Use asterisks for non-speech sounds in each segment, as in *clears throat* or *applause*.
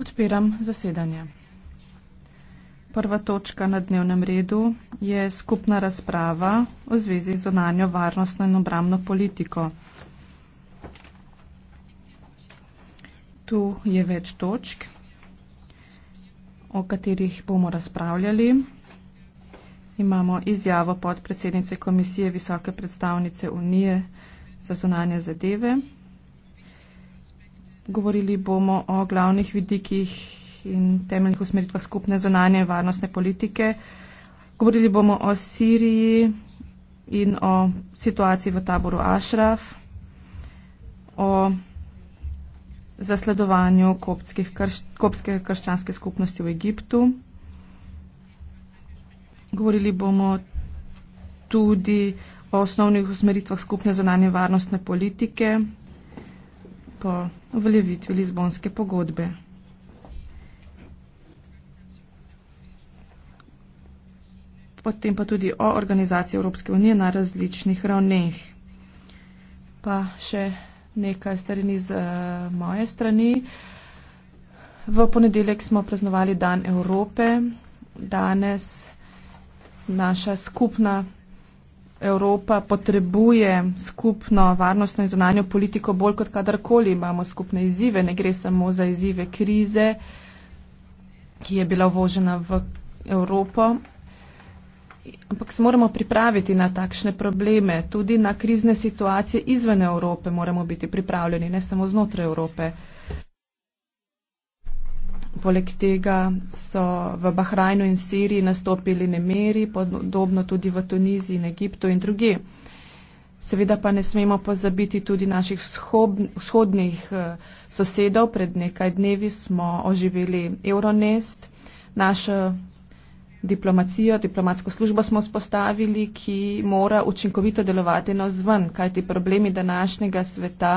Odpiram zasedanje. Prva točka na dnevnem redu je skupna razprava v zvezi z zonanjo varnostno in obramno politiko. Tu je več točk, o katerih bomo razpravljali. Imamo izjavo podpredsednice Komisije Visoke predstavnice Unije za zonanje zadeve Govorili bomo o glavnih vidikih in temeljnih usmeritvah skupne zonanje varnostne politike. Govorili bomo o Siriji in o situaciji v taboru Ašraf, o zasledovanju kopske krščanske skupnosti v Egiptu. Govorili bomo tudi o osnovnih usmeritvah skupne zonanje varnostne politike po uveljavitvi Lizbonske pogodbe. Potem pa tudi o organizaciji Evropske unije na različnih ravneh. Pa še nekaj starini z eh, moje strani. V ponedeljek smo praznovali Dan Evrope. Danes naša skupna Evropa potrebuje skupno varnostno in zunanjo politiko bolj kot kadarkoli. Imamo skupne izzive, ne gre samo za izzive krize, ki je bila vožena v Evropo. Ampak se moramo pripraviti na takšne probleme, tudi na krizne situacije izven Evrope moramo biti pripravljeni, ne samo znotraj Evrope. Poleg tega so v Bahrajnu in Siriji nastopili nemeri, podobno tudi v Tuniziji in Egiptu in druge. Seveda pa ne smemo pozabiti tudi naših vzhob, vzhodnih eh, sosedov. Pred nekaj dnevi smo oživeli Euronest, našo diplomacijo, diplomatsko službo smo spostavili, ki mora učinkovito delovati na zven, kajti problemi današnjega sveta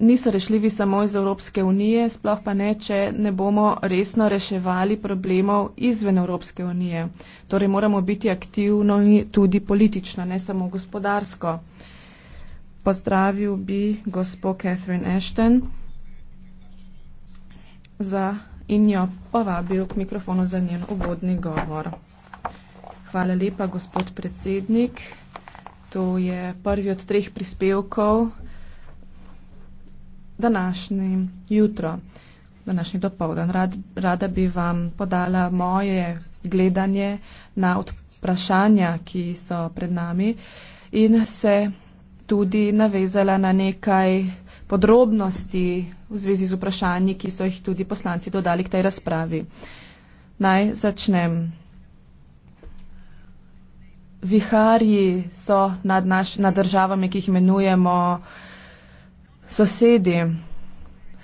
niso rešljivi samo iz Evropske unije, sploh pa ne, če ne bomo resno reševali problemov izven Evropske unije. Torej moramo biti aktivno in tudi politično, ne samo gospodarsko. Pozdravil bi gospo Catherine Ashton za in jo povabil k mikrofonu za njen uvodni govor. Hvala lepa, gospod predsednik. To je prvi od treh prispevkov današnji jutro, današnji dopoldan. Rad, rada bi vam podala moje gledanje na vprašanja, ki so pred nami in se tudi navezala na nekaj podrobnosti v zvezi z vprašanji, ki so jih tudi poslanci dodali k tej razpravi. Naj začnem. Viharji so nad, naš, nad državami, ki jih imenujemo sosedi,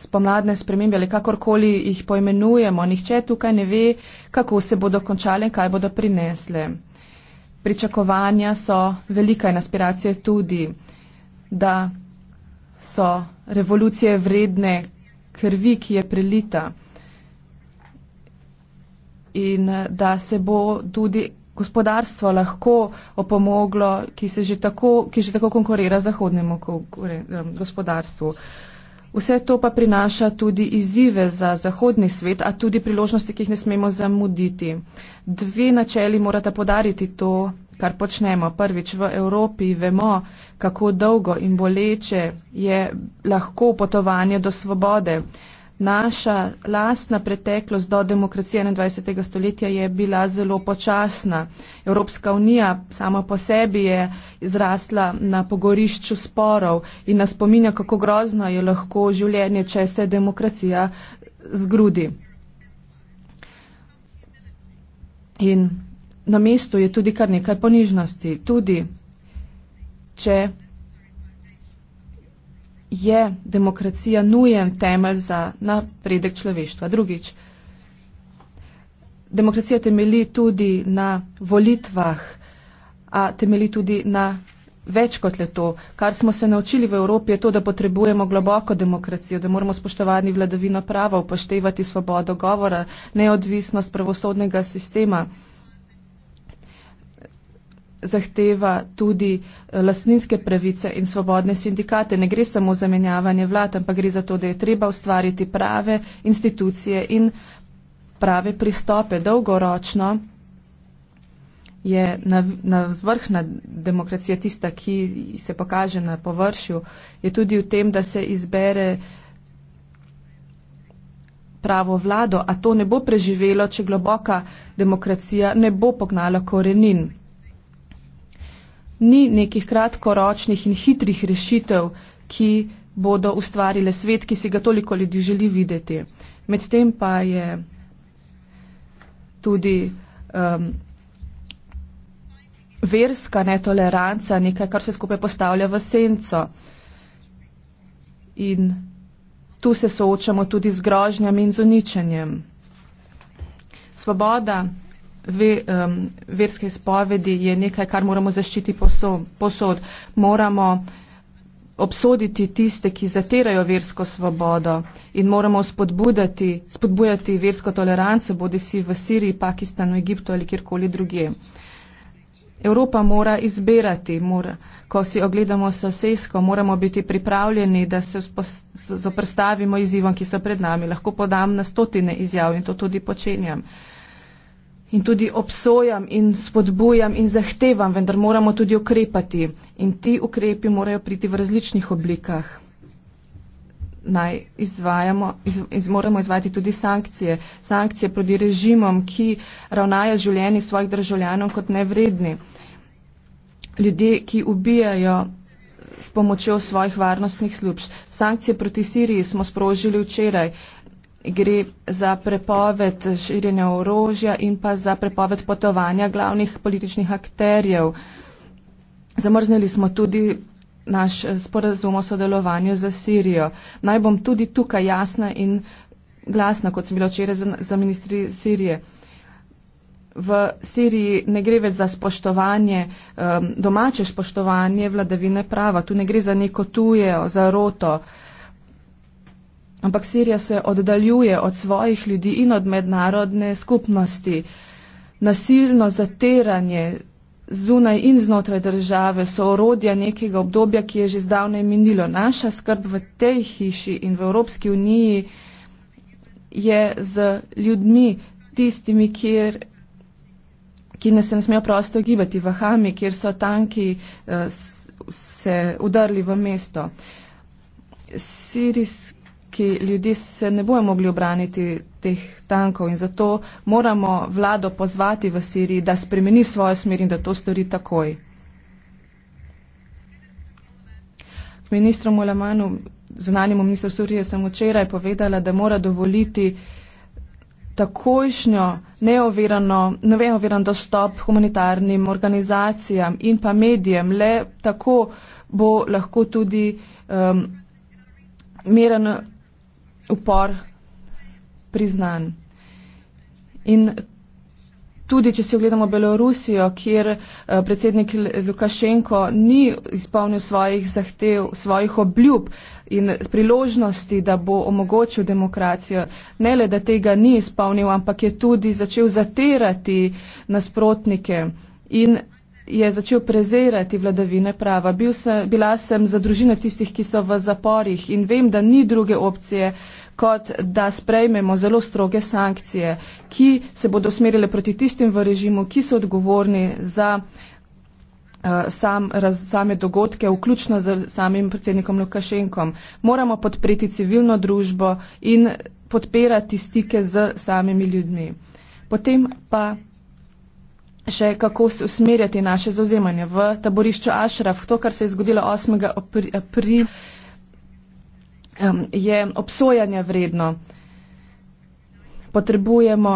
spomladne spremembe ali kakorkoli jih poimenujemo, nihče tukaj ne ve, kako se bodo končale in kaj bodo prinesle. Pričakovanja so velika in aspiracije tudi, da so revolucije vredne krvi, ki je prelita in da se bo tudi gospodarstvo lahko opomoglo, ki, že tako, ki že tako konkurira zahodnemu gospodarstvu. Vse to pa prinaša tudi izzive za zahodni svet, a tudi priložnosti, ki jih ne smemo zamuditi. Dve načeli morata podariti to, kar počnemo. Prvič, v Evropi vemo, kako dolgo in boleče je lahko potovanje do svobode naša lastna preteklost do demokracije 21. stoletja je bila zelo počasna. Evropska unija sama po sebi je izrasla na pogorišču sporov in nas spominja, kako grozno je lahko življenje, če se demokracija zgrudi. In na mestu je tudi kar nekaj ponižnosti. Tudi če je demokracija nujen temelj za napredek človeštva. Drugič, demokracija temeli tudi na volitvah, a temeli tudi na več kot le to. Kar smo se naučili v Evropi je to, da potrebujemo globoko demokracijo, da moramo spoštovati vladavino prava, upoštevati svobodo govora, neodvisnost pravosodnega sistema zahteva tudi eh, lastninske pravice in svobodne sindikate. Ne gre samo za menjavanje vlad, ampak gre za to, da je treba ustvariti prave institucije in prave pristope. Dolgoročno je na, na vrhna demokracija tista, ki se pokaže na površju, je tudi v tem, da se izbere pravo vlado, a to ne bo preživelo, če globoka demokracija ne bo pognala korenin ni nekih kratkoročnih in hitrih rešitev, ki bodo ustvarile svet, ki si ga toliko ljudi želi videti. Medtem pa je tudi um, verska netoleranca nekaj, kar se skupaj postavlja v senco. In tu se soočamo tudi z grožnjami in z uničenjem. Svoboda ve, um, verske spovedi je nekaj, kar moramo zaščiti posod. Moramo obsoditi tiste, ki zaterajo versko svobodo in moramo spodbudati, spodbujati versko toleranco, bodi si v Siriji, Pakistanu, Egiptu ali kjerkoli druge. Evropa mora izbirati, mora, ko si ogledamo sosesko, moramo biti pripravljeni, da se zoprstavimo izzivom, ki so pred nami. Lahko podam na stotine izjav in to tudi počenjam in tudi obsojam in spodbujam in zahtevam, vendar moramo tudi ukrepati. In ti ukrepi morajo priti v različnih oblikah. Naj izvajamo, iz, iz, moramo izvajati tudi sankcije. Sankcije proti režimom, ki ravnajo življenje svojih državljanov kot nevredni. Ljudje, ki ubijajo s pomočjo svojih varnostnih služb. Sankcije proti Siriji smo sprožili včeraj gre za prepoved širjenja orožja in pa za prepoved potovanja glavnih političnih akterjev. Zamrznili smo tudi naš eh, sporazum o sodelovanju za Sirijo. Naj bom tudi tukaj jasna in glasna, kot sem bila včeraj za ministri Sirije. V Siriji ne gre več za spoštovanje, eh, domače spoštovanje vladavine prava. Tu ne gre za neko tuje, za roto. Ampak Sirija se oddaljuje od svojih ljudi in od mednarodne skupnosti. Nasilno zatiranje zunaj in znotraj države so orodja nekega obdobja, ki je že zdavne minilo. Naša skrb v tej hiši in v Evropski uniji je z ljudmi, tistimi, kjer, ki ne se ne smejo prosto gibati, v Hami, kjer so tanki eh, se udarli v mesto. Sirijski ki ljudi se ne bojo mogli obraniti teh tankov in zato moramo vlado pozvati v Siriji, da spremeni svojo smer in da to stori takoj. Ministru Mulemanu, zunanjemu ministru Surije, sem včeraj povedala, da mora dovoliti takojšnjo neoviran dostop humanitarnim organizacijam in pa medijem. Le tako bo lahko tudi um, miren upor priznan. In tudi, če si ogledamo Belorusijo, kjer eh, predsednik Lukašenko ni izpolnil svojih zahtev, svojih obljub in priložnosti, da bo omogočil demokracijo, ne le, da tega ni izpolnil, ampak je tudi začel zaterati nasprotnike in je začel prezirati vladavine prava. Bil sem, bila sem za družine tistih, ki so v zaporih in vem, da ni druge opcije, kot da sprejmemo zelo stroge sankcije, ki se bodo smerile proti tistim v režimu, ki so odgovorni za eh, sam, raz, same dogodke, vključno z samim predsednikom Lukašenkom. Moramo podpreti civilno družbo in podpirati stike z samimi ljudmi. Potem pa še kako usmerjati naše zauzemanje v taborišču Ašraf. To, kar se je zgodilo 8. aprila, um, je obsojanje vredno. Potrebujemo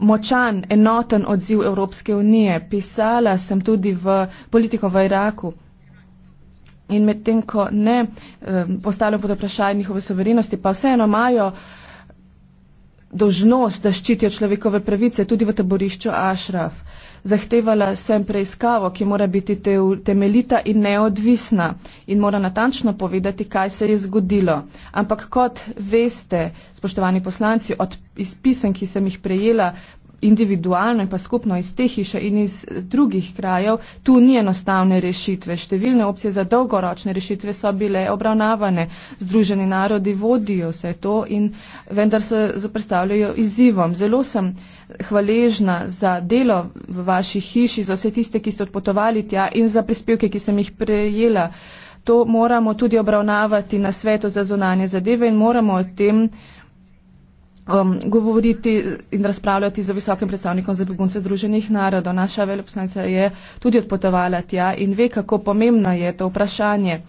močan, enoten odziv Evropske unije. Pisala sem tudi v politiko v Iraku. In medtem, ko ne um, postavljajo pod vprašanje njihove soverenosti, pa vseeno imajo dožnost, da ščitijo človekove pravice tudi v taborišču Ašraf. Zahtevala sem preiskavo, ki mora biti te, temeljita in neodvisna in mora natančno povedati, kaj se je zgodilo. Ampak kot veste, spoštovani poslanci, od izpisen, ki sem jih prejela, individualno in pa skupno iz te hiše in iz drugih krajev, tu ni enostavne rešitve. Številne opcije za dolgoročne rešitve so bile obravnavane. Združeni narodi vodijo vse to in vendar se zaprstavljajo izzivom. Zelo sem hvaležna za delo v vaši hiši, za vse tiste, ki ste odpotovali tja in za prispevke, ki sem jih prejela. To moramo tudi obravnavati na svetu za zonanje zadeve in moramo o tem um, govoriti in razpravljati z visokim predstavnikom za begunce Združenih narodov. Naša veleposlanica je tudi odpotovala tja in ve, kako pomembno je to vprašanje.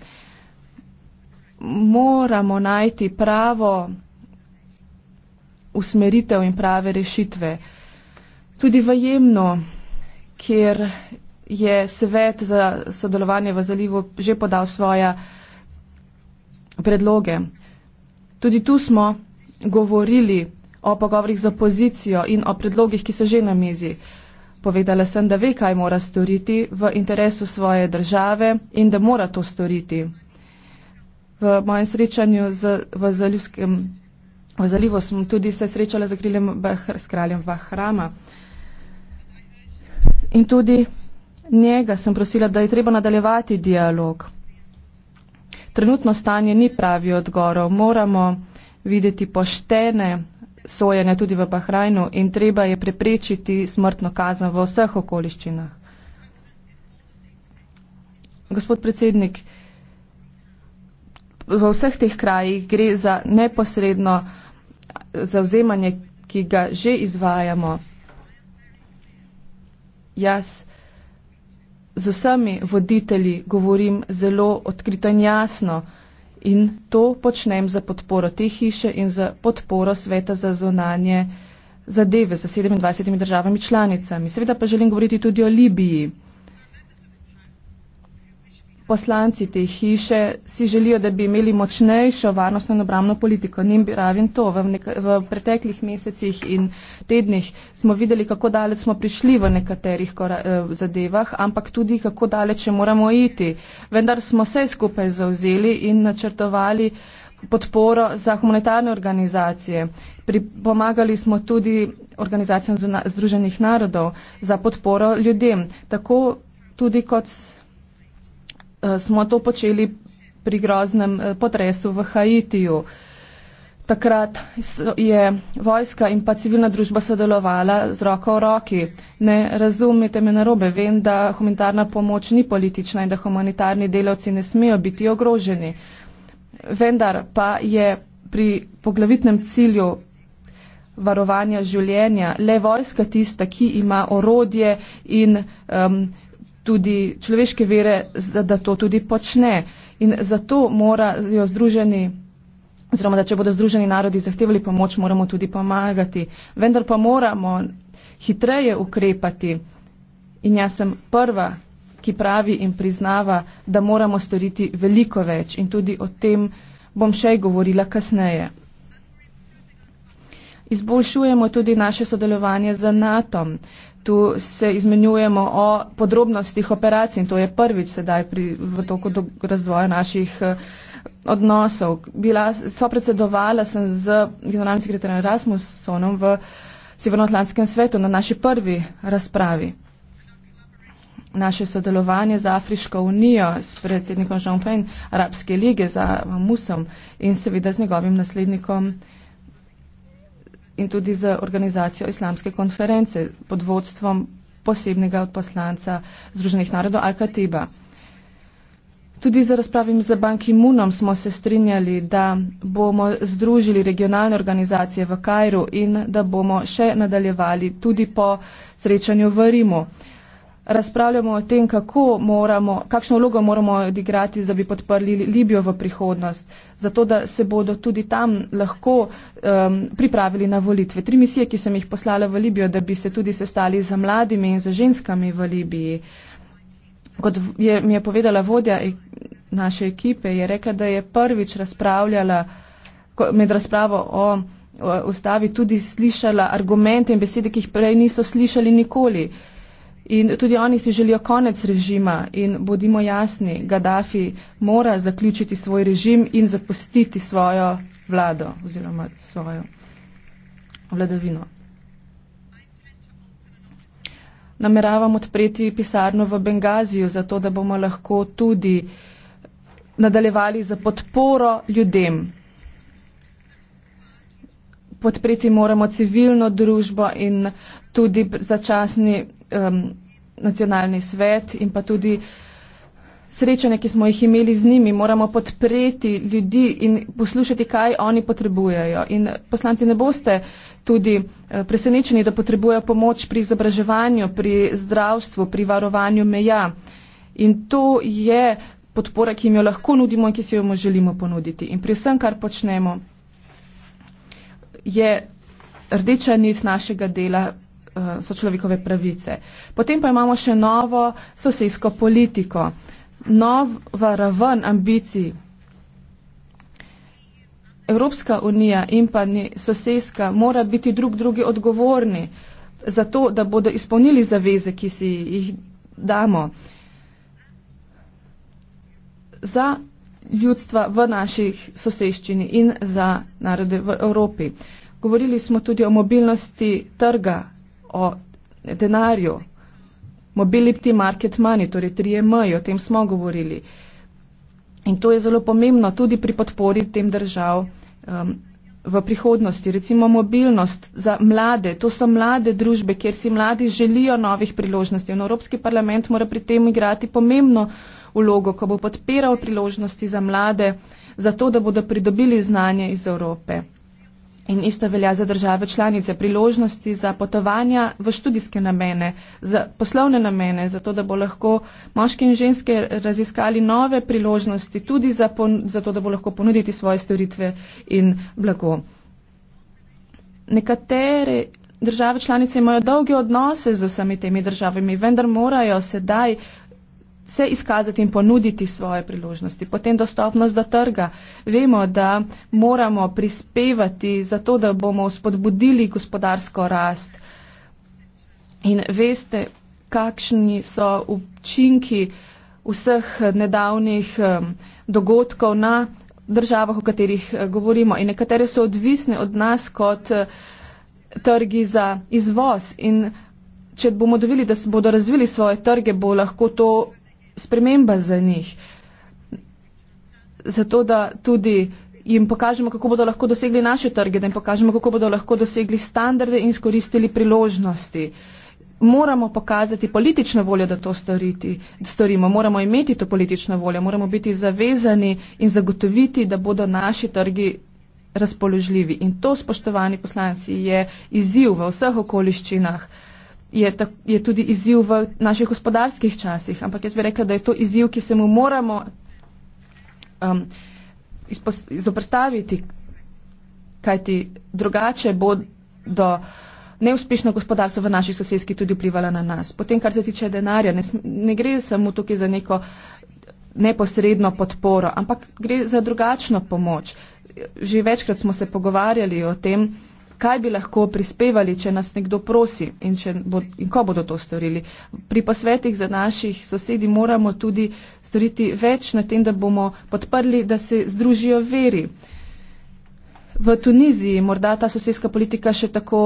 Moramo najti pravo usmeritev in prave rešitve. Tudi v Jemnu, kjer je svet za sodelovanje v zalivu že podal svoje predloge. Tudi tu smo govorili o pogovorih z opozicijo in o predlogih, ki so že na mizi. Povedala sem, da ve, kaj mora storiti v interesu svoje države in da mora to storiti. V mojem srečanju z, v, Zaljivskem, v Zalivu sem tudi se srečala z, Bahr, z kraljem Bahrama. In tudi njega sem prosila, da je treba nadaljevati dialog. Trenutno stanje ni pravi odgovor. Moramo videti poštene sojene tudi v Bahrajnu in treba je preprečiti smrtno kazen v vseh okoliščinah. Gospod predsednik, v vseh teh krajih gre za neposredno zauzemanje, ki ga že izvajamo. Jaz z vsemi voditelji govorim zelo odkrito in jasno in to počnem za podporo te hiše in za podporo sveta za zunanje zadeve za 27 državami članicami. Seveda pa želim govoriti tudi o Libiji poslanci te hiše si želijo, da bi imeli močnejšo varnostno in obramno politiko. Nim bi ravim to. V, nek, v preteklih mesecih in tednih smo videli, kako daleč smo prišli v nekaterih kora, eh, zadevah, ampak tudi, kako daleč moramo iti. Vendar smo vse skupaj zauzeli in načrtovali podporo za humanitarne organizacije. Pomagali smo tudi organizacijam Združenih narodov za podporo ljudem, tako tudi kot Eh, smo to počeli pri groznem eh, potresu v Haitiju. Takrat je vojska in pa civilna družba sodelovala z roko v roki. Ne razumite me narobe, vem, da humanitarna pomoč ni politična in da humanitarni delavci ne smejo biti ogroženi. Vendar pa je pri poglavitnem cilju varovanja življenja le vojska tista, ki ima orodje in um, tudi človeške vere, da, da to tudi počne. In zato morajo združeni, oziroma da če bodo združeni narodi zahtevali pomoč, moramo tudi pomagati. Vendar pa moramo hitreje ukrepati. In jaz sem prva, ki pravi in priznava, da moramo storiti veliko več. In tudi o tem bom še govorila kasneje. Izboljšujemo tudi naše sodelovanje z NATO tu se izmenjujemo o podrobnostih operacij in to je prvič sedaj pri, v toku do razvoja naših eh, odnosov. Bila, so predsedovala sem z generalnim sekretarjem Rasmussonom v Severnoatlantskem svetu na naši prvi razpravi. Naše sodelovanje z Afriško unijo, s predsednikom Jean-Pen, Arabske lige za Musom in seveda z njegovim naslednikom in tudi z organizacijo islamske konference pod vodstvom posebnega odposlanca Združenih narodov Al-Katiba. Tudi z razpravim z Ban Ki-moonom smo se strinjali, da bomo združili regionalne organizacije v Kajru in da bomo še nadaljevali tudi po srečanju v Rimu razpravljamo o tem, kako moramo, kakšno vlogo moramo odigrati, da bi podprli Libijo v prihodnost, zato da se bodo tudi tam lahko um, pripravili na volitve. Tri misije, ki sem jih poslala v Libijo, da bi se tudi sestali za mladimi in za ženskami v Libiji. Kot je, mi je povedala vodja naše ekipe, je rekla, da je prvič razpravljala med razpravo o ustavi tudi slišala argumente in besede, ki jih prej niso slišali nikoli. In tudi oni si želijo konec režima in bodimo jasni, Gaddafi mora zaključiti svoj režim in zapustiti svojo vlado oziroma svojo vladavino. Nameravam odpreti pisarno v Bengaziju, zato da bomo lahko tudi nadaljevali za podporo ljudem. Podpreti moramo civilno družbo in tudi začasni um, nacionalni svet in pa tudi srečanje, ki smo jih imeli z njimi. Moramo podpreti ljudi in poslušati, kaj oni potrebujejo. In poslanci ne boste tudi eh, presenečeni, da potrebujejo pomoč pri izobraževanju, pri zdravstvu, pri varovanju meja. In to je podpora, ki jim jo lahko nudimo in ki si jo želimo ponuditi. In pri vsem, kar počnemo, je rdeča nit našega dela Eh, so človekove pravice. Potem pa imamo še novo sosejsko politiko, nov raven ambicij. Evropska unija in pa sosejska mora biti drug drugi odgovorni za to, da bodo izpolnili zaveze, ki si jih damo za ljudstva v naših soseščini in za narode v Evropi. Govorili smo tudi o mobilnosti trga o denarju. Mobility market money, torej 3M, o tem smo govorili. In to je zelo pomembno tudi pri podpori tem držav um, v prihodnosti. Recimo mobilnost za mlade, to so mlade družbe, kjer si mladi želijo novih priložnosti. In Evropski parlament mora pri tem igrati pomembno vlogo, ko bo podpiral priložnosti za mlade, zato da bodo pridobili znanje iz Evrope. In isto velja za države članice. Priložnosti za potovanja v študijske namene, za poslovne namene, zato da bo lahko moški in ženske raziskali nove priložnosti, tudi za, zato da bo lahko ponuditi svoje storitve in blago. Nekatere države članice imajo dolge odnose z vsemi temi državami, vendar morajo sedaj se izkazati in ponuditi svoje priložnosti. Potem dostopnost do trga. Vemo, da moramo prispevati za to, da bomo spodbudili gospodarsko rast. In veste, kakšni so učinki vseh nedavnih um, dogodkov na državah, o katerih uh, govorimo. In nekatere so odvisne od nas kot uh, trgi za izvoz. In če bomo dovili, da se bodo razvili svoje trge, bo lahko to sprememba za njih. Zato, da tudi jim pokažemo, kako bodo lahko dosegli naše trge, da jim pokažemo, kako bodo lahko dosegli standarde in skoristili priložnosti. Moramo pokazati politično voljo, da to storiti, da storimo, moramo imeti to politično voljo, moramo biti zavezani in zagotoviti, da bodo naši trgi razpoložljivi. In to, spoštovani poslanci, je izziv v vseh okoliščinah je, ta, je tudi izziv v naših gospodarskih časih. Ampak jaz bi rekla, da je to izziv, ki se mu moramo um, izoprstaviti, kajti drugače bo do neuspešno gospodarstvo v naši sosedski tudi vplivala na nas. Potem, kar se tiče denarja, ne, ne gre samo tukaj za neko neposredno podporo, ampak gre za drugačno pomoč. Že večkrat smo se pogovarjali o tem, kaj bi lahko prispevali, če nas nekdo prosi in, bo, in ko bodo to storili. Pri posvetih za naših sosedi moramo tudi storiti več na tem, da bomo podprli, da se združijo veri. V Tuniziji morda ta sosedska politika še tako,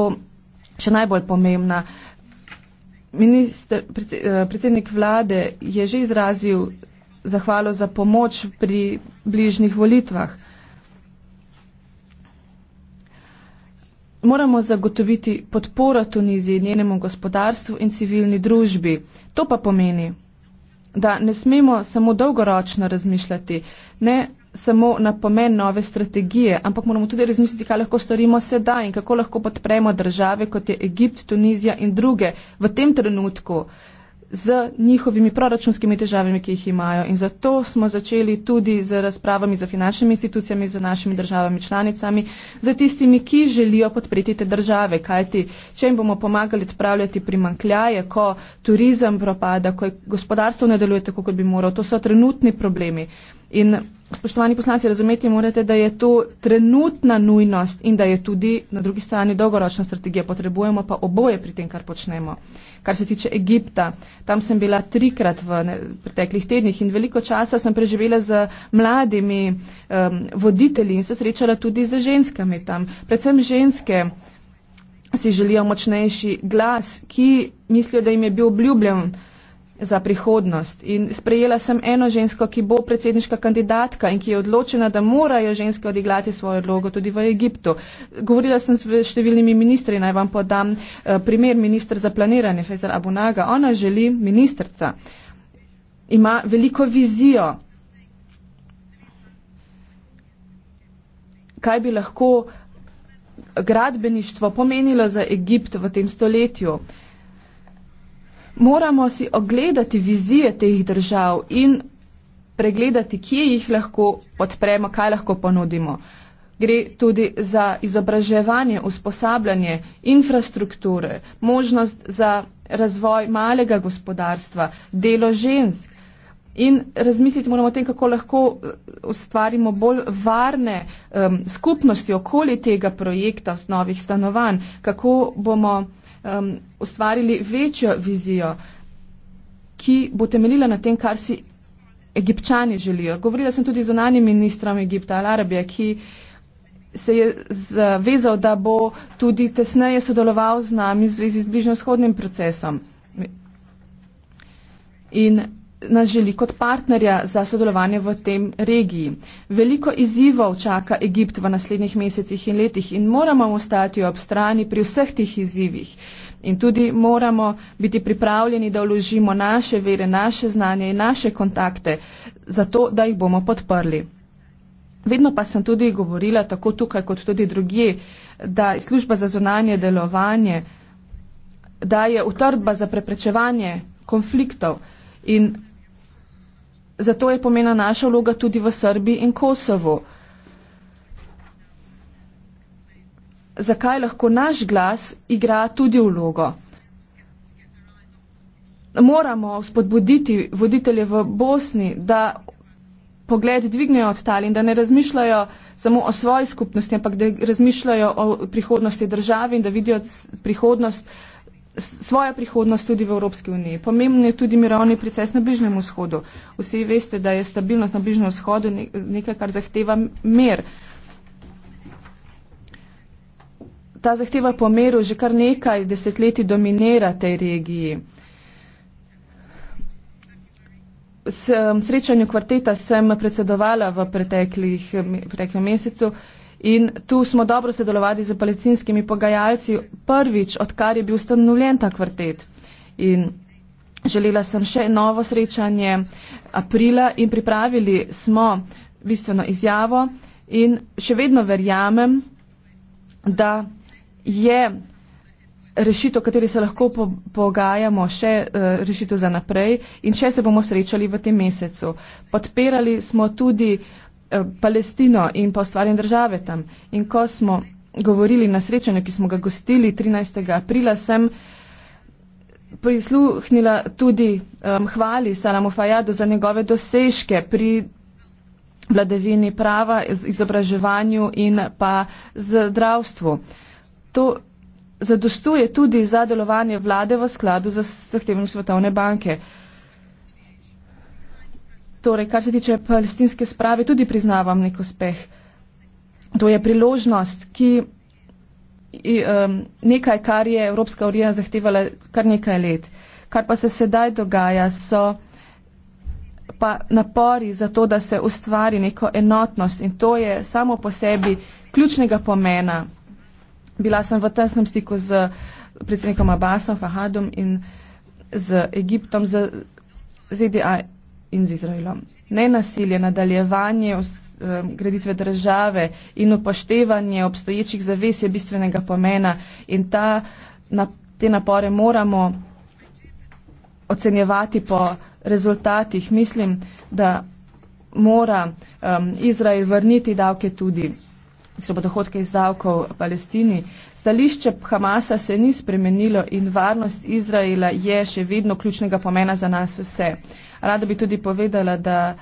še najbolj pomembna. Minister, eh, predsednik vlade je že izrazil zahvalo za pomoč pri bližnjih volitvah. moramo zagotoviti podporo Tuniziji, njenemu gospodarstvu in civilni družbi. To pa pomeni, da ne smemo samo dolgoročno razmišljati, ne samo na pomen nove strategije, ampak moramo tudi razmisliti, kaj lahko storimo sedaj in kako lahko podpremo države, kot je Egipt, Tunizija in druge v tem trenutku, z njihovimi proračunskimi težavami, ki jih imajo. In zato smo začeli tudi z razpravami za finančnimi institucijami, za našimi državami članicami, za tistimi, ki želijo podpreti te države. Kajti, če jim bomo pomagali odpravljati primankljaje, ko turizem propada, ko gospodarstvo ne deluje tako, kot bi moral, to so trenutni problemi. In spoštovani poslanci, razumeti morate, da je to trenutna nujnost in da je tudi na drugi strani dolgoročna strategija. Potrebujemo pa oboje pri tem, kar počnemo kar se tiče Egipta. Tam sem bila trikrat v ne, preteklih tednih in veliko časa sem preživela z mladimi um, voditelji in se srečala tudi z ženskami tam. Predvsem ženske si želijo močnejši glas, ki mislijo, da jim je bil obljubljen za prihodnost. In sprejela sem eno žensko, ki bo predsedniška kandidatka in ki je odločena, da morajo ženske odiglati svojo vlogo tudi v Egiptu. Govorila sem s številnimi ministri, naj vam podam eh, primer ministr za planiranje, Fezer Abunaga. Ona želi ministrca. Ima veliko vizijo. Kaj bi lahko gradbeništvo pomenilo za Egipt v tem stoletju? Uh, moramo si ogledati vizije teh držav in pregledati, kje jih lahko podpremo, kaj lahko ponudimo. Gre tudi za izobraževanje, usposabljanje infrastrukture, možnost za razvoj malega gospodarstva, delo žensk in razmisliti moramo o tem, kako lahko eh, ustvarimo bolj varne um, skupnosti okoli tega projekta osnovih stanovanj, kako bomo um, ustvarili večjo vizijo, ki bo temeljila na tem, kar si egipčani želijo. Govorila sem tudi z onanim ministrom Egipta, Al-Arabija, ki se je zavezal, da bo tudi tesneje sodeloval z nami v zvezi z bližnjo shodnim procesom. In nas želi kot partnerja za sodelovanje v tem regiji. Veliko izzivov čaka Egipt v naslednjih mesecih in letih in moramo ostati ob strani pri vseh tih izzivih. In tudi moramo biti pripravljeni, da vložimo naše vere, naše znanje in naše kontakte, zato da jih bomo podprli. Vedno pa sem tudi govorila, tako tukaj kot tudi drugje, da služba za zunanje delovanje, da je utrdba za preprečevanje konfliktov in Zato je pomena naša vloga tudi v Srbiji in Kosovo. Zakaj lahko naš glas igra tudi vlogo? Moramo spodbuditi voditelje v Bosni, da pogled dvignejo od tal in da ne razmišljajo samo o svoji skupnosti, ampak da razmišljajo o prihodnosti države in da vidijo prihodnost uh, svojo prihodnost tudi v Evropski uniji. Pomemben je tudi mirovni proces na Bližnjem vzhodu. Vsi veste, da je stabilnost na Bližnjem vzhodu nekaj, kar zahteva mir. Ta zahteva po miru že kar nekaj desetletji dominira tej regiji. S srečanju kvarteta sem predsedovala v preteklih, preteklem mesecu. In tu smo dobro sodelovali z palestinskimi pogajalci prvič, odkar je bil ustanovljen ta kvartet. In želela sem še novo srečanje aprila in pripravili smo bistveno izjavo in še vedno verjamem, da je rešitev, kateri se lahko po, pogajamo, še uh, rešitev za naprej in še se bomo srečali v tem mesecu. Podpirali smo tudi uh, Eh, Palestino in pa ustvarjanje države tam. In ko smo govorili na srečanju, ki smo ga gostili 13. aprila, sem prisluhnila tudi um, hvali Salamu Fajadu za njegove dosežke pri vladavini prava, izobraževanju in pa zdravstvu. To zadostuje tudi za delovanje vlade v skladu z zahtevami Svetovne banke. Uh, Torej, kar se tiče palestinske sprave, tudi priznavam nek uspeh. To je priložnost, ki je um, nekaj, kar je Evropska unija zahtevala kar nekaj let. Kar pa se sedaj dogaja, so pa napori za to, da se ustvari neko enotnost in to je samo po sebi ključnega pomena. Bila sem v tesnem stiku z predsednikom Abbasom, Fahadom in z Egiptom, z ZDA in z Izraelom. Ne nasilje, nadaljevanje eh, graditve države in upoštevanje obstoječih zavez je bistvenega pomena in ta, na, te napore moramo ocenjevati po rezultatih. Mislim, da mora um, Izrael vrniti davke tudi, oziroma dohodke iz davkov v Palestini. Stališče Hamasa se ni spremenilo in varnost Izraela je še vedno ključnega pomena za nas vse. Uh, Rada bi tudi povedala, da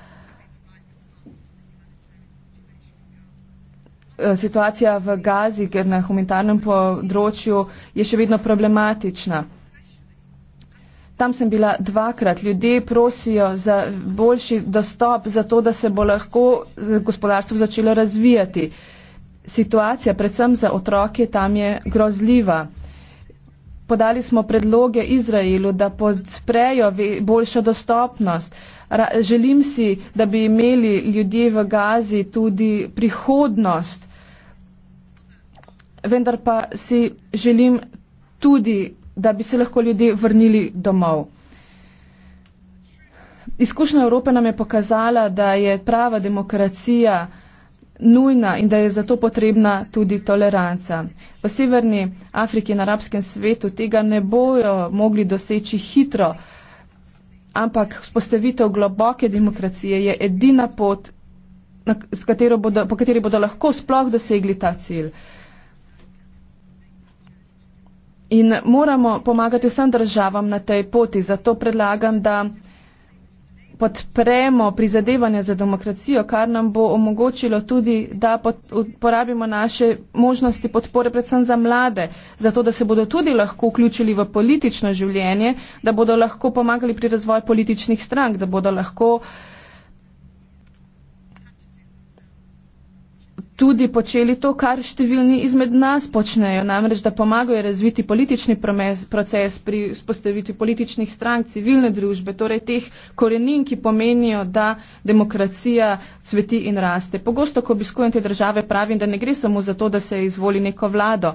e, situacija v Gazi, ker na humanitarnem področju je še vedno problematična. Tam sem bila dvakrat. Ljudje prosijo za boljši dostop, za to, da se bo lahko gospodarstvo začelo razvijati. Situacija predvsem za otroke tam je grozljiva. Podali smo predloge Izraelu, da podprejo boljšo dostopnost. Ra želim si, da bi imeli ljudje v Gazi tudi prihodnost. Vendar pa si želim tudi, da bi se lahko ljudje vrnili domov. Izkušnja Evrope nam je pokazala, da je prava demokracija nujna in da je zato potrebna tudi toleranca. V severni Afriki in arabskem svetu tega ne bojo mogli doseči hitro, ampak spostavitev globoke demokracije je edina pot, na, katero bodo, po kateri bodo lahko sploh dosegli ta cilj. In moramo pomagati vsem državam na tej poti, zato predlagam, da podpremo prizadevanja za demokracijo, kar nam bo omogočilo tudi, da uporabimo naše možnosti podpore predvsem za mlade, zato da se bodo tudi lahko vključili v politično življenje, da bodo lahko pomagali pri razvoju političnih strank, da bodo lahko uh, tudi počeli to, kar številni izmed nas počnejo, namreč da pomagajo razviti politični promes, proces pri spostavitvi političnih strank, civilne družbe, torej teh korenin, ki pomenijo, da demokracija cveti in raste. Pogosto, ko obiskujem te države, pravim, da ne gre samo za to, da se izvoli neko vlado.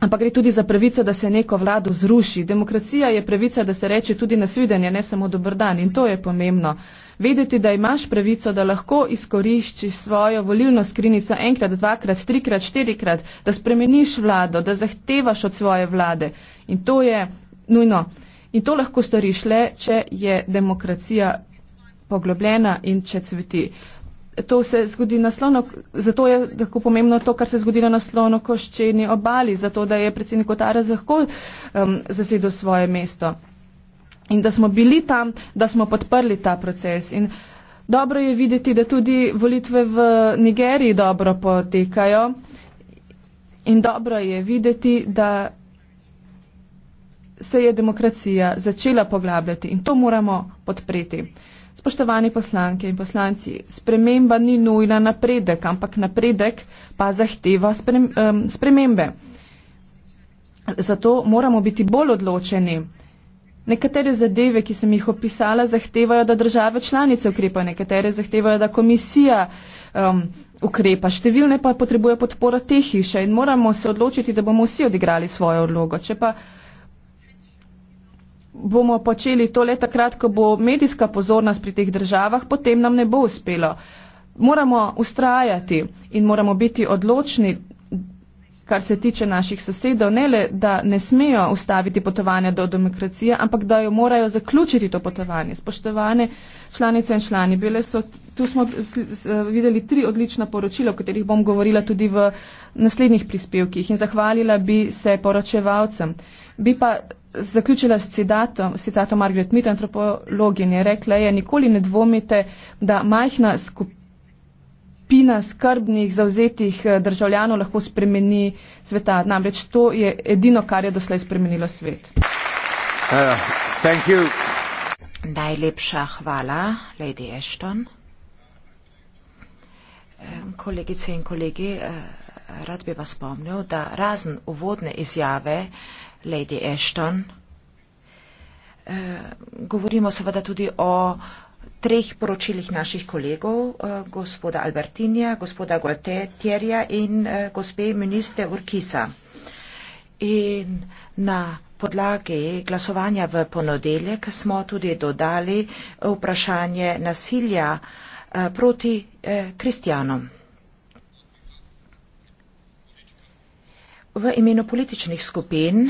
Ampak gre tudi za pravico, da se neko vlado zruši. Demokracija je pravica, da se reče tudi nasvidenje, ne samo dobrdan. In to je pomembno. Uh, vedeti, da imaš pravico, da lahko izkorišči svojo volilno skrinico enkrat, dvakrat, trikrat, štirikrat, da spremeniš vlado, da zahtevaš od svoje vlade. In to je nujno. In to lahko storiš le, če je demokracija poglobljena in če cveti. To se zgodi na slonok, zato je tako pomembno to, kar se je zgodilo na slonokoščeni obali, zato da je predsednik Otara lahko um, zasedel svoje mesto in da smo bili tam, da smo podprli ta proces. In dobro je videti, da tudi volitve v Nigeriji dobro potekajo. In dobro je videti, da se je demokracija začela poglabljati in to moramo podpreti. Spoštovani poslanke in poslanci, sprememba ni nujna napredek, ampak napredek pa zahteva sprem, um, spremembe. Zato moramo biti bolj odločeni. Nekatere zadeve, ki sem jih opisala, zahtevajo, da države članice ukrepa, nekatere zahtevajo, da komisija um, ukrepa, številne pa potrebuje podporo teh hiše in moramo se odločiti, da bomo vsi odigrali svojo vlogo. Če pa bomo počeli to leta kratko, bo medijska pozornost pri teh državah, potem nam ne bo uspelo. Moramo ustrajati in moramo biti odločni, kar se tiče naših sosedov, ne le, da ne smejo ustaviti potovanja do demokracije, ampak da jo morajo zaključiti to potovanje. Spoštovane članice in člani, bile so, tu smo videli tri odlična poročila, o katerih bom govorila tudi v naslednjih prispevkih in zahvalila bi se poročevalcem. Bi pa zaključila s citatom, citatom Margaret Mead, antropologinje, rekla je, nikoli ne dvomite, da majhna skupina skupina skrbnih, zauzetih eh, državljanov lahko spremeni sveta. Namreč to je edino, kar je doslej spremenilo svet. Uh, Najlepša hvala, Lady Ashton. Eh, kolegice in kolegi, eh, rad bi vas spomnil, da razen uvodne izjave Lady Ashton, govorimo seveda tudi o treh poročilih naših kolegov, eh, gospoda Albertinja, gospoda Gualtetjerja in eh, gospe ministre Urkisa. In na podlagi glasovanja v ponedeljek smo tudi dodali vprašanje nasilja eh, proti kristjanom. V imenu političnih skupin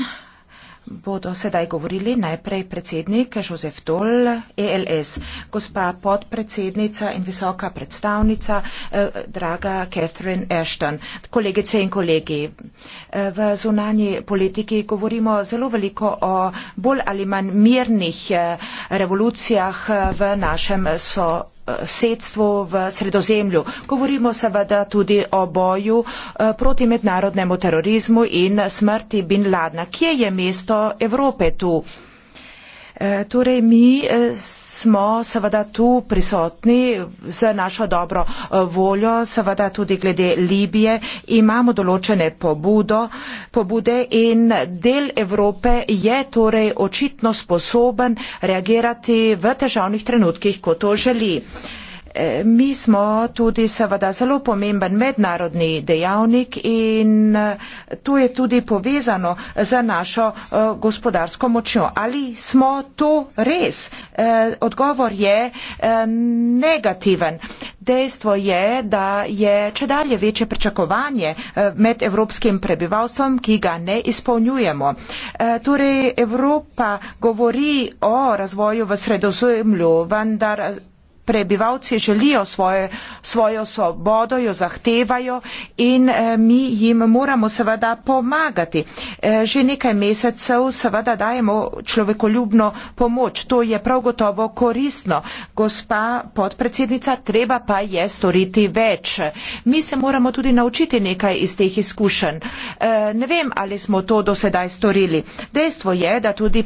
bodo sedaj govorili najprej predsednik Žozef Dol, ELS, gospa podpredsednica in visoka predstavnica, eh, draga Catherine Ashton. Kolegice in kolegi, eh, v zunanji politiki govorimo zelo veliko o bolj ali manj mirnih eh, revolucijah v našem so sedstvu v sredozemlju. Govorimo seveda tudi o boju eh, proti mednarodnemu terorizmu in smrti Bin Ladna. Kje je mesto Evrope tu? E, torej, mi e, smo seveda tu prisotni z našo dobro e, voljo, seveda tudi glede Libije. Imamo določene pobudo, pobude in del Evrope je torej očitno sposoben reagirati v težavnih trenutkih, ko to želi. E, mi smo tudi seveda zelo pomemben mednarodni dejavnik in e, to je tudi povezano za našo e, gospodarsko močjo. Ali smo to res? Odgovor je negativen. Dejstvo je, da je če dalje večje pričakovanje med evropskim prebivalstvom, ki ga ne izpolnjujemo. Torej Evropa govori o razvoju v sredozemlju, vendar prebivalci želijo svoje, svojo svobodo, jo zahtevajo in eh, mi jim moramo seveda pomagati. Eh, že nekaj mesecev seveda dajemo človekoljubno pomoč. To je prav gotovo koristno. Gospa podpredsednica, treba pa je storiti več. Mi se moramo tudi naučiti nekaj iz teh izkušenj. Eh, ne vem, ali smo to do sedaj storili. Dejstvo je, da tudi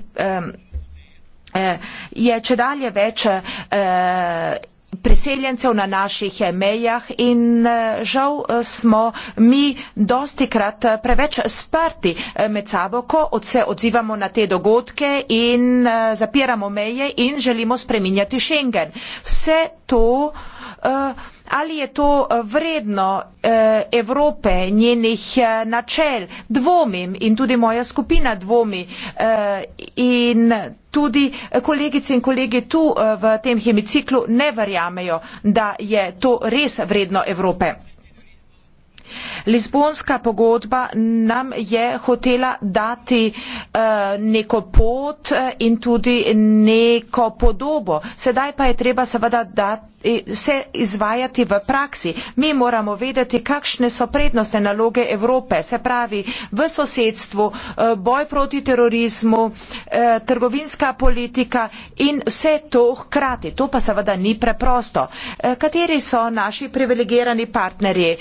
Eh, je čedalje več eh, priseljencev na naših eh, mejah in žal smo mi dosti krat preveč sprti med sabo, ko se odzivamo na te dogodke in zapiramo meje in želimo spreminjati Schengen. Vse to uh, ali je to eh, vredno eh, Evrope, njenih eh, načel. Dvomim in tudi moja skupina dvomi in tudi kolegice in kolege tu v tem hemiciklu ne verjamejo, da je to res vredno Evrope. Lizbonska pogodba nam je hotela dati uh, neko pot in tudi neko podobo. Sedaj pa je treba seveda dati se izvajati v praksi. Mi moramo vedeti, kakšne so prednostne naloge Evrope, se pravi v sosedstvu, eh, boj proti terorizmu, eh, trgovinska politika in vse to hkrati. To pa seveda ni preprosto. Eh, kateri so naši privilegirani partnerji,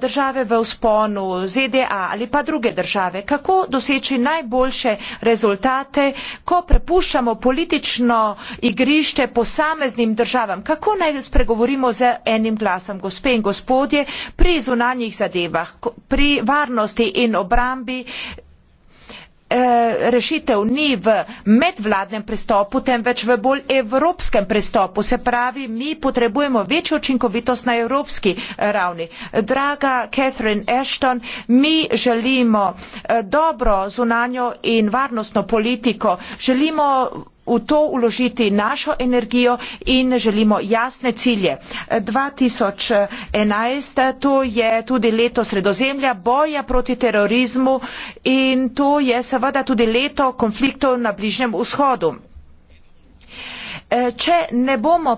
države v usponu, ZDA ali pa druge države? Kako doseči najboljše rezultate, ko prepuščamo politično igrišče posameznim državam? Kako naj spregovorimo z enim glasom. Gospe in gospodje, pri zunanjih zadevah, pri varnosti in obrambi eh, rešitev ni v medvladnem pristopu, temveč v bolj evropskem pristopu. Se pravi, mi potrebujemo večjo učinkovitost na evropski eh, ravni. Draga Catherine Ashton, mi želimo eh, dobro zunanjo in varnostno politiko, želimo v to uložiti našo energijo in želimo jasne cilje. 2011, to je tudi leto sredozemlja, boja proti terorizmu in to je seveda tudi leto konfliktov na Bližnjem vzhodu. Eh, če, bomo,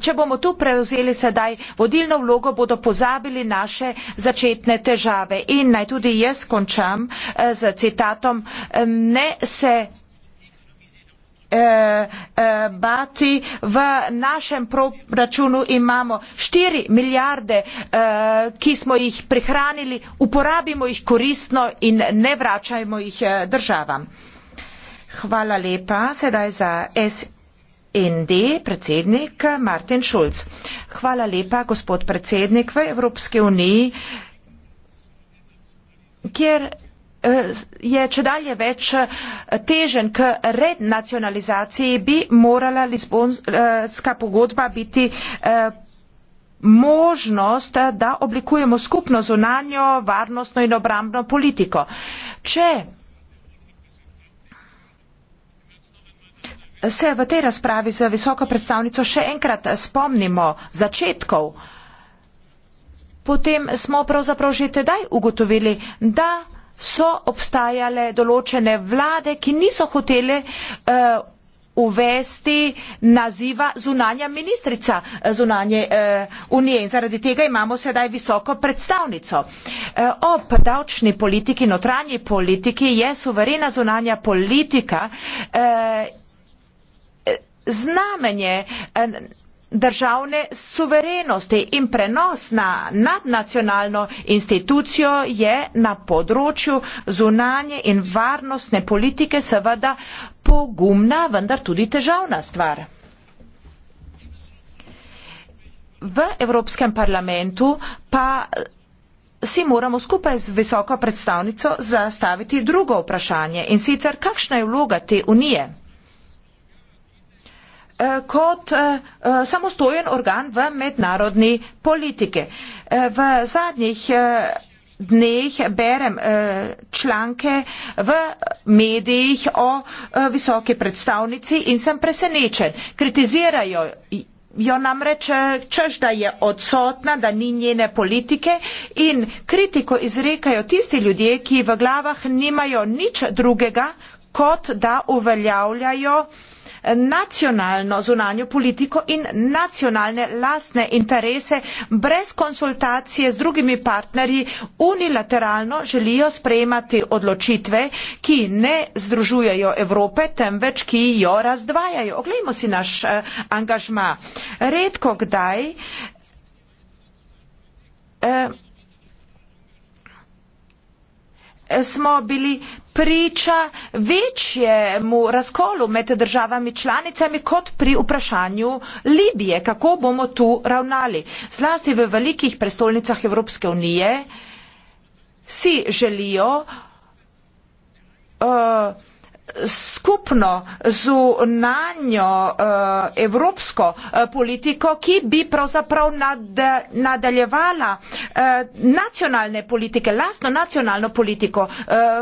če bomo tu prevzeli sedaj vodilno vlogo, bodo pozabili naše začetne težave. In naj tudi jaz končam z eh, citatom, ne se Eh, eh, bati v našem proračunu imamo 4 milijarde, eh, ki smo jih prihranili, uporabimo jih koristno in ne vračajmo jih državam. Hvala lepa. Sedaj za SND predsednik Martin Šulc. Hvala lepa, gospod predsednik, v Evropske uniji, kjer Eh, je če dalje več eh, težen k rednacionalizaciji, bi morala Lisbonska pogodba biti eh, možnost, da oblikujemo skupno zunanjo varnostno in obrambno politiko. Če se v tej razpravi z visoko predstavnico še enkrat spomnimo začetkov, potem smo pravzaprav že tedaj ugotovili, da so obstajale določene vlade, ki niso hotele uh, uvesti naziva zunanja ministrica eh, zunanje uh, unije in zaradi tega imamo sedaj visoko predstavnico. Uh, ob davčni politiki, notranji politiki je suverena zunanja politika uh, znamenje uh, državne suverenosti in prenos na nadnacionalno institucijo je na področju zunanje in varnostne politike seveda pogumna, vendar tudi težavna stvar. V Evropskem parlamentu pa si moramo skupaj z visoko predstavnico zastaviti drugo vprašanje in sicer kakšna je vloga te unije. Eh, kot eh, eh, samostojen organ v mednarodni politike. V zadnjih dneh berem članke v medijih o visoki predstavnici in sem presenečen. Kritizirajo jo namreč čež, da je odsotna, da ni njene politike in kritiko izrekajo tisti ljudje, ki v glavah nimajo nič drugega, kot da uveljavljajo uh, nacionalno zunanjo politiko in nacionalne lastne interese brez konsultacije z drugimi partnerji unilateralno želijo sprejemati odločitve, ki ne združujejo Evrope, temveč ki jo razdvajajo. Oglejmo si naš eh, angažma. Redko kdaj. Eh, smo bili priča večjemu razkolu med državami članicami kot pri vprašanju Libije, kako bomo tu ravnali. Zlasti v velikih prestolnicah Evropske unije si želijo uh, skupno zunanjo uh, evropsko uh, politiko, ki bi pravzaprav nad, nadaljevala uh, nacionalne politike, lastno nacionalno politiko. Uh,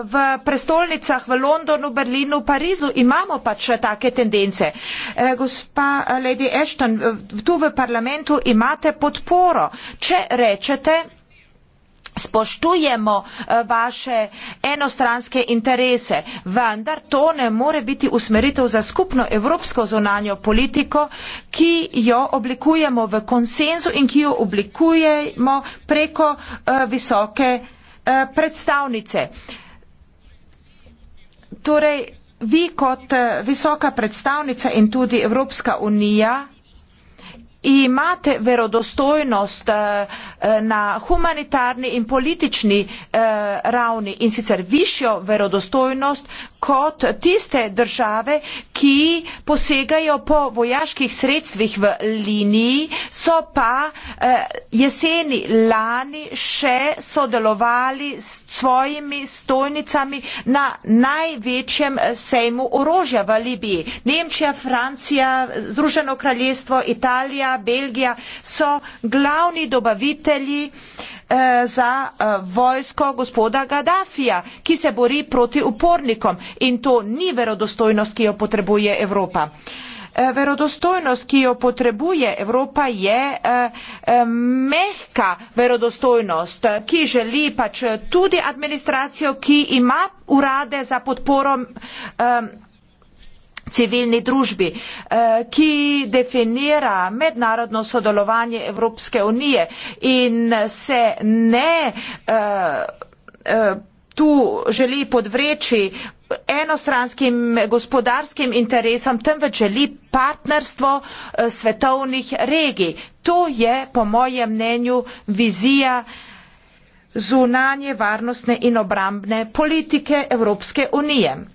v prestolnicah v Londonu, Berlinu, Parizu imamo pač take tendence. Uh, gospa Lady Ashton, tu v parlamentu imate podporo. Če rečete, spoštujemo eh, vaše enostranske interese, vendar to ne more biti usmeritev za skupno evropsko zonanjo politiko, ki jo oblikujemo v konsenzu in ki jo oblikujemo preko eh, visoke eh, predstavnice. Torej, vi kot visoka predstavnica in tudi Evropska unija imate verodostojnost eh, eh, na humanitarni in politični eh, ravni in sicer višjo verodostojnost kot tiste države, ki posegajo po vojaških sredstvih v liniji, so pa eh, jeseni lani še sodelovali s svojimi stojnicami na največjem eh, sejmu orožja v Libiji. Nemčija, Francija, Združeno kraljestvo, Italija, Belgija so glavni dobavitelji Eh, za eh, vojsko gospoda Gaddafija, ki se bori proti upornikom in to ni verodostojnost, ki jo potrebuje Evropa. Eh, verodostojnost, ki jo potrebuje Evropa, je mehka verodostojnost, ki želi pač tudi administracijo, ki ima urade za podporo civilni družbi, eh, ki definira mednarodno sodelovanje Evropske unije in se ne eh, eh, tu želi podvreči enostranskim gospodarskim interesom, temveč želi partnerstvo svetovnih regij. To je, po mojem mnenju, vizija zunanje varnostne in obrambne politike Evropske unije.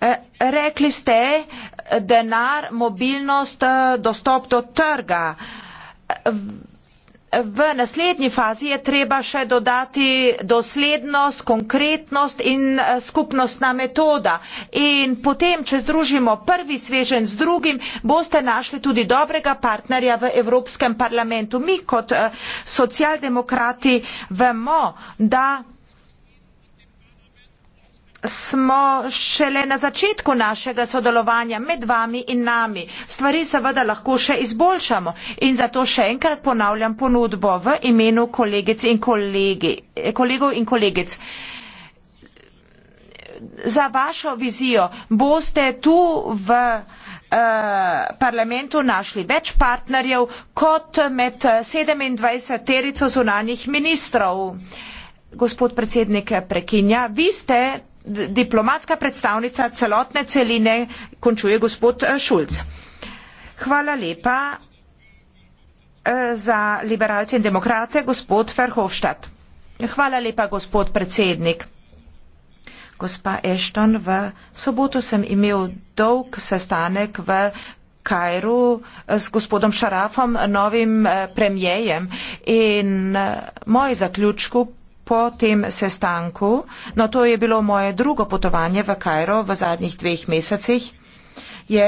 Eh, rekli ste eh, denar, mobilnost, eh, dostop do trga. V naslednji fazi je treba še dodati doslednost, konkretnost in skupnostna metoda. In potem, če združimo prvi svežen z drugim, boste našli tudi dobrega partnerja v Evropskem parlamentu. Mi kot socialdemokrati vemo, da smo šele na začetku našega sodelovanja med vami in nami. Stvari seveda lahko še izboljšamo in zato še enkrat ponavljam ponudbo v imenu kolegic in kolegi, kolegov in kolegic. Za vašo vizijo boste tu v eh, parlamentu našli več partnerjev kot med 27 eh, terico zunanjih ministrov. Gospod predsednik prekinja, vi ste diplomatska predstavnica celotne celine končuje gospod eh, Šulc. Hvala lepa eh, za liberalce in demokrate gospod Verhofstadt. Hvala lepa gospod predsednik. Gospa Ešton, v soboto sem imel dolg sestanek v Kajru s eh, gospodom Šarafom, novim premijejem in moj zaključku po tem sestanku, no to je bilo moje drugo potovanje v Kajro v zadnjih dveh mesecih, je,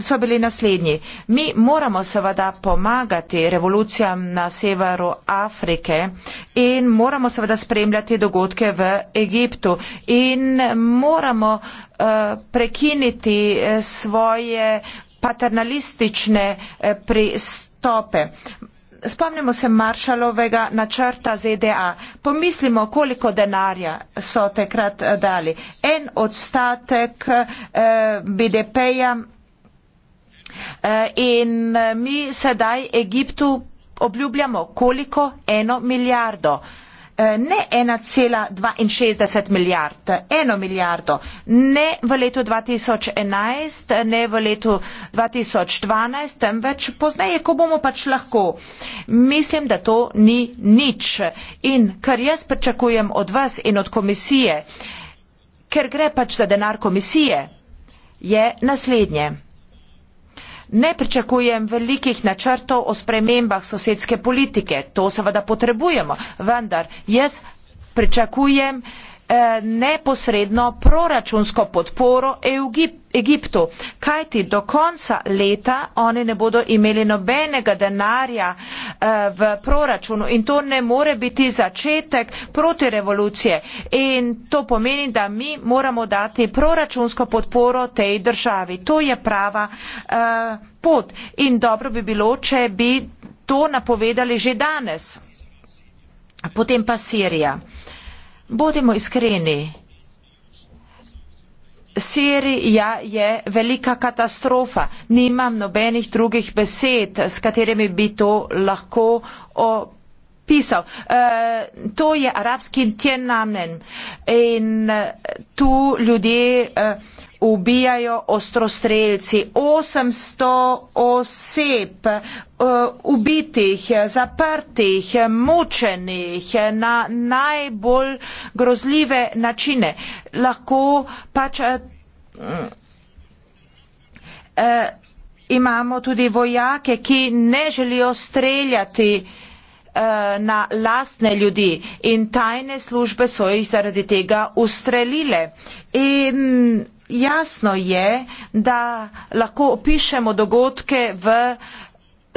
so bili naslednji. Mi moramo seveda pomagati revolucijam na severu Afrike in moramo seveda spremljati dogodke v Egiptu in moramo uh, prekiniti eh, svoje paternalistične eh, pristope spomnimo se Maršalovega načrta ZDA. Pomislimo, koliko denarja so takrat eh, dali. En odstatek eh, BDP-ja eh, in eh, mi sedaj Egiptu obljubljamo koliko? Eno milijardo. Eh, Eh, ne 1,62 milijard, eno milijardo, ne v letu 2011, ne v letu 2012, temveč pozneje, ko bomo pač lahko. Mislim, da to ni nič. In kar jaz pričakujem od vas in od komisije, ker gre pač za denar komisije, je naslednje ne pričakujem velikih načrtov o spremembah sosedske politike. To seveda potrebujemo, vendar jaz pričakujem, Eh, neposredno proračunsko podporo Egiptu. Kajti do konca leta oni ne bodo imeli nobenega denarja eh, v proračunu in to ne more biti začetek proti revolucije. In to pomeni, da mi moramo dati proračunsko podporo tej državi. To je prava eh, pot in dobro bi bilo, če bi to napovedali že danes. Potem pa Sirija. Bodimo iskreni. Sirija je velika katastrofa. Nimam nobenih drugih besed, s katerimi bi to lahko opisal. E, to je arabski tjenamen in eh, tu ljudje e, ubijajo ostrostrelci. 800 oseb uh, ubitih, zaprtih, mučenih na najbolj grozljive načine. Lahko pač uh, uh, imamo tudi vojake, ki ne želijo streljati na lastne ljudi in tajne službe so jih zaradi tega ustrelile. In jasno je, da lahko opišemo dogodke v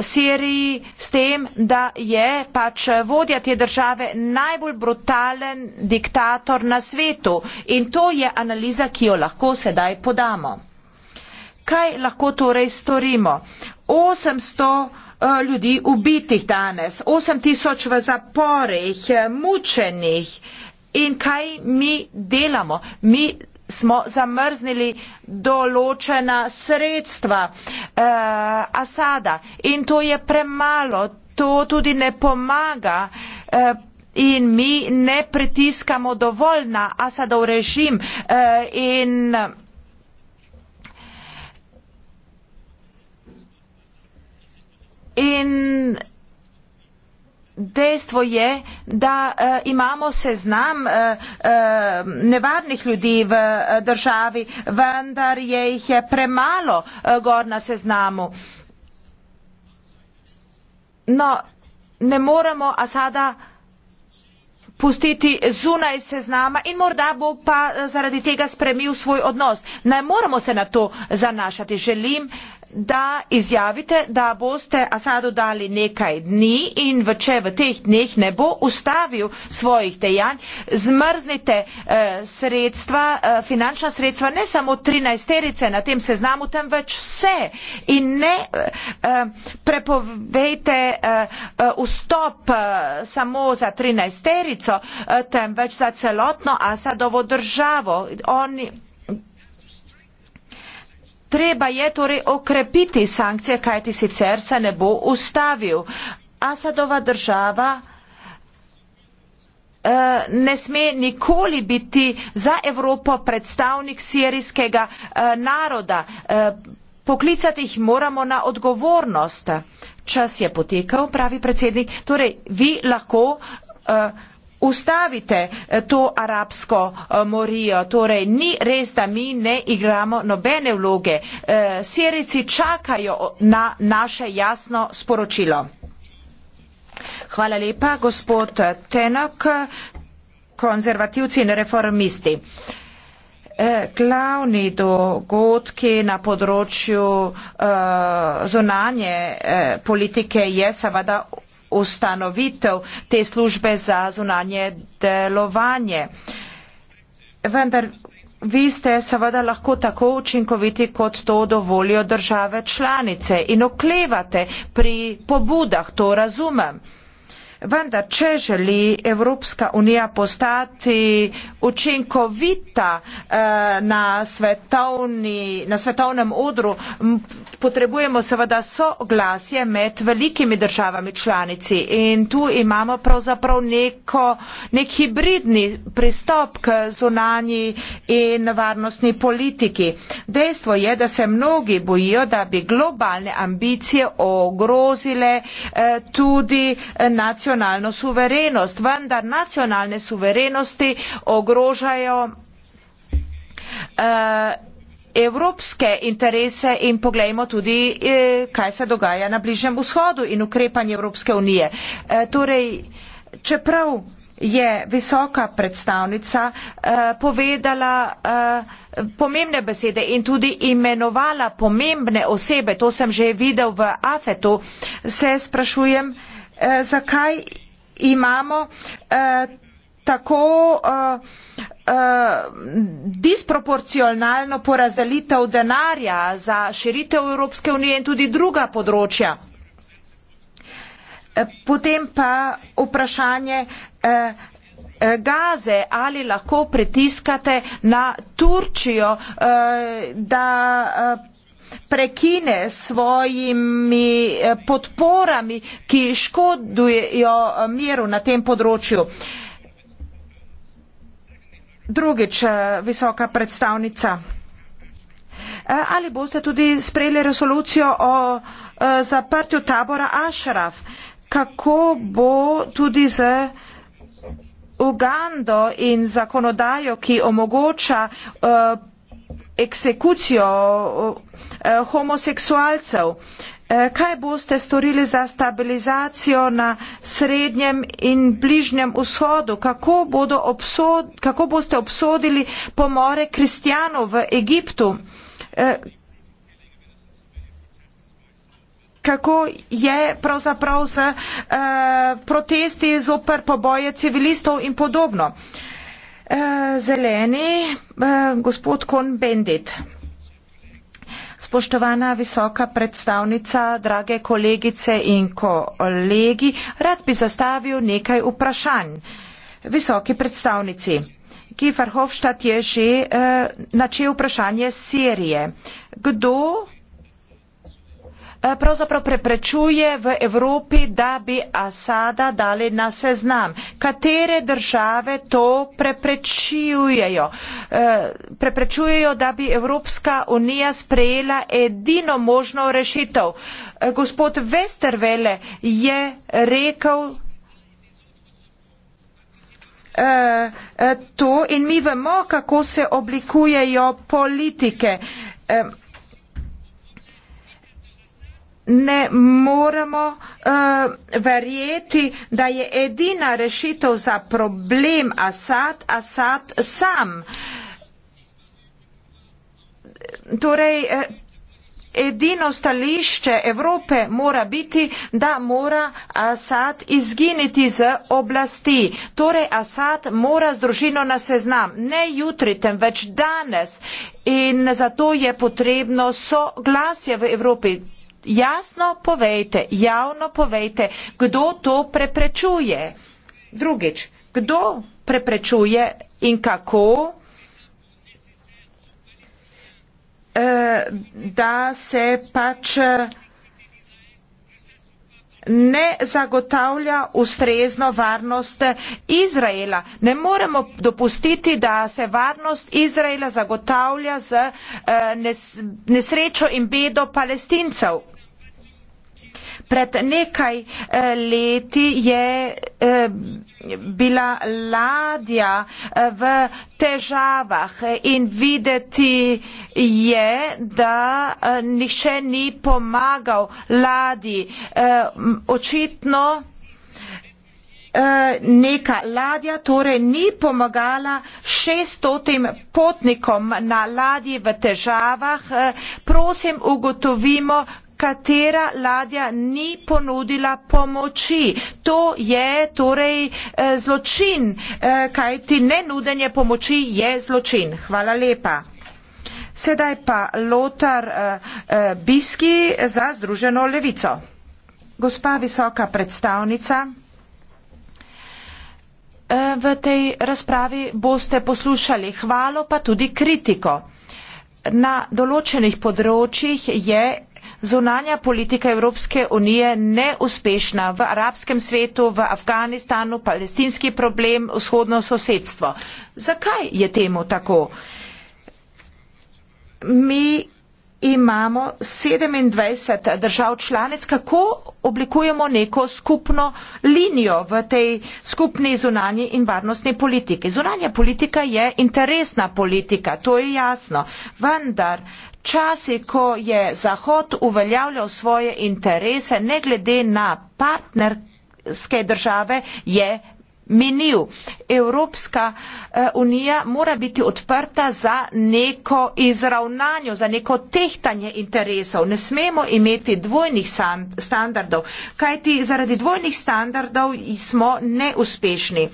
Siriji s tem, da je pač vodja te države najbolj brutalen diktator na svetu in to je analiza, ki jo lahko sedaj podamo. Kaj lahko torej storimo? 800 eh, ljudi ubitih danes, 8000 v zaporih, eh, mučenih in kaj mi delamo? Mi smo zamrznili določena sredstva eh, Asada in to je premalo, to tudi ne pomaga eh, in mi ne pritiskamo dovolj na Asadov režim eh, in in Dejstvo je, da uh, imamo seznam uh, uh, nevarnih ljudi v uh, državi, vendar je jih je premalo uh, gor na seznamu. No, ne moremo Asada pustiti zunaj seznama in morda bo pa zaradi tega spremil svoj odnos. Ne moramo se na to zanašati. Želim uh, da izjavite, da boste Asadu dali nekaj dni in v, če v teh dneh ne bo ustavil svojih dejanj, zmrznite eh, sredstva, eh, finančna sredstva, ne samo 13 terice na tem seznamu, temveč vse in ne eh, eh prepovejte eh, eh, vstop eh, samo za 13 terico, eh, temveč za celotno Asadovo državo. Oni, treba je torej okrepiti sankcije, kajti sicer se ne bo ustavil. Asadova država eh, ne sme nikoli biti za Evropo predstavnik sirijskega eh, naroda. Eh, poklicati jih moramo na odgovornost. Čas je potekal, pravi predsednik. Torej, vi lahko uh, ustavite eh, to arabsko eh, morijo. Torej, ni res, da mi ne igramo nobene vloge. Eh, Sirici čakajo na naše jasno sporočilo. Hvala lepa, gospod Tenok, konzervativci in reformisti. Glavni dogodki na področju uh, zonanje uh, politike je seveda ustanovitev te službe za zunanje delovanje. Vendar vi ste seveda lahko tako učinkoviti, kot to dovolijo države članice in oklevate pri pobudah, to razumem vendar, če želi Evropska unija postati učinkovita eh, na, svetovni, na svetovnem odru, potrebujemo seveda soglasje med velikimi državami članici in tu imamo pravzaprav neko, nek hibridni pristop k zunanji in varnostni politiki. Dejstvo je, da se mnogi bojijo, da bi globalne ambicije ogrozile eh, tudi eh, nacionalne nacionalno suverenost, vendar nacionalne suverenosti ogrožajo uh, evropske interese in poglejmo tudi, uh, kaj se dogaja na Bližnjem vzhodu in ukrepanje Evropske unije. Uh, torej, čeprav je visoka predstavnica uh, povedala uh, pomembne besede in tudi imenovala pomembne osebe, to sem že videl v Afetu, se sprašujem, uh, eh, zakaj imamo eh, tako eh, eh, disproporcionalno porazdelitev denarja za širitev Evropske unije in tudi druga področja. Eh, potem pa vprašanje eh, eh, gaze, ali lahko pritiskate na Turčijo, eh, da eh, prekine svojimi eh, podporami, ki škodujejo eh, miru na tem področju. Drugič, eh, visoka predstavnica. Ali boste tudi sprejeli resolucijo o zaprtju tabora Ašraf? Kako bo tudi z Ugando in zakonodajo, ki omogoča uh, eksekucijo uh, Eh, homoseksualcev. Eh, kaj boste storili za stabilizacijo na srednjem in bližnjem vzhodu? Kako, obsod, kako boste obsodili pomore kristijanov v Egiptu? Eh, kako je pravzaprav z uh, protesti zoper poboje civilistov in podobno? Uh, zeleni, uh, gospod Kon Bendit. Spoštovana visoka predstavnica, drage kolegice in kolegi, rad bi zastavil nekaj vprašanj. Visoki predstavnici, Kifarhofštat je že eh, načel vprašanje Sirije. Kdo Eh, pravzaprav preprečuje v Evropi, da bi Asada dali na seznam. Katere države to preprečujejo? Eh, preprečujejo, da bi Evropska unija sprejela edino možno rešitev. Eh, gospod Westervele je rekel, to in mi vemo, kako se oblikujejo politike ne moremo uh, verjeti, da je edina rešitev za problem Asad, Asad sam. Torej, eh, edino stališče Evrope mora biti, da mora Asad izginiti z oblasti. Torej, Asad mora z družino na seznam, ne jutri, temveč danes. In zato je potrebno soglasje v Evropi jasno povejte, javno povejte, kdo to preprečuje. Drugič, kdo preprečuje in kako, eh, da se pač eh, ne zagotavlja ustrezno varnost Izraela. Ne moremo dopustiti, da se varnost Izraela zagotavlja z eh, nesrečo in bedo palestincev. Pred nekaj eh, leti je eh, bila ladja eh, v težavah in videti je, da nihče ni pomagal ladji. Očitno neka ladja torej ni pomagala šestotim potnikom na ladji v težavah. Prosim, ugotovimo, katera ladja ni ponudila pomoči. To je torej eh, zločin, eh, kajti nenudenje pomoči je zločin. Hvala lepa. Sedaj pa Lotar eh, eh, Biski za Združeno levico. Gospa visoka predstavnica, eh, v tej razpravi boste poslušali hvalo, pa tudi kritiko. Na določenih področjih je zunanja politika Evropske unije neuspešna v arabskem svetu, v Afganistanu, palestinski problem, vzhodno sosedstvo. Zakaj je temu tako? Mi imamo 27 držav članic, kako oblikujemo neko skupno linijo v tej skupni zunanji in varnostni politiki. Zunanja politika je interesna politika, to je jasno. Vendar časi, ko je Zahod uveljavljal svoje interese, ne glede na partnerske države, je minil. Evropska eh, unija mora biti odprta za neko izravnanje, za neko tehtanje interesov. Ne smemo imeti dvojnih standardov, kajti zaradi dvojnih standardov smo neuspešni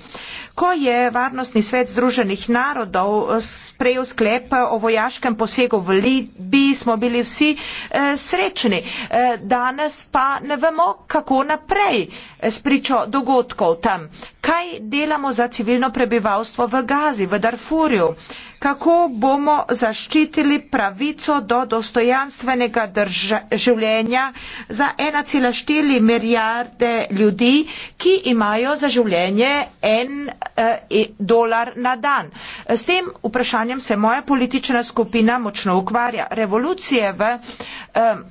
ko je Varnostni svet Združenih narodov eh, sprejel sklep eh, o vojaškem posegu v Libiji, smo bili vsi eh, srečni. Eh, danes pa ne vemo, kako naprej s pričo dogodkov tam. Kaj delamo za civilno prebivalstvo v Gazi, v Darfurju? Eh, kako bomo zaščitili pravico do dostojanstvenega drž življenja za 1,4 milijarde ljudi, ki imajo za življenje en eh, e, dolar na dan. S tem vprašanjem se moja politična skupina močno ukvarja. Revolucije v eh,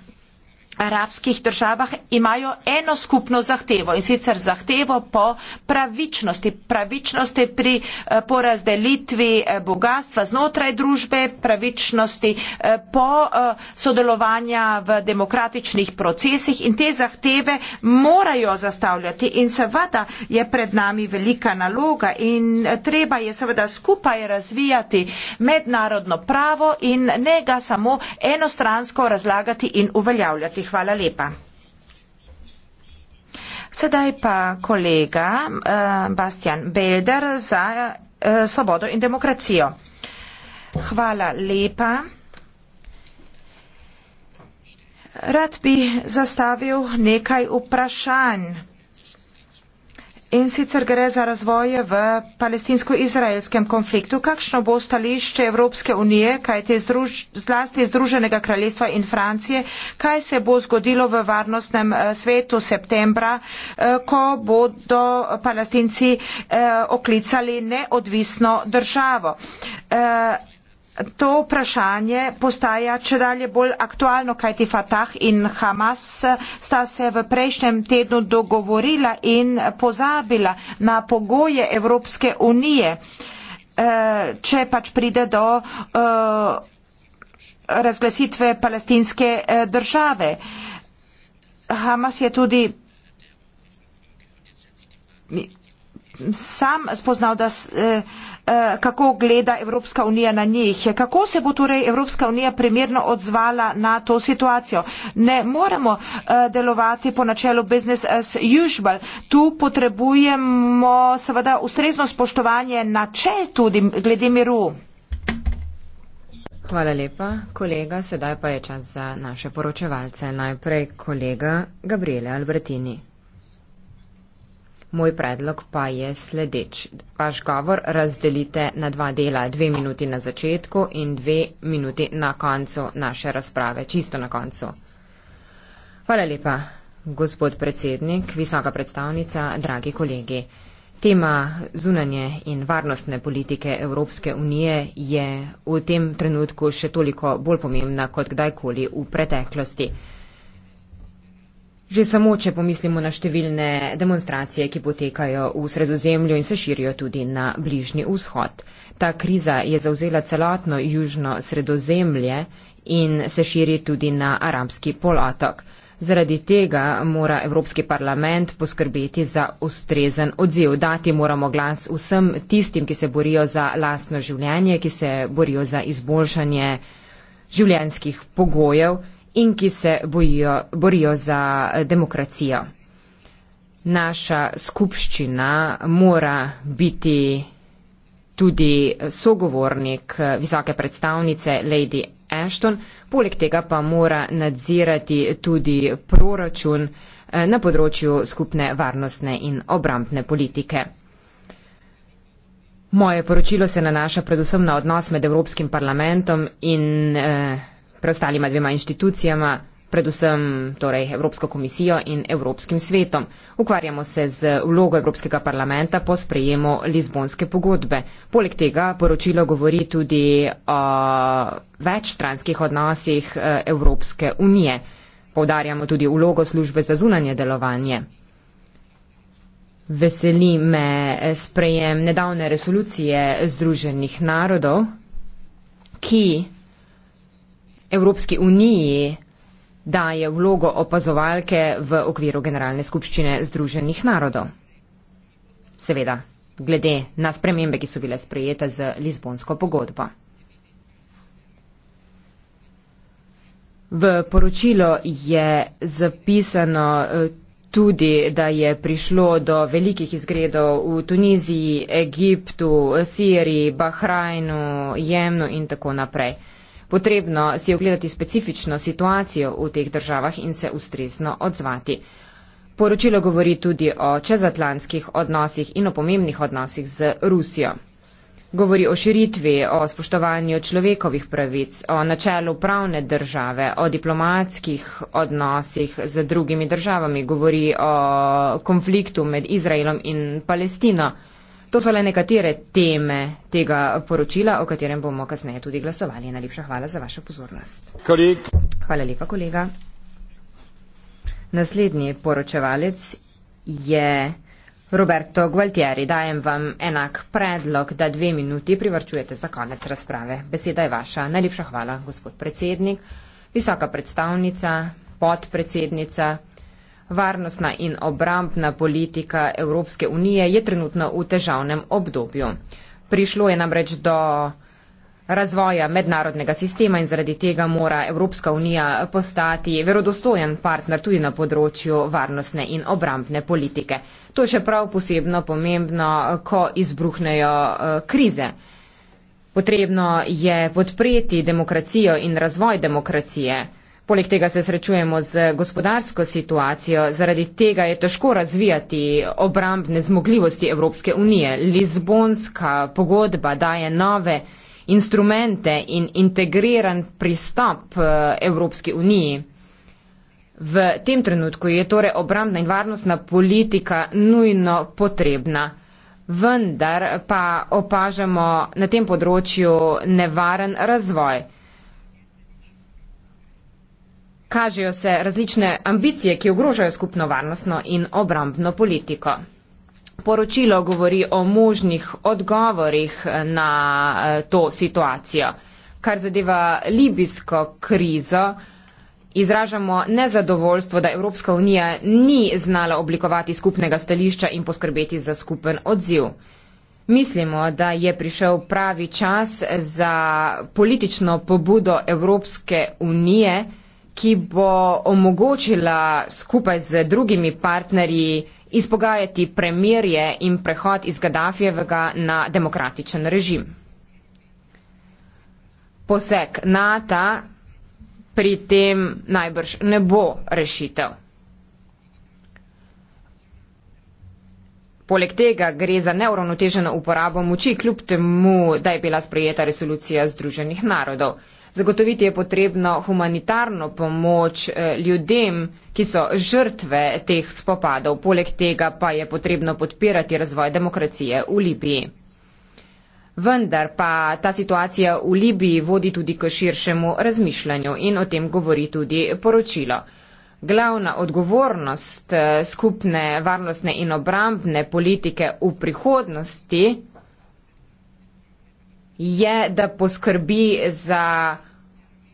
arabskih državah imajo eno skupno zahtevo in sicer zahtevo po pravičnosti. Pravičnosti pri eh, porazdelitvi eh, bogatstva znotraj družbe, pravičnosti eh, po sodelovanja v demokratičnih procesih in te zahteve morajo zastavljati in seveda je pred nami velika naloga in treba je seveda skupaj razvijati mednarodno pravo in ne ga samo enostransko razlagati in uveljavljati hvala lepa. Sedaj pa kolega uh, Bastian Belder za uh, Svobodo in demokracijo. Hvala lepa. Rad bi zastavil nekaj vprašanj. In sicer gre za razvoje v palestinsko-izraelskem konfliktu. Kakšno bo stališče Evropske unije, kaj te združ, zlasti Združenega kraljestva in Francije, kaj se bo zgodilo v varnostnem eh, svetu septembra, eh, ko bodo palestinci eh, oklicali neodvisno državo? to vprašanje postaja če dalje bolj aktualno, kajti Fatah in Hamas sta se v prejšnjem tednu dogovorila in pozabila na pogoje Evropske unije, eh, če pač pride do eh, razglasitve palestinske eh, države. Hamas je tudi sam spoznal, da Eh, kako gleda Evropska unija na njih. Kako se bo torej Evropska unija primerno odzvala na to situacijo? Ne moramo eh, delovati po načelu business as usual. Tu potrebujemo seveda ustrezno spoštovanje načel tudi glede miru. Hvala lepa, kolega. Sedaj pa je čas za naše poročevalce. Najprej kolega Gabriele Albertini. Moj predlog pa je sledeč. Vaš govor razdelite na dva dela, dve minuti na začetku in dve minuti na koncu naše razprave, čisto na koncu. Hvala lepa, gospod predsednik, visoka predstavnica, dragi kolegi. Tema zunanje in varnostne politike Evropske unije je v tem trenutku še toliko bolj pomembna kot kdajkoli v preteklosti. Že samo, če pomislimo na številne demonstracije, ki potekajo v sredozemlju in se širijo tudi na bližnji vzhod. Ta kriza je zauzela celotno južno sredozemlje in se širi tudi na arabski polotok. Zaradi tega mora Evropski parlament poskrbeti za ustrezen odziv. Dati moramo glas vsem tistim, ki se borijo za lastno življenje, ki se borijo za izboljšanje življenskih pogojev in ki se bojijo, borijo za eh, demokracijo. Naša skupščina mora biti tudi eh, sogovornik eh, visoke predstavnice Lady Ashton, poleg tega pa mora nadzirati tudi proračun na področju skupne varnostne in obrambne politike. Moje poročilo se nanaša predvsem na odnos med Evropskim parlamentom in eh, preostalima dvema inštitucijama, predvsem torej Evropsko komisijo in Evropskim svetom. Ukvarjamo se z vlogo Evropskega parlamenta po sprejemu Lizbonske pogodbe. Poleg tega poročilo govori tudi o večstranskih odnosih eh, Evropske unije. Povdarjamo tudi vlogo službe za zunanje delovanje. Veseli me eh, sprejem nedavne resolucije Združenih narodov, ki Evropski uniji daje vlogo opazovalke v okviru Generalne skupščine Združenih narodov. Seveda, glede na spremembe, ki so bile sprejete z Lizbonsko pogodbo. V poročilo je zapisano eh, tudi, da je prišlo do velikih izgredov v Tuniziji, Egiptu, Siriji, Bahrajnu, Jemnu in tako naprej. Potrebno si ogledati specifično situacijo v teh državah in se ustrezno odzvati. Poročilo govori tudi o čezatlantskih odnosih in o pomembnih odnosih z Rusijo. Govori o širitvi, o spoštovanju človekovih pravic, o načelu pravne države, o diplomatskih odnosih z drugimi državami, govori o konfliktu med Izraelom in Palestino. To so le nekatere teme tega poročila, o katerem bomo kasneje tudi glasovali. Najlepša hvala za vašo pozornost. Kolik. Hvala lepa, kolega. Naslednji poročevalec je Roberto Gualtieri. Dajem vam enak predlog, da dve minuti privrčujete za konec razprave. Beseda je vaša. Najlepša hvala, gospod predsednik. Visoka predstavnica, podpredsednica, Varnostna in obrambna politika Evropske unije je trenutno v težavnem obdobju. Prišlo je namreč do razvoja mednarodnega sistema in zaradi tega mora Evropska unija postati verodostojen partner tudi na področju varnostne in obrambne politike. To je še prav posebno pomembno, ko izbruhnejo eh, krize. Potrebno je podpreti demokracijo in razvoj demokracije. Poleg tega se srečujemo z gospodarsko situacijo, zaradi tega je težko razvijati obrambne zmogljivosti Evropske unije. Lizbonska pogodba daje nove instrumente in integriran pristop eh, Evropski uniji. V tem trenutku je torej obrambna in varnostna politika nujno potrebna. Vendar pa opažamo na tem področju nevaren razvoj kažejo se različne ambicije, ki ogrožajo skupno varnostno in obrambno politiko. Poročilo govori o možnih odgovorih na eh, to situacijo. Kar zadeva libijsko krizo, izražamo nezadovoljstvo, da Evropska unija ni znala oblikovati skupnega stališča in poskrbeti za skupen odziv. Mislimo, da je prišel pravi čas za politično pobudo Evropske unije, ki bo omogočila skupaj z drugimi partnerji izpogajati premirje in prehod iz Gaddafijevega na demokratičen režim. Poseg NATO pri tem najbrž ne bo rešitev. Poleg tega gre za neuravnoteženo uporabo moči, kljub temu, da je bila sprejeta resolucija Združenih narodov. Zagotoviti je potrebno humanitarno pomoč eh, ljudem, ki so žrtve teh spopadov. Poleg tega pa je potrebno podpirati razvoj demokracije v Libiji. Vendar pa ta situacija v Libiji vodi tudi k širšemu razmišljanju in o tem govori tudi poročilo. Glavna odgovornost eh, skupne varnostne in obrambne politike v prihodnosti je, da poskrbi za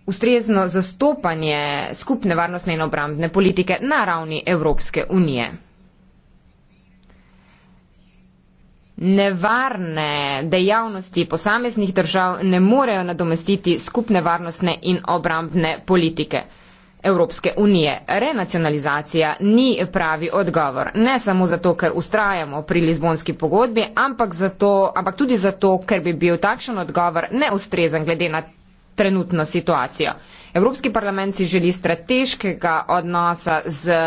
ustrezno zastopanje skupne varnostne in obrambne politike na ravni Evropske unije. Nevarne dejavnosti posameznih držav ne morejo nadomestiti skupne varnostne in obrambne politike. Evropske unije. Renacionalizacija ni pravi odgovor, ne samo zato, ker ustrajamo pri Lizbonski pogodbi, ampak, zato, ampak tudi zato, ker bi bil takšen odgovor neustrezen glede na trenutno situacijo. Evropski parlament si želi strateškega odnosa z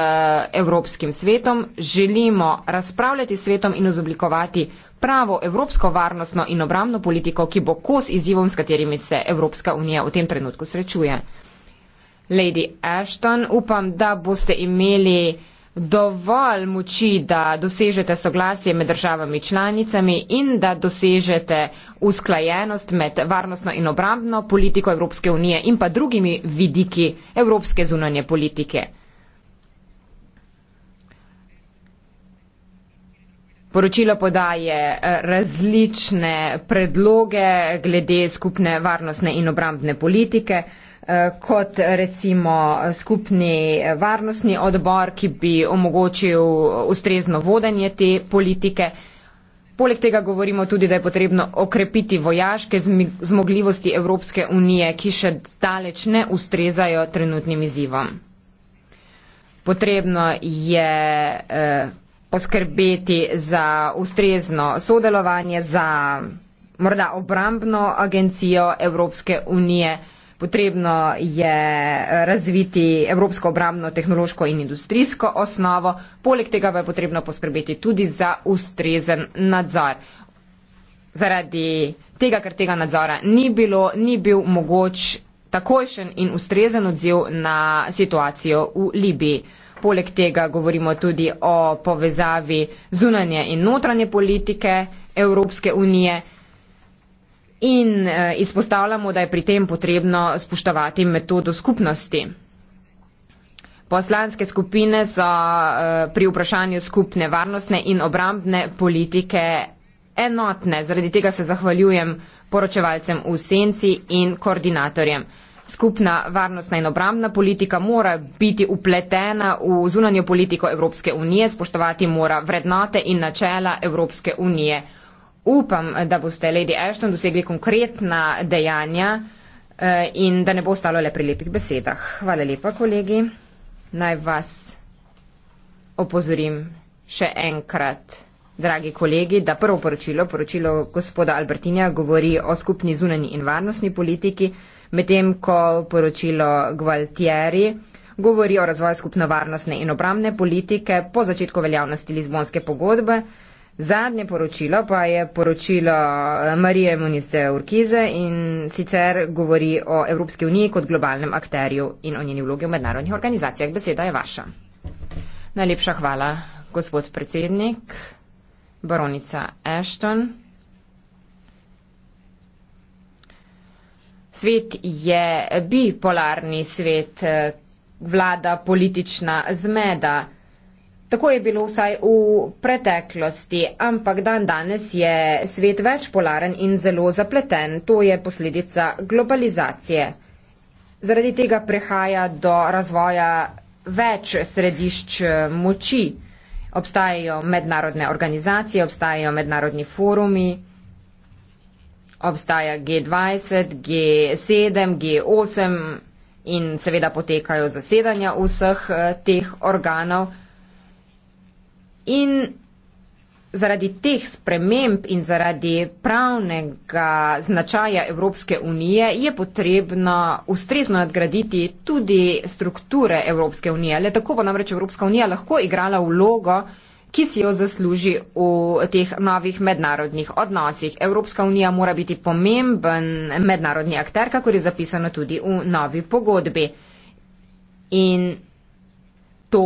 Evropskim svetom, želimo razpravljati s svetom in izoblikovati pravo evropsko varnostno in obramno politiko, ki bo kos izzivom, s katerimi se Evropska unija v tem trenutku srečuje. Lady Ashton, upam, da boste imeli dovolj moči, da dosežete soglasje med državami članicami in da dosežete usklajenost med varnostno in obrambno politiko Evropske unije in pa drugimi vidiki evropske zunanje politike. Poročilo podaje eh, različne predloge glede skupne varnostne in obrambne politike kot recimo skupni varnostni odbor, ki bi omogočil ustrezno vodenje te politike. Poleg tega govorimo tudi, da je potrebno okrepiti vojaške zmogljivosti Evropske unije, ki še daleč ne ustrezajo trenutnim izzivom. Potrebno je eh, poskrbeti za ustrezno sodelovanje, za morda obrambno agencijo Evropske unije, Potrebno je eh, razviti evropsko obramno, tehnološko in industrijsko osnovo, poleg tega pa je potrebno poskrbeti tudi za ustrezen nadzor. Zaradi tega, ker tega nadzora ni bilo, ni bil mogoč takojšen in ustrezen odziv na situacijo v Libiji. Poleg tega govorimo tudi o povezavi zunanje in notranje politike Evropske unije, in eh, izpostavljamo, da je pri tem potrebno spoštovati metodo skupnosti. Poslanske skupine so eh, pri vprašanju skupne varnostne in obrambne politike enotne. Zaradi tega se zahvaljujem poročevalcem v senci in koordinatorjem. Skupna varnostna in obrambna politika mora biti upletena v zunanjo politiko Evropske unije, spoštovati mora vrednote in načela Evropske unije upam, da boste Lady Ashton dosegli konkretna dejanja eh, in da ne bo stalo le pri lepih besedah. Hvala lepa, kolegi. Naj vas opozorim še enkrat, dragi kolegi, da prvo poročilo, poročilo gospoda Albertinja, govori o skupni zunani in varnostni politiki, medtem ko poročilo Gvaltieri govori o razvoju skupno varnostne in obramne politike po začetku veljavnosti Lizbonske pogodbe. Zadnje poročilo pa je poročilo eh, Marije Muniste Urkize in sicer govori o Evropski uniji kot globalnem akterju in o njeni vlogi v mednarodnih organizacijah. Beseda je vaša. Najlepša hvala, gospod predsednik, baronica Ashton. Svet je bipolarni svet, eh, vlada politična zmeda. Tako je bilo vsaj v preteklosti, ampak dan danes je svet več polaren in zelo zapleten. To je posledica globalizacije. Zaradi tega prehaja do razvoja več središč eh, moči. Obstajajo mednarodne organizacije, obstajajo mednarodni forumi, obstaja G20, G7, G8 in seveda potekajo zasedanja vseh eh, teh organov. In zaradi teh sprememb in zaradi pravnega značaja Evropske unije je potrebno ustrezno nadgraditi tudi strukture Evropske unije. Le tako bo namreč Evropska unija lahko igrala vlogo ki si jo zasluži v teh novih mednarodnih odnosih. Evropska unija mora biti pomemben mednarodni akter, kako je zapisano tudi v novi pogodbi. In to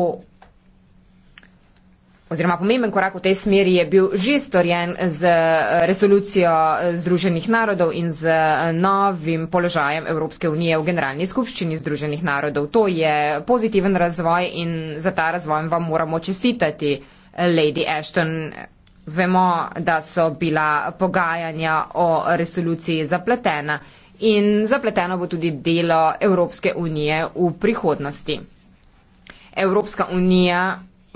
Oziroma pomemben korak v tej smeri je bil že storjen z eh, resolucijo eh, Združenih narodov in z eh, novim položajem Evropske unije v Generalni skupščini Združenih narodov. To je pozitiven razvoj in za ta razvoj vam moramo čestitati, Lady Ashton. Vemo, da so bila pogajanja o resoluciji zapletena in zapleteno bo tudi delo Evropske unije v prihodnosti. Evropska unija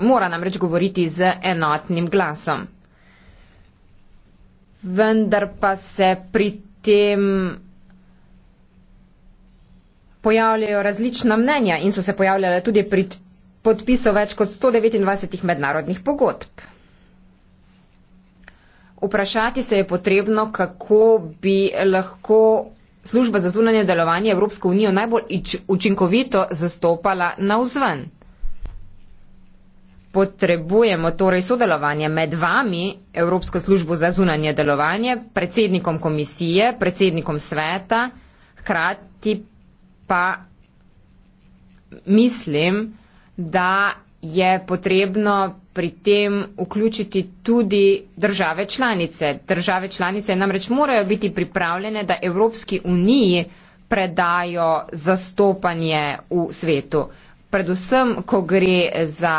mora namreč govoriti z enotnim glasom. Vendar pa se pri tem pojavljajo različna mnenja in so se pojavljale tudi pri podpisu več kot 129 mednarodnih pogodb. Vprašati se je potrebno, kako bi lahko služba za zunanje delovanje Evropsko unijo najbolj učinkovito zastopala na vzven potrebujemo torej sodelovanje med vami, Evropsko službo za zunanje delovanje, predsednikom komisije, predsednikom sveta, hkrati pa mislim, da je potrebno pri tem vključiti tudi države članice. Države članice namreč morajo biti pripravljene, da Evropski uniji predajo zastopanje v svetu. Predvsem, ko gre za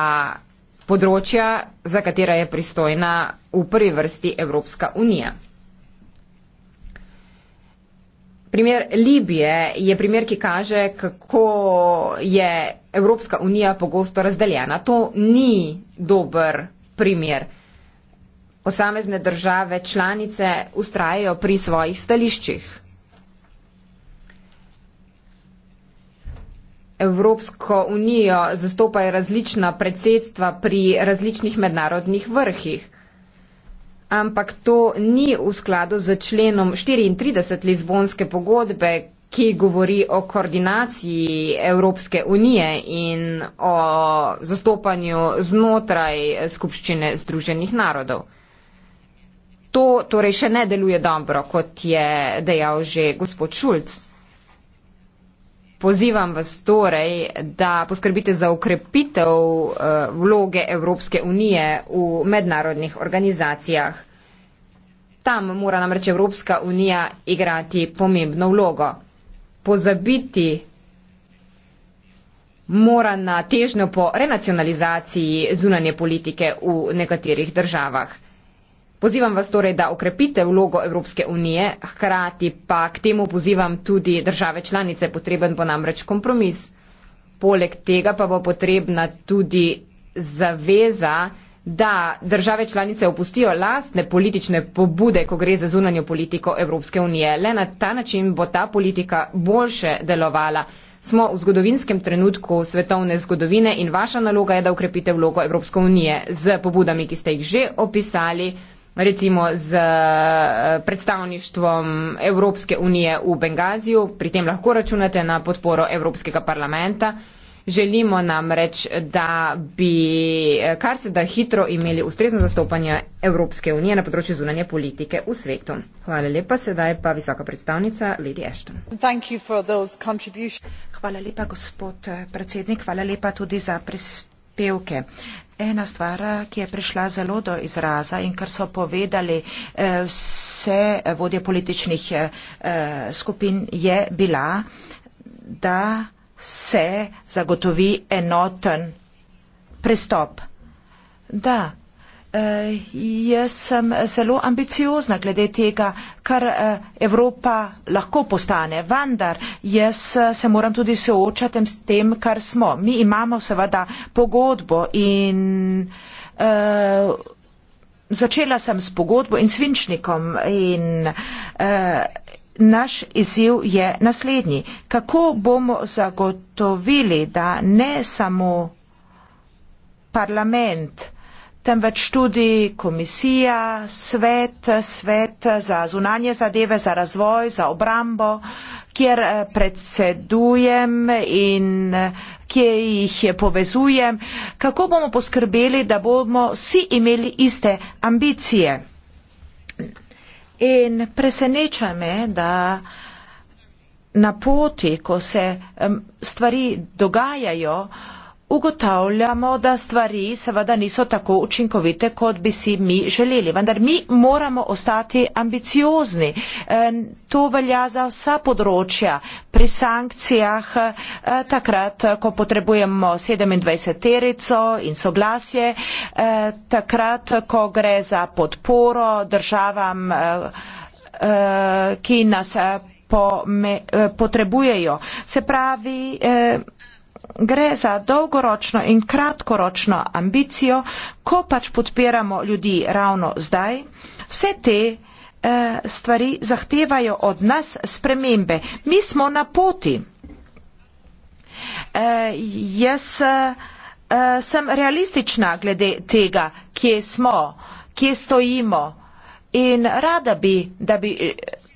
področja, za katera je pristojna v prvi vrsti Evropska unija. Primer Libije je primer, ki kaže, kako je Evropska unija pogosto razdeljena. To ni dober primer. Posamezne države članice ustrajajo pri svojih stališčih. Evropsko unijo zastopajo različna predsedstva pri različnih mednarodnih vrhih. Ampak to ni v skladu z členom 34 Lizbonske pogodbe, ki govori o koordinaciji Evropske unije in o zastopanju znotraj Skupščine Združenih narodov. To torej še ne deluje dobro, kot je dejal že gospod Šulc. Pozivam vas torej, da poskrbite za ukrepitev eh, vloge Evropske unije v mednarodnih organizacijah. Tam mora namreč Evropska unija igrati pomembno vlogo. Pozabiti mora na težno po renacionalizaciji zunanje politike v nekaterih državah. Pozivam vas torej, da okrepite vlogo Evropske unije, hkrati pa k temu pozivam tudi države članice, potreben bo namreč kompromis. Poleg tega pa bo potrebna tudi zaveza, da države članice opustijo lastne politične pobude, ko gre za zunanjo politiko Evropske unije. Le na ta način bo ta politika boljše delovala. Smo v zgodovinskem trenutku svetovne zgodovine in vaša naloga je, da okrepite vlogo Evropske unije z pobudami, ki ste jih že opisali recimo z eh, predstavništvom Evropske unije v Bengaziju. Pri tem lahko računate na podporo Evropskega parlamenta. Želimo nam reč, da bi eh, kar se da hitro imeli ustrezno zastopanje Evropske unije na področju zunanje politike v svetu. Hvala lepa, sedaj pa visoka predstavnica Lady Ashton. Hvala lepa, gospod eh, predsednik. Hvala lepa tudi za prispevke ena stvar, ki je prišla zelo do izraza in kar so povedali eh, vse vodje političnih eh, skupin, je bila, da se zagotovi enoten pristop. Da, Eh, jaz sem zelo ambiciozna glede tega, kar eh, Evropa lahko postane. Vendar jaz eh, se moram tudi soočati s tem, kar smo. Mi imamo seveda pogodbo in. Začela sem s pogodbo in svinčnikom in eh, naš izziv je naslednji. Kako bomo zagotovili, da ne samo parlament eh, temveč tudi komisija, svet, svet za zunanje zadeve, za razvoj, za obrambo, kjer eh, predsedujem in eh, kje jih povezujem, kako bomo poskrbeli, da bomo vsi imeli iste ambicije. In preseneča me, da na poti, ko se stvari dogajajo, ugotavljamo, da stvari seveda niso tako učinkovite, kot bi si mi želeli. Vendar mi moramo ostati ambiciozni. E, to velja za vsa področja. Pri sankcijah, e, takrat, ko potrebujemo 27 terico in soglasje, e, takrat, ko gre za podporo državam, ki nas potrebujejo. Se pravi, gre za dolgoročno in kratkoročno ambicijo, ko pač podpiramo ljudi ravno zdaj. Vse te eh, stvari zahtevajo od nas spremembe. Mi smo na poti. Eh, jaz eh, sem realistična glede tega, kje smo, kje stojimo in rada bi, da bi eh,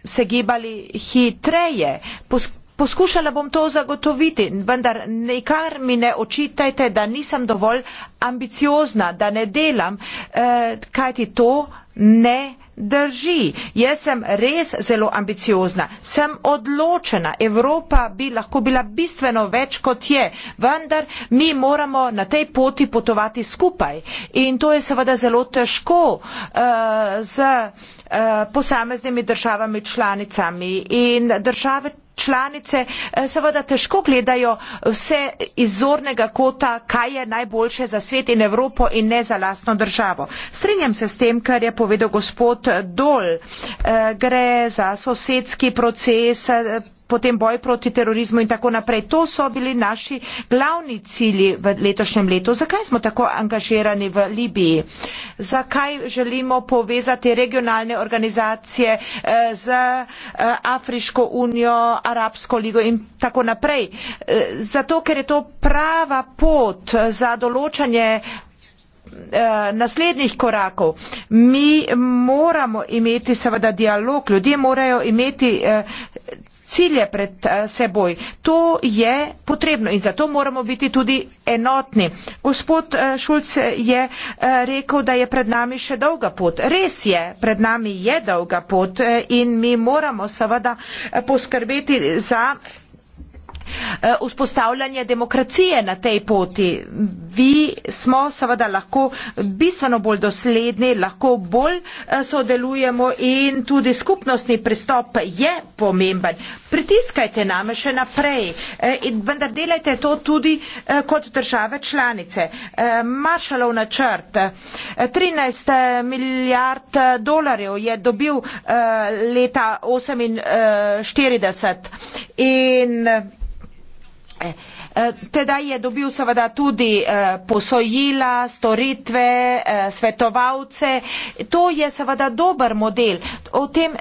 se gibali hitreje. Pos Poskušala bom to zagotoviti, vendar nekar mi ne očitajte, da nisem dovolj ambiciozna, da ne delam, eh, kajti to ne drži. Jaz sem res zelo ambiciozna, sem odločena, Evropa bi lahko bila bistveno več kot je, vendar mi moramo na tej poti potovati skupaj in to je seveda zelo težko eh, z eh, posameznimi državami članicami in države članice eh, seveda težko gledajo vse izzornega kota, kaj je najboljše za svet in Evropo in ne za lastno državo. Strinjam se s tem, kar je povedal gospod Dol. Eh, gre za sosedski proces, eh, potem boj proti terorizmu in tako naprej. To so bili naši glavni cilji v letošnjem letu. Zakaj smo tako angažirani v Libiji? Zakaj želimo povezati regionalne organizacije eh, z eh, Afriško unijo, Arabsko ligo in tako naprej? Eh, zato, ker je to prava pot za določanje naslednjih korakov. Mi moramo imeti seveda dialog, ljudje morajo imeti cilje pred eh, seboj. To je potrebno in zato moramo biti tudi enotni. Gospod eh, Šulc je eh, rekel, da je pred nami še dolga pot. Res je, pred nami je dolga pot in mi moramo seveda poskrbeti za Eh, vzpostavljanje demokracije na tej poti. Vi smo seveda lahko bistveno bolj dosledni, lahko bolj eh, sodelujemo in tudi skupnostni pristop je pomemben. Pritiskajte nam še naprej, eh, vendar delajte to tudi kot države članice. Maršalov načrt, 13 milijard dolarjev je dobil leta 1948 in Eh, eh, Tedaj je dobil seveda tudi eh, posojila, storitve, svetovalce. To je seveda dober model. O tem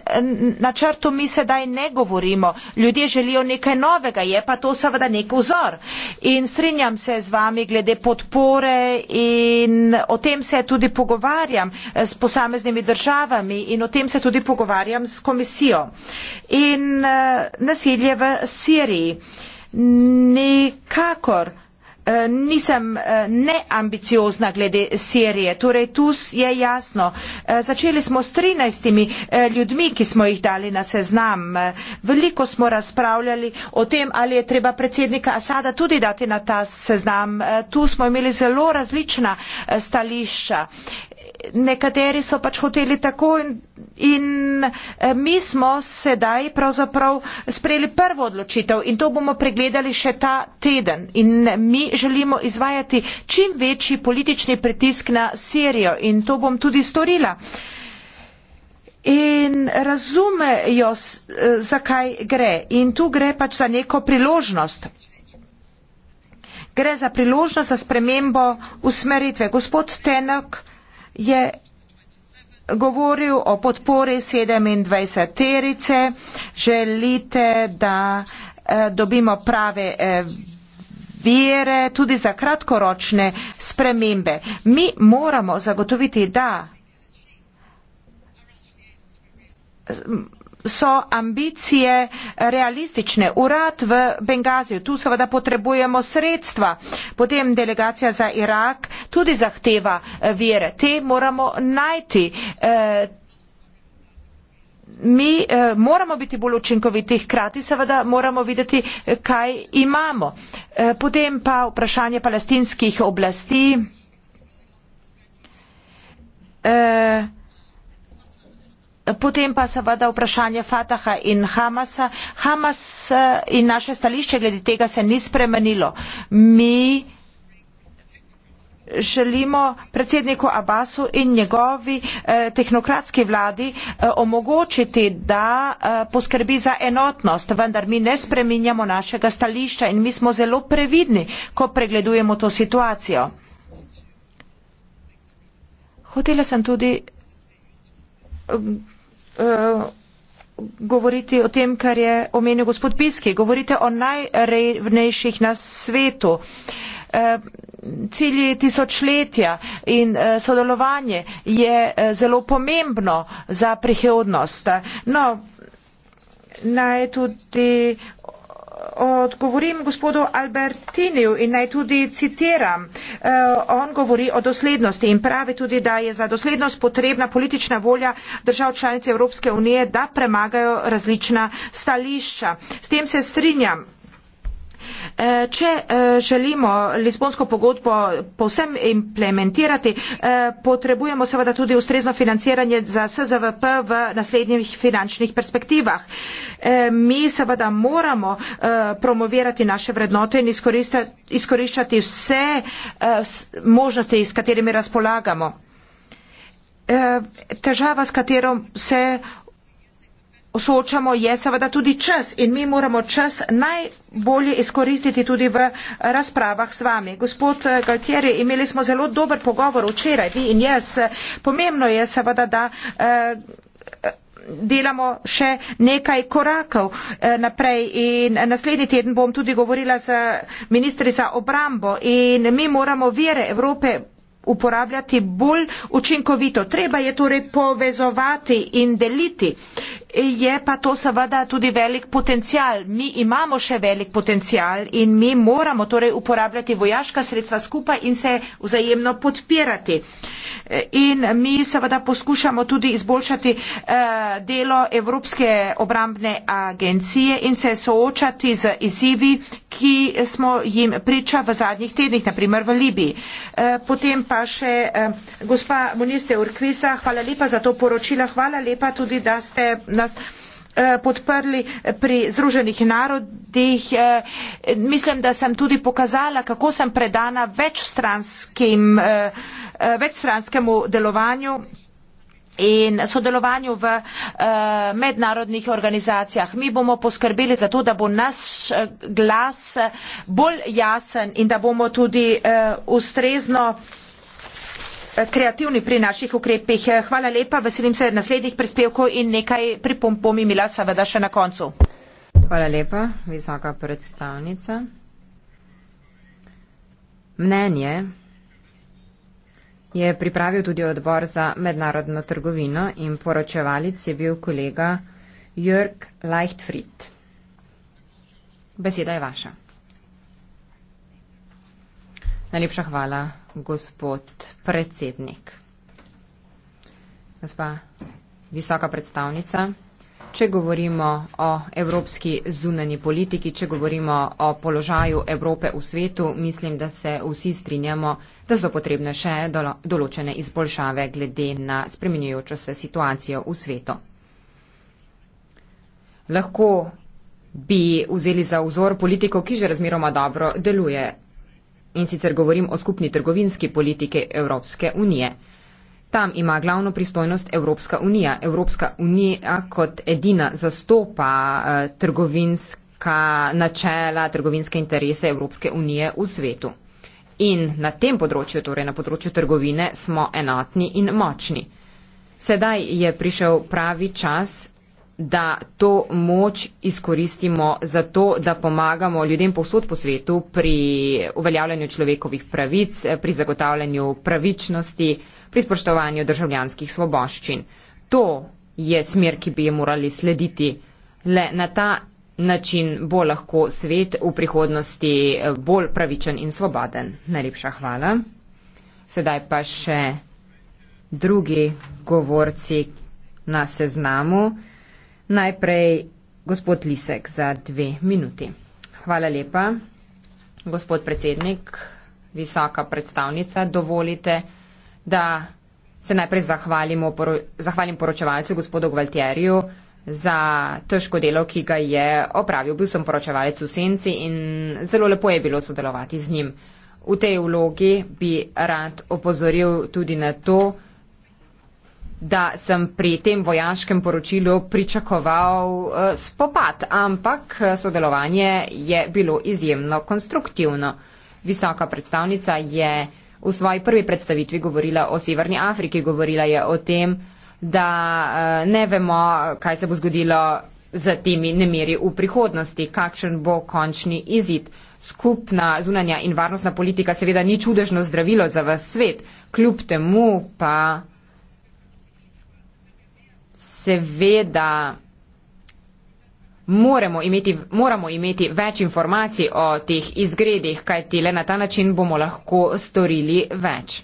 načrtu mi sedaj ne govorimo. Ljudje želijo nekaj novega, je pa to seveda nek vzor. In strinjam se z vami glede podpore in o tem se tudi pogovarjam s posameznimi državami in o tem se tudi pogovarjam s komisijo. In nasilje v Siriji nikakor e, nisem e, neambiciozna glede serije. Torej, tu je jasno. E, začeli smo s 13 ljudmi, ki smo jih dali na seznam. Veliko smo razpravljali o tem, ali je treba predsednika Asada tudi dati na ta seznam. Tu smo imeli zelo različna stališča nekateri so pač hoteli tako in, in eh, mi smo sedaj pravzaprav sprejeli prvo odločitev in to bomo pregledali še ta teden. In mi želimo izvajati čim večji politični pritisk na Sirijo in to bom tudi storila. In razumejo, eh, zakaj gre. In tu gre pač za neko priložnost. Gre za priložnost za spremembo usmeritve. Gospod Tenok, uh, je govoril o podpori 27 terice, želite, da eh, dobimo prave eh, vire tudi za kratkoročne spremembe. Mi moramo zagotoviti, da so ambicije realistične. Urad v Bengaziju, tu seveda potrebujemo sredstva. Potem delegacija za Irak tudi zahteva eh, vire. Te moramo najti. Eh, mi eh, moramo biti bolj učinkoviti, hkrati seveda moramo videti, kaj imamo. Potem pa vprašanje palestinskih oblasti. Uh... Potem pa seveda vprašanje Fataha in Hamasa. Hamas eh, in naše stališče glede tega se ni spremenilo. Mi želimo predsedniku Abasu in njegovi eh, tehnokratski vladi eh, omogočiti, da eh, poskrbi za enotnost, vendar mi ne spreminjamo našega stališča in mi smo zelo previdni, ko pregledujemo to situacijo. Hotela sem tudi Um, uh, govoriti o tem, kar je omenil gospod Biski. Govorite o najrevnejših na svetu. Uh, cilji tisočletja in uh, sodelovanje je zelo pomembno za prihodnost. No, naj tudi odgovorim gospodu Albertiniju in naj tudi citiram. Eh, on govori o doslednosti in pravi tudi, da je za doslednost potrebna politična volja držav članic Evropske unije, da premagajo različna stališča. S tem se strinjam. Eh, če eh, želimo Lisbonsko pogodbo povsem implementirati, eh, potrebujemo seveda tudi ustrezno financiranje za SZVP v naslednjih finančnih perspektivah. Mi seveda moramo promovirati naše vrednote in izkoriščati vse možnosti, s katerimi razpolagamo. Težava, s katero se soočamo, je seveda tudi čas in mi moramo čas najbolje izkoristiti tudi v razpravah s vami. Gospod eh, Galtieri, imeli smo zelo dober pogovor včeraj, vi in jaz. Pomembno je seveda, da. Eh, Delamo še nekaj korakov eh, naprej in naslednji teden bom tudi govorila z ministri za obrambo in mi moramo vire Evrope uporabljati bolj učinkovito. Treba je torej povezovati in deliti. Je pa to seveda tudi velik potencial. Mi imamo še velik potencial in mi moramo torej uporabljati vojaška sredstva skupaj in se vzajemno podpirati. In mi seveda poskušamo tudi izboljšati eh, delo Evropske obrambne agencije in se soočati z izzivi, ki smo jim priča v zadnjih tednih, naprimer v Libiji. E, potem pa še e, gospa Moniste Urkvisa, hvala lepa za to poročilo, hvala lepa tudi, da ste nas e, podprli pri Združenih narodih. E, mislim, da sem tudi pokazala, kako sem predana e, večstranskemu delovanju in sodelovanju v uh, mednarodnih organizacijah. Mi bomo poskrbeli za to, da bo naš eh, glas eh, bolj jasen in da bomo tudi uh, ustrezno kreativni pri naših ukrepih. Hvala lepa, veselim se naslednjih prispevkov in nekaj pripomb bom imela seveda še na koncu. Hvala lepa, visoka predstavnica. Mnenje je pripravil tudi odbor za mednarodno trgovino in poročevalic je bil kolega Jörg Leichtfried. Beseda je vaša. Najlepša hvala, gospod predsednik. Gospa visoka predstavnica če govorimo o evropski zunani politiki, če govorimo o položaju Evrope v svetu, mislim, da se vsi strinjamo, da so potrebne še določene izboljšave glede na spremenjujočo se situacijo v svetu. Lahko bi vzeli za vzor politiko, ki že razmeroma dobro deluje. In sicer govorim o skupni trgovinski politike Evropske unije. Tam ima glavno pristojnost Evropska unija. Evropska unija kot edina zastopa eh, trgovinska načela, trgovinske interese Evropske unije v svetu. In na tem področju, torej na področju trgovine, smo enotni in močni. Sedaj je prišel pravi čas, da to moč izkoristimo za to, da pomagamo ljudem povsod po svetu pri uveljavljanju človekovih pravic, pri zagotavljanju pravičnosti, pri spoštovanju državljanskih svoboščin. To je smer, ki bi jo morali slediti. Le na ta način bo lahko svet v prihodnosti eh, bolj pravičen in svoboden. Najlepša hvala. Sedaj pa še drugi govorci na seznamu. Najprej gospod Lisek za dve minuti. Hvala lepa. Gospod predsednik, visoka predstavnica, dovolite da se najprej zahvalimo, poro, zahvalim poročevalcu gospodu Gvaltjeriju za težko delo, ki ga je opravil. Bil sem poročevalec v Senci in zelo lepo je bilo sodelovati z njim. V tej vlogi bi rad opozoril tudi na to, da sem pri tem vojaškem poročilu pričakoval eh, spopad, ampak eh, sodelovanje je bilo izjemno konstruktivno. Visoka predstavnica je v svoji prvi predstavitvi govorila o Severni Afriki. Govorila je o tem, da eh, ne vemo, kaj se bo zgodilo z temi nemiri v prihodnosti, kakšen bo končni izid. Skupna zunanja in varnostna politika seveda ni čudežno zdravilo za vas svet, kljub temu pa seveda. Moremo imeti, moramo imeti več informacij o teh izgredih, kajti le na ta način bomo lahko storili več.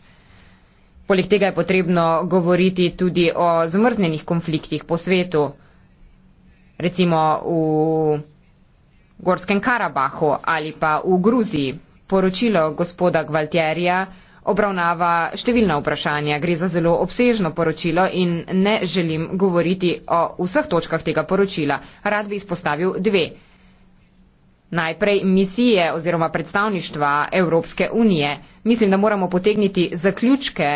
Poleg tega je potrebno govoriti tudi o zmrznjenih konfliktih po svetu, recimo v Gorskem Karabahu ali pa v Gruziji. Poročilo gospoda Gvaltjerija obravnava številna vprašanja. Gre za zelo obsežno poročilo in ne želim govoriti o vseh točkah tega poročila. Rad bi izpostavil dve. Najprej misije oziroma predstavništva Evropske unije. Mislim, da moramo potegniti zaključke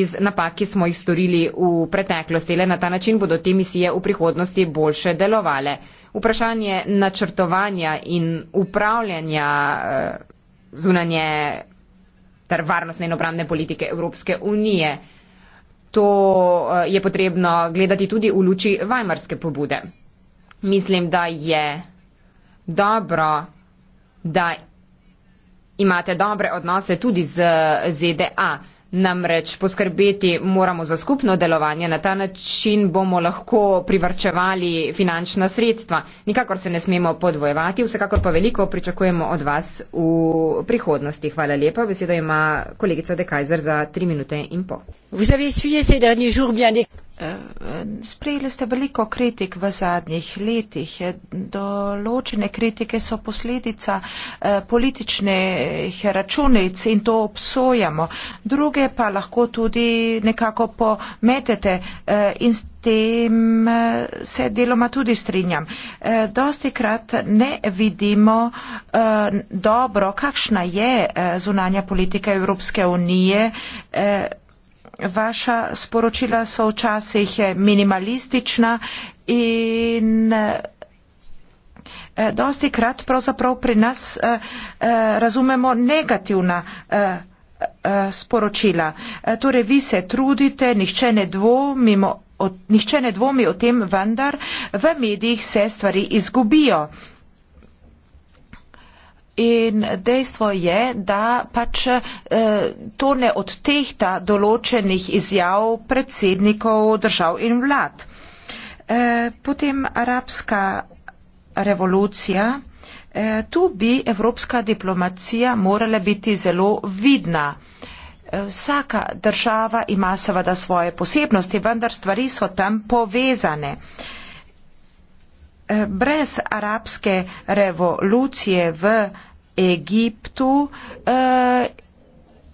iz napak, ki smo jih storili v preteklosti. Le na ta način bodo te misije v prihodnosti boljše delovale. Vprašanje načrtovanja in upravljanja eh, zunanje ter varnostne in obramne politike Evropske unije. To eh, je potrebno gledati tudi v luči vajmarske pobude. Mislim, da je dobro, da imate dobre odnose tudi z ZDA. Namreč poskrbeti moramo za skupno delovanje, na ta način bomo lahko privrčevali finančna sredstva. Nikakor se ne smemo podvojevati, vsekakor pa veliko pričakujemo od vas v prihodnosti. Hvala lepa. Beseda ima kolegica Dekajzer za tri minute in pol. Sprejeli ste veliko kritik v zadnjih letih. Določene kritike so posledica eh, političnih računic in to obsojamo. Druge pa lahko tudi nekako pometete eh, in s tem eh, se deloma tudi strinjam. Dosti krat ne vidimo dobro, kakšna je zunanja politika Evropske unije vaša sporočila so včasih minimalistična in eh, dosti krat pravzaprav pri nas eh, eh, razumemo negativna sporočila. Torej, vi se trudite, nihče ne dvomi, nihče ne dvomi o tem, vendar v medijih se stvari izgubijo. In dejstvo je, da pač eh, to ne odtehta določenih izjav predsednikov držav in vlad. Eh, potem arabska revolucija. Eh, tu bi evropska diplomacija morala biti zelo vidna. Vsaka država ima seveda svoje posebnosti, vendar stvari so tam povezane brez arabske revolucije v Egiptu eh,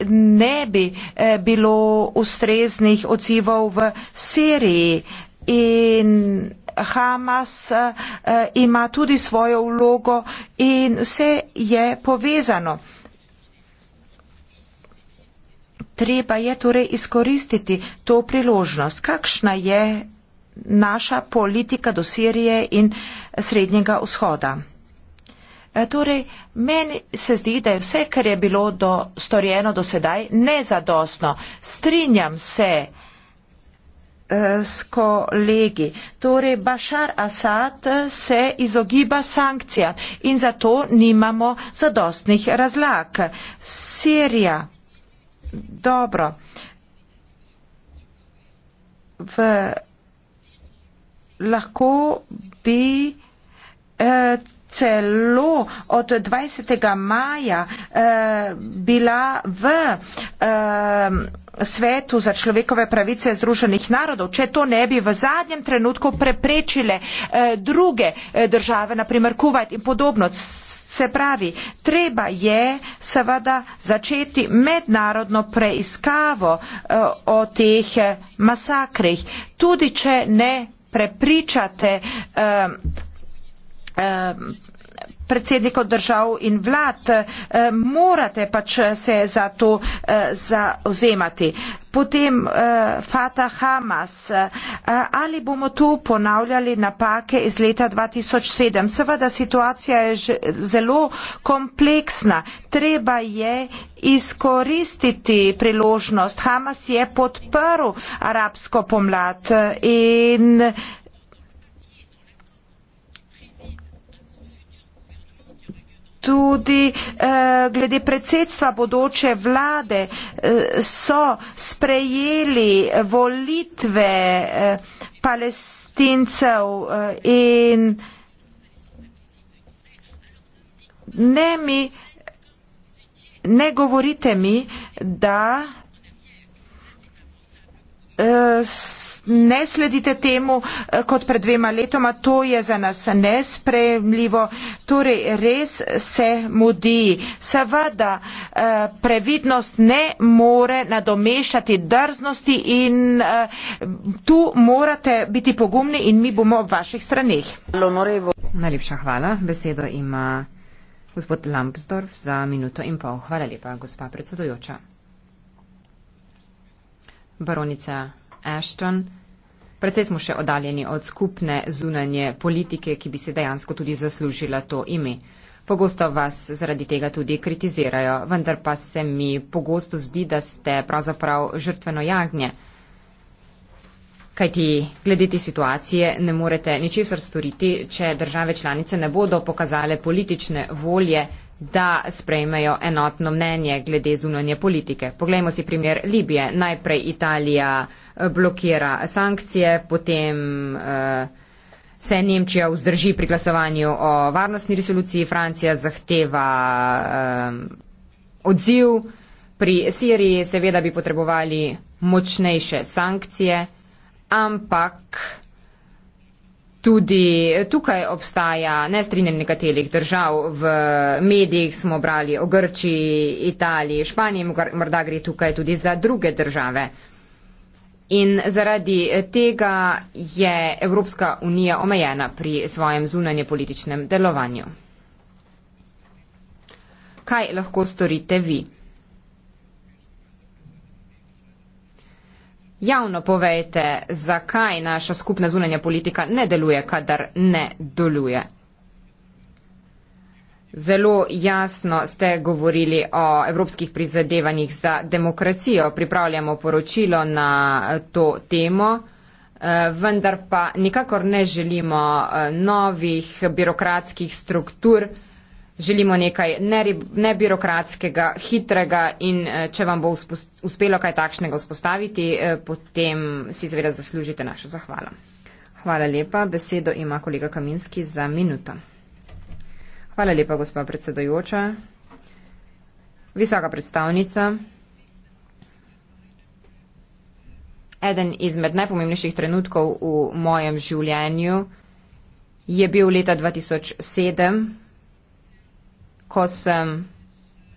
ne bi eh, bilo ustreznih odzivov v Siriji in Hamas eh, ima tudi svojo vlogo in vse je povezano. Treba je torej izkoristiti to priložnost. Kakšna je naša politika do Sirije in Srednjega vzhoda. E, torej, meni se zdi, da je vse, kar je bilo do, storjeno do sedaj, nezadostno. Strinjam se e, s kolegi. Torej, Bašar Asad se izogiba sankcija in zato nimamo zadostnih razlag. Sirija, dobro, v lahko bi eh, celo od 20. maja eh, bila v eh, svetu za človekove pravice Združenih narodov, če to ne bi v zadnjem trenutku preprečile eh, druge eh, države, naprimer Kuwait in podobno. Se pravi, treba je seveda začeti mednarodno preiskavo eh, o teh eh, masakrih, tudi če ne prepričate uh, uh, predsednikov držav in vlad, eh, morate pač se za to eh, zauzemati. Potem eh, Fata Hamas. Ali bomo tu ponavljali napake iz leta 2007? Seveda situacija je zelo kompleksna. Treba je izkoristiti priložnost. Hamas je podprl arabsko pomlad in tudi eh, glede predsedstva bodoče vlade eh, so sprejeli volitve eh, palestincev eh, in ne mi, ne govorite mi, da ne sledite temu eh, kot pred dvema letoma, to je za nas nespremljivo. Torej, res se mudi. Seveda, eh, previdnost ne more nadomešati drznosti in eh, tu morate biti pogumni in mi bomo ob vaših straneh. Najlepša hvala. Besedo ima gospod Lambsdorf za minuto in pol. Hvala lepa, gospa predsedujoča baronica Ashton. Predvsej smo še oddaljeni od skupne zunanje politike, ki bi se dejansko tudi zaslužila to ime. Pogosto vas zaradi tega tudi kritizirajo, vendar pa se mi pogosto zdi, da ste pravzaprav žrtveno jagnje. Kajti glede te situacije ne morete ničesar storiti, če države članice ne bodo pokazale politične volje da sprejmejo enotno mnenje glede zunanje politike. Poglejmo si primer Libije. Najprej Italija eh, blokira sankcije, potem uh, se Nemčija vzdrži pri glasovanju o varnostni resoluciji, Francija zahteva um, odziv. Pri Siriji seveda bi potrebovali močnejše sankcije, ampak Tudi tukaj obstaja nestrinjenje nekaterih držav. V medijih smo brali o Grčiji, Italiji, Španiji, morda gre tukaj tudi za druge države. In zaradi tega je Evropska unija omejena pri svojem zunanje političnem delovanju. Kaj lahko storite vi? Javno povejte, zakaj naša skupna zunanja politika ne deluje, kadar ne deluje. Zelo jasno ste govorili o evropskih prizadevanjih za demokracijo. Pripravljamo poročilo na eh, to temo, eh, vendar pa nikakor ne želimo eh, novih birokratskih struktur želimo nekaj nebirokratskega, hitrega in eh, če vam bo uspelo kaj takšnega vzpostaviti, eh, potem si seveda zaslužite našo zahvalo. Hvala lepa. Besedo ima kolega Kaminski za minuto. Hvala lepa, gospa predsedojoča. Visoka predstavnica. Eden izmed najpomembnejših trenutkov v mojem življenju je bil leta 2007, ko sem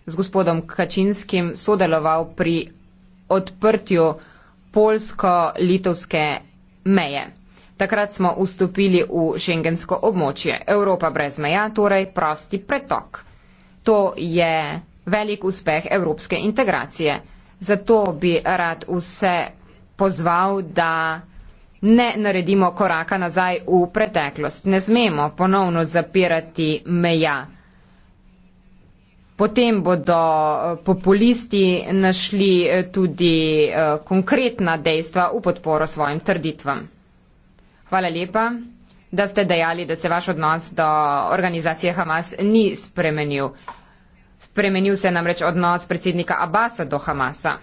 z gospodom Kačinskim sodeloval pri odprtju polsko-litovske meje. Takrat smo vstopili v šengensko območje. Evropa brez meja, torej prosti pretok. To je velik uspeh evropske integracije. Zato bi rad vse pozval, da ne naredimo koraka nazaj v preteklost. Ne smemo ponovno zapirati meja. Potem bodo eh, populisti našli eh, tudi eh, konkretna dejstva v podporo svojim trditvam. Hvala lepa, da ste dejali, da se vaš odnos do organizacije Hamas ni spremenil. Spremenil se je namreč odnos predsednika Abasa do Hamasa.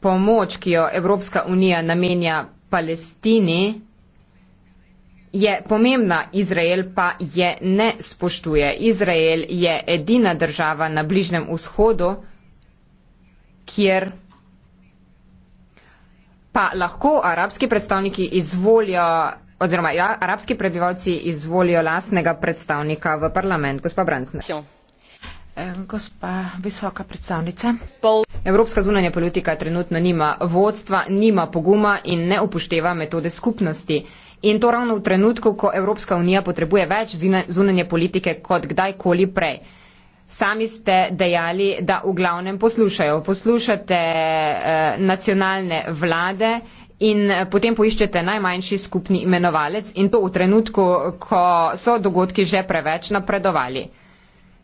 Pomoč, ki jo Evropska unija namenja Palestini, je pomembna, Izrael pa je ne spoštuje. Izrael je edina država na Bližnem vzhodu, kjer pa lahko arabski predstavniki izvolijo oziroma ja, arabski prebivalci izvolijo lastnega predstavnika v parlament, gospa Brantne. Eh, gospa visoka predstavnica. Evropska zunanja politika trenutno nima vodstva, nima poguma in ne upošteva metode skupnosti. In to ravno v trenutku, ko Evropska unija potrebuje več zunanje politike kot kdajkoli prej. Sami ste dejali, da v glavnem poslušajo. Poslušate eh, nacionalne vlade in eh, potem poiščete najmanjši skupni imenovalec in to v trenutku, ko so dogodki že preveč napredovali.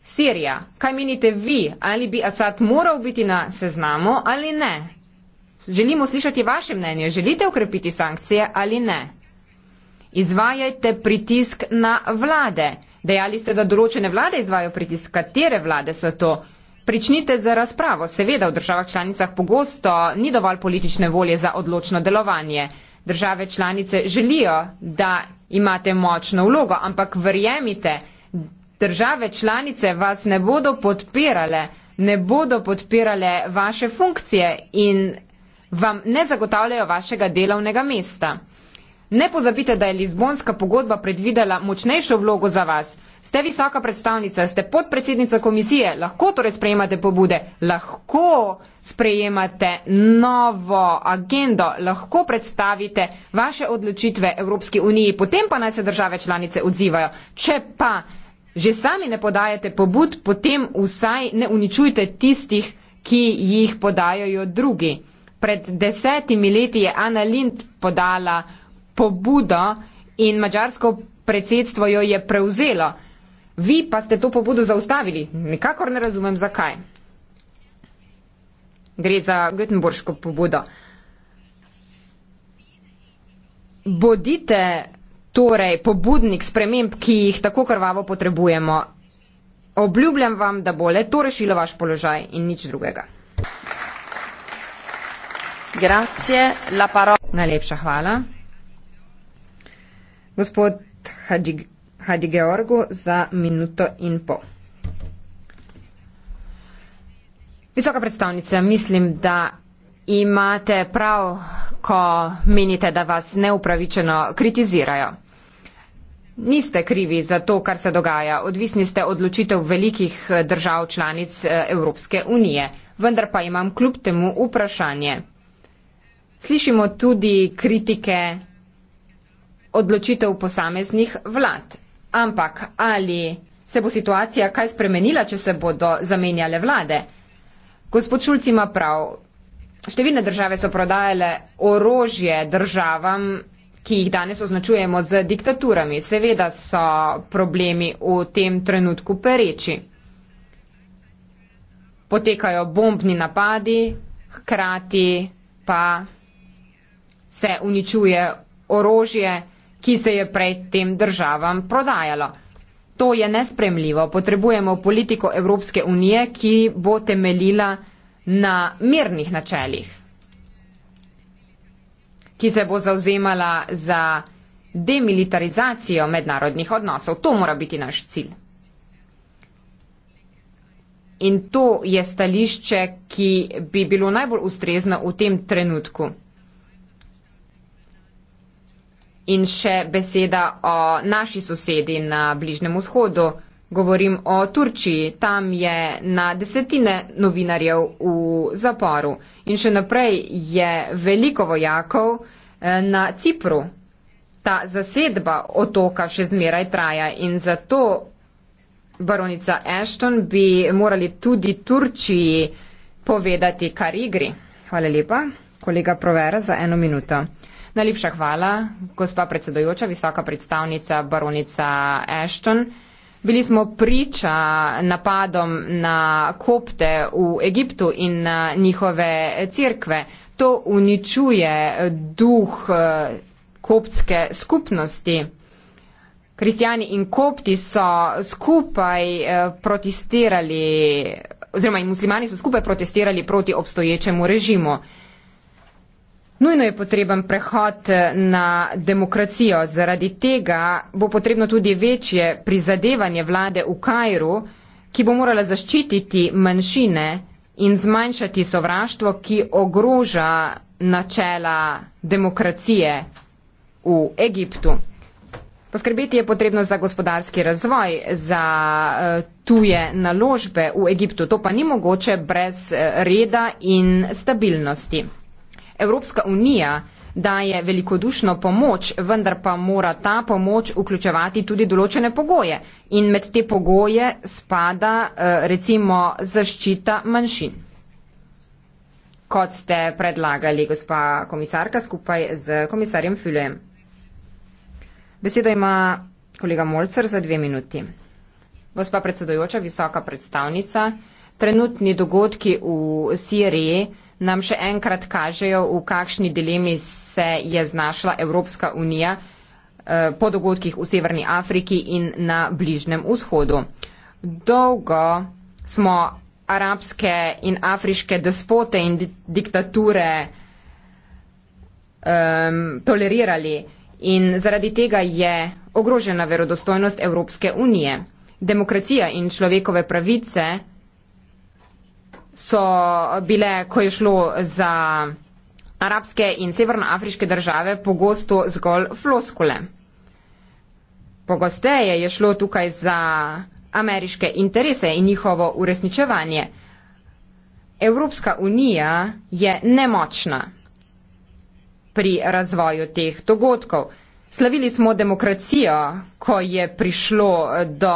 Sirija, kaj menite vi, ali bi Assad moral biti na seznamu ali ne? Želimo slišati vaše mnenje, želite ukrepiti sankcije ali ne? izvajajte pritisk na vlade. Dejali ste, da določene vlade izvajo pritisk. Katere vlade so to? Pričnite z razpravo. Seveda v državah članicah pogosto ni dovolj politične volje za odločno delovanje. Države članice želijo, da imate močno vlogo, ampak verjemite, države članice vas ne bodo podpirale, ne bodo podpirale vaše funkcije in vam ne zagotavljajo vašega delovnega mesta. Ne pozabite, da je Lizbonska pogodba predvidela močnejšo vlogo za vas. Ste visoka predstavnica, ste podpredsednica komisije, lahko torej sprejemate pobude, lahko sprejemate novo agendo, lahko predstavite vaše odločitve Evropski uniji, potem pa naj se države članice odzivajo. Če pa že sami ne podajate pobud, potem vsaj ne uničujte tistih, ki jih podajajo drugi. Pred desetimi leti je Ana Lind podala pobudo in mađarsko predsedstvo jo je prevzelo. Vi pa ste to pobudo zaustavili. Nikakor ne razumem, zakaj. Gre za Göteborško pobudo. Bodite torej pobudnik sprememb, ki jih tako krvavo potrebujemo. Obljubljam vam, da bo le to rešilo vaš položaj in nič drugega. Grazie, la parola. Najlepša hvala. Gospod Hadi Georgu za minuto in pol. Visoka predstavnica, mislim, da imate prav, ko menite, da vas neupravičeno kritizirajo. Niste krivi za to, kar se dogaja. Odvisni ste odločitev velikih eh, držav članic eh, Evropske unije. Vendar pa imam kljub temu vprašanje. Slišimo tudi kritike odločitev posameznih vlad. Ampak ali se bo situacija kaj spremenila, če se bodo zamenjale vlade? Gospod Šulc ima prav. Številne države so prodajale orožje državam, ki jih danes označujemo z diktaturami. Seveda so problemi v tem trenutku pereči. Potekajo bombni napadi, hkrati pa se uničuje orožje ki se je pred tem državam prodajalo. To je nespremljivo. Potrebujemo politiko Evropske unije, ki bo temeljila na mirnih načelih, ki se bo zauzemala za demilitarizacijo mednarodnih odnosov. To mora biti naš cilj. In to je stališče, ki bi bilo najbolj ustrezno v tem trenutku. In še beseda o naši sosedi na Bližnem vzhodu. Govorim o Turčiji, tam je na desetine novinarjev v zaporu in še naprej je veliko vojakov eh, na Cipru. Ta zasedba otoka še zmeraj traja in zato, baronica Ashton, bi morali tudi Turčiji povedati, kar igri. Hvala lepa, kolega Provera, za eno minuto. Najlepša hvala, gospa predsedojoča, visoka predstavnica, baronica Ashton. Bili smo priča napadom na kopte v Egiptu in na njihove cerkve. To uničuje duh eh, koptske skupnosti. Kristijani in kopti so skupaj eh, protestirali, oziroma muslimani so skupaj protestirali proti obstoječemu režimu. Nujno je potreben prehod eh, na demokracijo. Zaradi tega bo potrebno tudi večje prizadevanje vlade v Kajru, ki bo morala zaščititi manjšine in zmanjšati sovraštvo, ki ogroža načela demokracije v Egiptu. Poskrbeti je potrebno za gospodarski razvoj, za eh, tuje naložbe v Egiptu. To pa ni mogoče brez eh, reda in stabilnosti. Evropska unija daje velikodušno pomoč, vendar pa mora ta pomoč vključevati tudi določene pogoje. In med te pogoje spada eh, recimo zaščita manjšin kot ste predlagali, gospa komisarka, skupaj z komisarjem Füllem. Besedo ima kolega Molcer za dve minuti. Gospa predsedojoča, visoka predstavnica, trenutni dogodki v Siriji nam še enkrat kažejo, v kakšni dilemi se je znašla Evropska unija eh, po dogodkih v Severni Afriki in na Bližnem vzhodu. Dolgo smo arabske in afriške despote in di diktature um, tolerirali in zaradi tega je ogrožena verodostojnost Evropske unije. Demokracija in človekove pravice so bile, ko je šlo za arabske in severnoafriške države, pogosto zgolj floskule. Pogosteje je šlo tukaj za ameriške interese in njihovo uresničevanje. Evropska unija je nemočna pri razvoju teh dogodkov. Slavili smo demokracijo, ko je prišlo do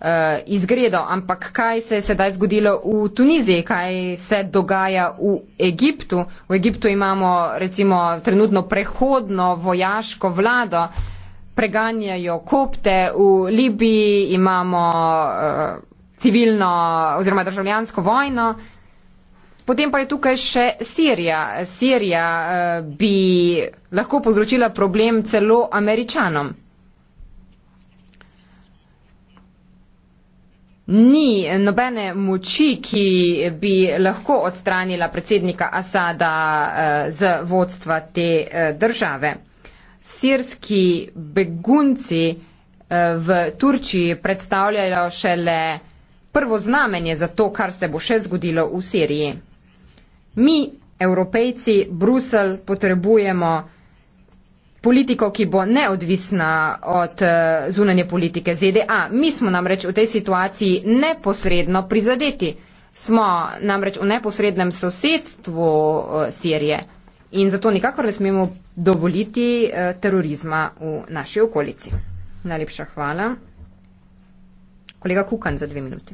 Eh, izgredo. Ampak kaj se je sedaj zgodilo v Tuniziji, kaj se dogaja v Egiptu? V Egiptu imamo recimo trenutno prehodno vojaško vlado, preganjajo kopte, v Libiji imamo uh, civilno oziroma državljansko vojno. Potem pa je tukaj še Sirija. Sirija uh, bi lahko povzročila problem celo američanom. Ni nobene moči, ki bi lahko odstranila predsednika Asada eh, z vodstva te eh, države. Sirski begunci eh, v Turčiji predstavljajo šele prvo znamenje za to, kar se bo še zgodilo v Siriji. Mi, evropejci, Brusel potrebujemo politiko, ki bo neodvisna od eh, zunanje politike ZDA. Mi smo namreč v tej situaciji neposredno prizadeti. Smo namreč v neposrednem sosedstvu eh, Sirije in zato nikakor ne smemo dovoliti eh, terorizma v naši okolici. Najlepša hvala. Kolega Kukan za dve minuti.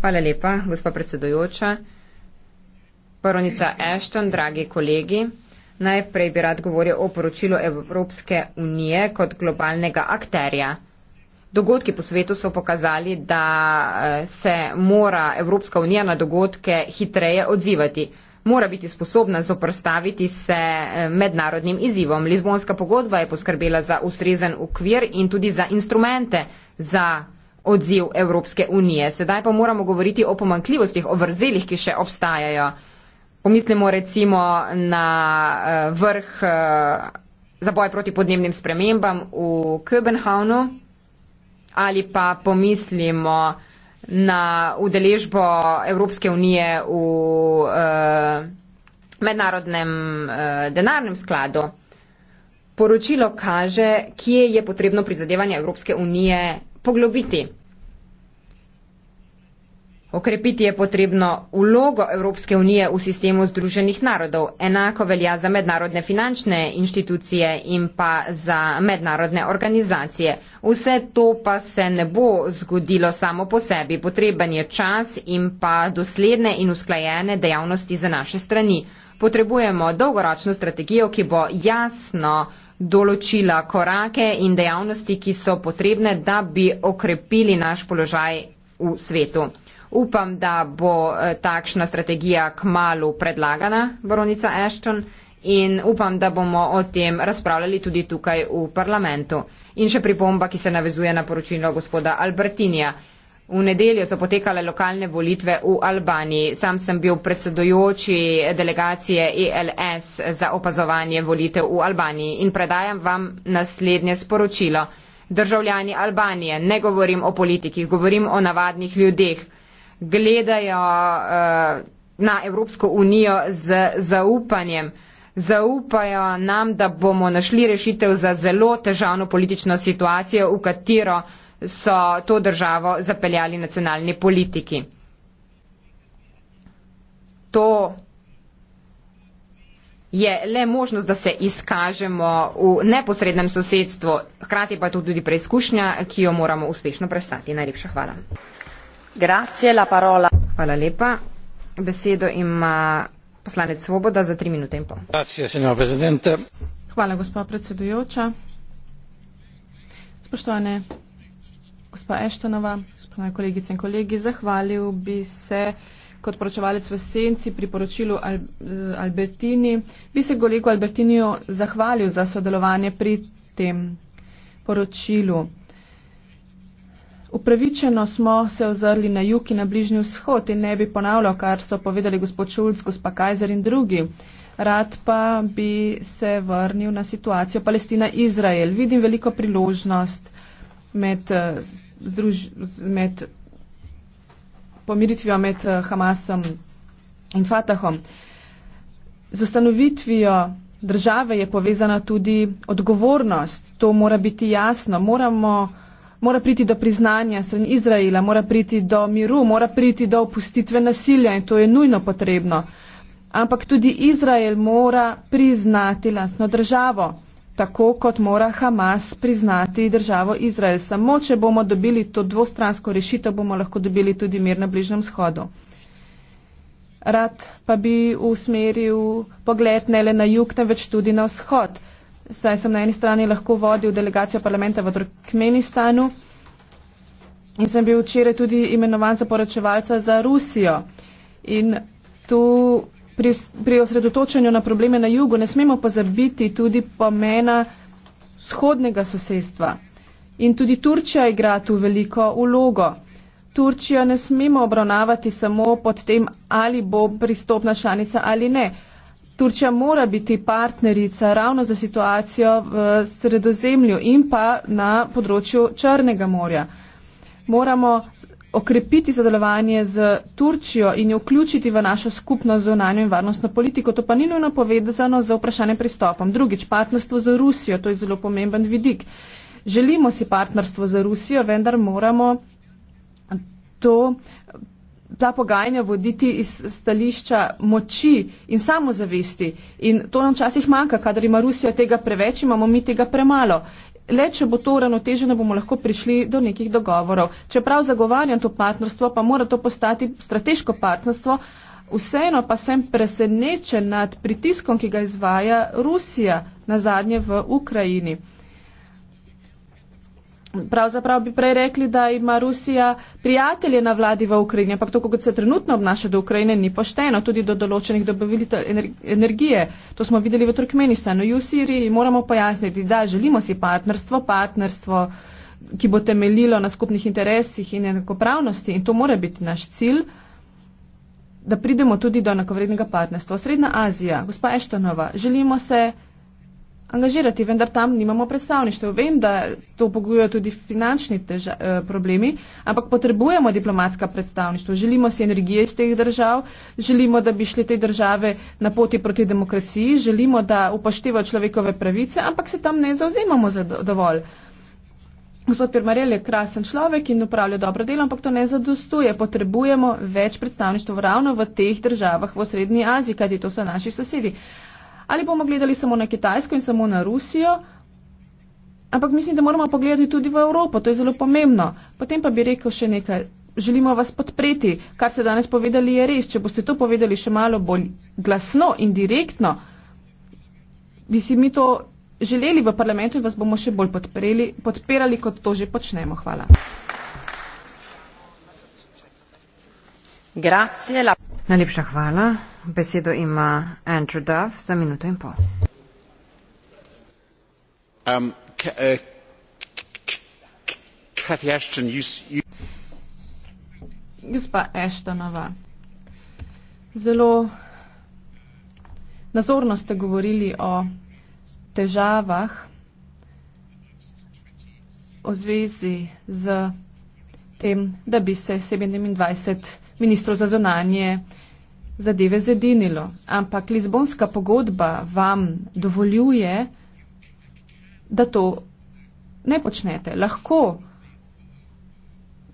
Hvala lepa, gospa predsedujoča. Baronica Ashton, dragi kolegi. Najprej bi rad govoril o poročilu Evropske unije kot globalnega akterja. Dogodki po svetu so pokazali, da eh, se mora Evropska unija na dogodke hitreje odzivati. Mora biti sposobna zoprstaviti se eh, mednarodnim izzivom. Lizbonska pogodba je poskrbela za ustrezen ukvir in tudi za instrumente za odziv Evropske unije. Sedaj pa moramo govoriti o pomankljivostih, o vrzelih, ki še obstajajo. Pomislimo recimo na eh, vrh eh, za boj proti podnebnim spremembam v Kopenhavnu ali pa pomislimo na udeležbo Evropske unije v eh, mednarodnem denarnem skladu. Poročilo kaže, kje je potrebno prizadevanje Evropske unije poglobiti. Okrepiti je potrebno vlogo Evropske unije v sistemu Združenih narodov. Enako velja za mednarodne finančne inštitucije in pa za mednarodne organizacije. Vse to pa se ne bo zgodilo samo po sebi. Potreben je čas in pa dosledne in usklajene dejavnosti za naše strani. Potrebujemo dolgoročno strategijo, ki bo jasno določila korake in dejavnosti, ki so potrebne, da bi okrepili naš položaj v svetu. Upam, da bo eh, takšna strategija k malu predlagana, baronica Ashton, in upam, da bomo o tem razpravljali tudi tukaj v parlamentu. In še pripomba, ki se navezuje na poročilo gospoda Albertinija. V nedeljo so potekale lokalne volitve v Albaniji. Sam sem bil predsedojoči delegacije ELS za opazovanje volitev v Albaniji in predajam vam naslednje sporočilo. Državljani Albanije, ne govorim o politikih, govorim o navadnih ljudeh gledajo uh, na Evropsko unijo z zaupanjem. Zaupajo nam, da bomo našli rešitev za zelo težavno politično situacijo, v katero so to državo zapeljali nacionalni politiki. To je le možnost, da se izkažemo v neposrednem sosedstvu, hkrati pa je to tudi preizkušnja, ki jo moramo uspešno prestati. Najlepša hvala. Grazie, la parola. Hvala lepa. Besedo ima poslanec Svoboda za tri minute in pol. Grazie, signor Presidente. Hvala, gospa predsedujoča. Spoštovane gospa Eštonova, spoštovane kolegice in kolegi, zahvalil bi se kot poročevalec v senci pri poročilu Al Albertini. Bi se kolegu Albertiniju zahvalil za sodelovanje pri tem poročilu. Upravičeno smo se ozrli na jug in na bližnji vzhod in ne bi ponavljal, kar so povedali gospod Šulc, gospa Kajzer in drugi. Rad pa bi se vrnil na situacijo Palestina-Izrael. Vidim veliko priložnost med, eh, združ, med pomiritvijo med eh, Hamasom in Fatahom. Z ustanovitvijo države je povezana tudi odgovornost. To mora biti jasno. Moramo mora priti do priznanja strani Izraela, mora priti do miru, mora priti do opustitve nasilja in to je nujno potrebno. Ampak tudi Izrael mora priznati lastno državo, tako kot mora Hamas priznati državo Izrael. Samo, če bomo dobili to dvostransko rešitev, bomo lahko dobili tudi mir na Bližnjem shodu. Rad pa bi usmeril pogled ne le na jug, temveč tudi na vzhod saj sem na eni strani lahko vodil delegacijo parlamenta v Turkmenistanu in sem bil včeraj tudi imenovan za poročevalca za Rusijo. In tu pri, pri osredotočanju na probleme na jugu ne smemo pozabiti tudi pomena shodnega sosedstva. In tudi Turčija igra tu veliko ulogo. Turčijo ne smemo obravnavati samo pod tem, ali bo pristopna članica ali ne. Turčija mora biti partnerica ravno za situacijo v sredozemlju in pa na področju Črnega morja. Moramo okrepiti sodelovanje z Turčijo in jo vključiti v našo skupno zunanjo in varnostno politiko. To pa ni nujno povedano za vprašanje pristopom. Drugič, partnerstvo z Rusijo, to je zelo pomemben vidik. Želimo si partnerstvo z Rusijo, vendar moramo to ta pogajanja voditi iz stališča moči in samozavesti. In to nam včasih manjka, kadar ima Rusija tega preveč, imamo mi tega premalo. Le, če bo to uravnoteženo, bomo lahko prišli do nekih dogovorov. Čeprav zagovarjam to partnerstvo, pa mora to postati strateško partnerstvo, vseeno pa sem presenečen nad pritiskom, ki ga izvaja Rusija na zadnje v Ukrajini. Pravzaprav bi prej rekli, da ima Rusija prijatelje na vladi v Ukrajini, ampak to, kako se trenutno obnaša do Ukrajine, ni pošteno, tudi do določenih dobaviteljev energije. To smo videli v Turkmenistanu. V Siriji moramo pojasniti, da želimo si partnerstvo, partnerstvo, ki bo temeljilo na skupnih interesih in enakopravnosti in to mora biti naš cilj, da pridemo tudi do enakovrednega partnerstva. Srednja Azija, gospa Eštonova, želimo se angažirati, vendar tam nimamo predstavništev. Vem, da to pogojuje tudi finančni teža, eh, problemi, ampak potrebujemo diplomatska predstavništva. Želimo si energije iz teh držav, želimo, da bi šli te države na poti proti demokraciji, želimo, da upošteva človekove pravice, ampak se tam ne zauzemamo za dovolj. Gospod Pirmarel je krasen človek in upravlja dobro delo, ampak to ne zadostuje. Potrebujemo več predstavništv ravno v teh državah v Srednji Aziji, kajti to so naši sosedi ali bomo gledali samo na Kitajsko in samo na Rusijo. Ampak mislim, da moramo pogledati tudi v Evropo, to je zelo pomembno. Potem pa bi rekel še nekaj. Želimo vas podpreti, kar ste danes povedali, je res. Če boste to povedali še malo bolj glasno in direktno, bi si mi to želeli v parlamentu in vas bomo še bolj podpreli, podpirali, kot to že počnemo. Hvala. Grazie, la... Najlepša hvala. Besedo ima Andrew Duff za minuto in pol. Um, uh, Kathy Ashton, you, you... Gospa Ashtonova, zelo nazorno ste govorili o težavah v zvezi z tem, da bi se 27 ministrov za zonanje zadeve zedinilo. Ampak Lizbonska pogodba vam dovoljuje, da to ne počnete. Lahko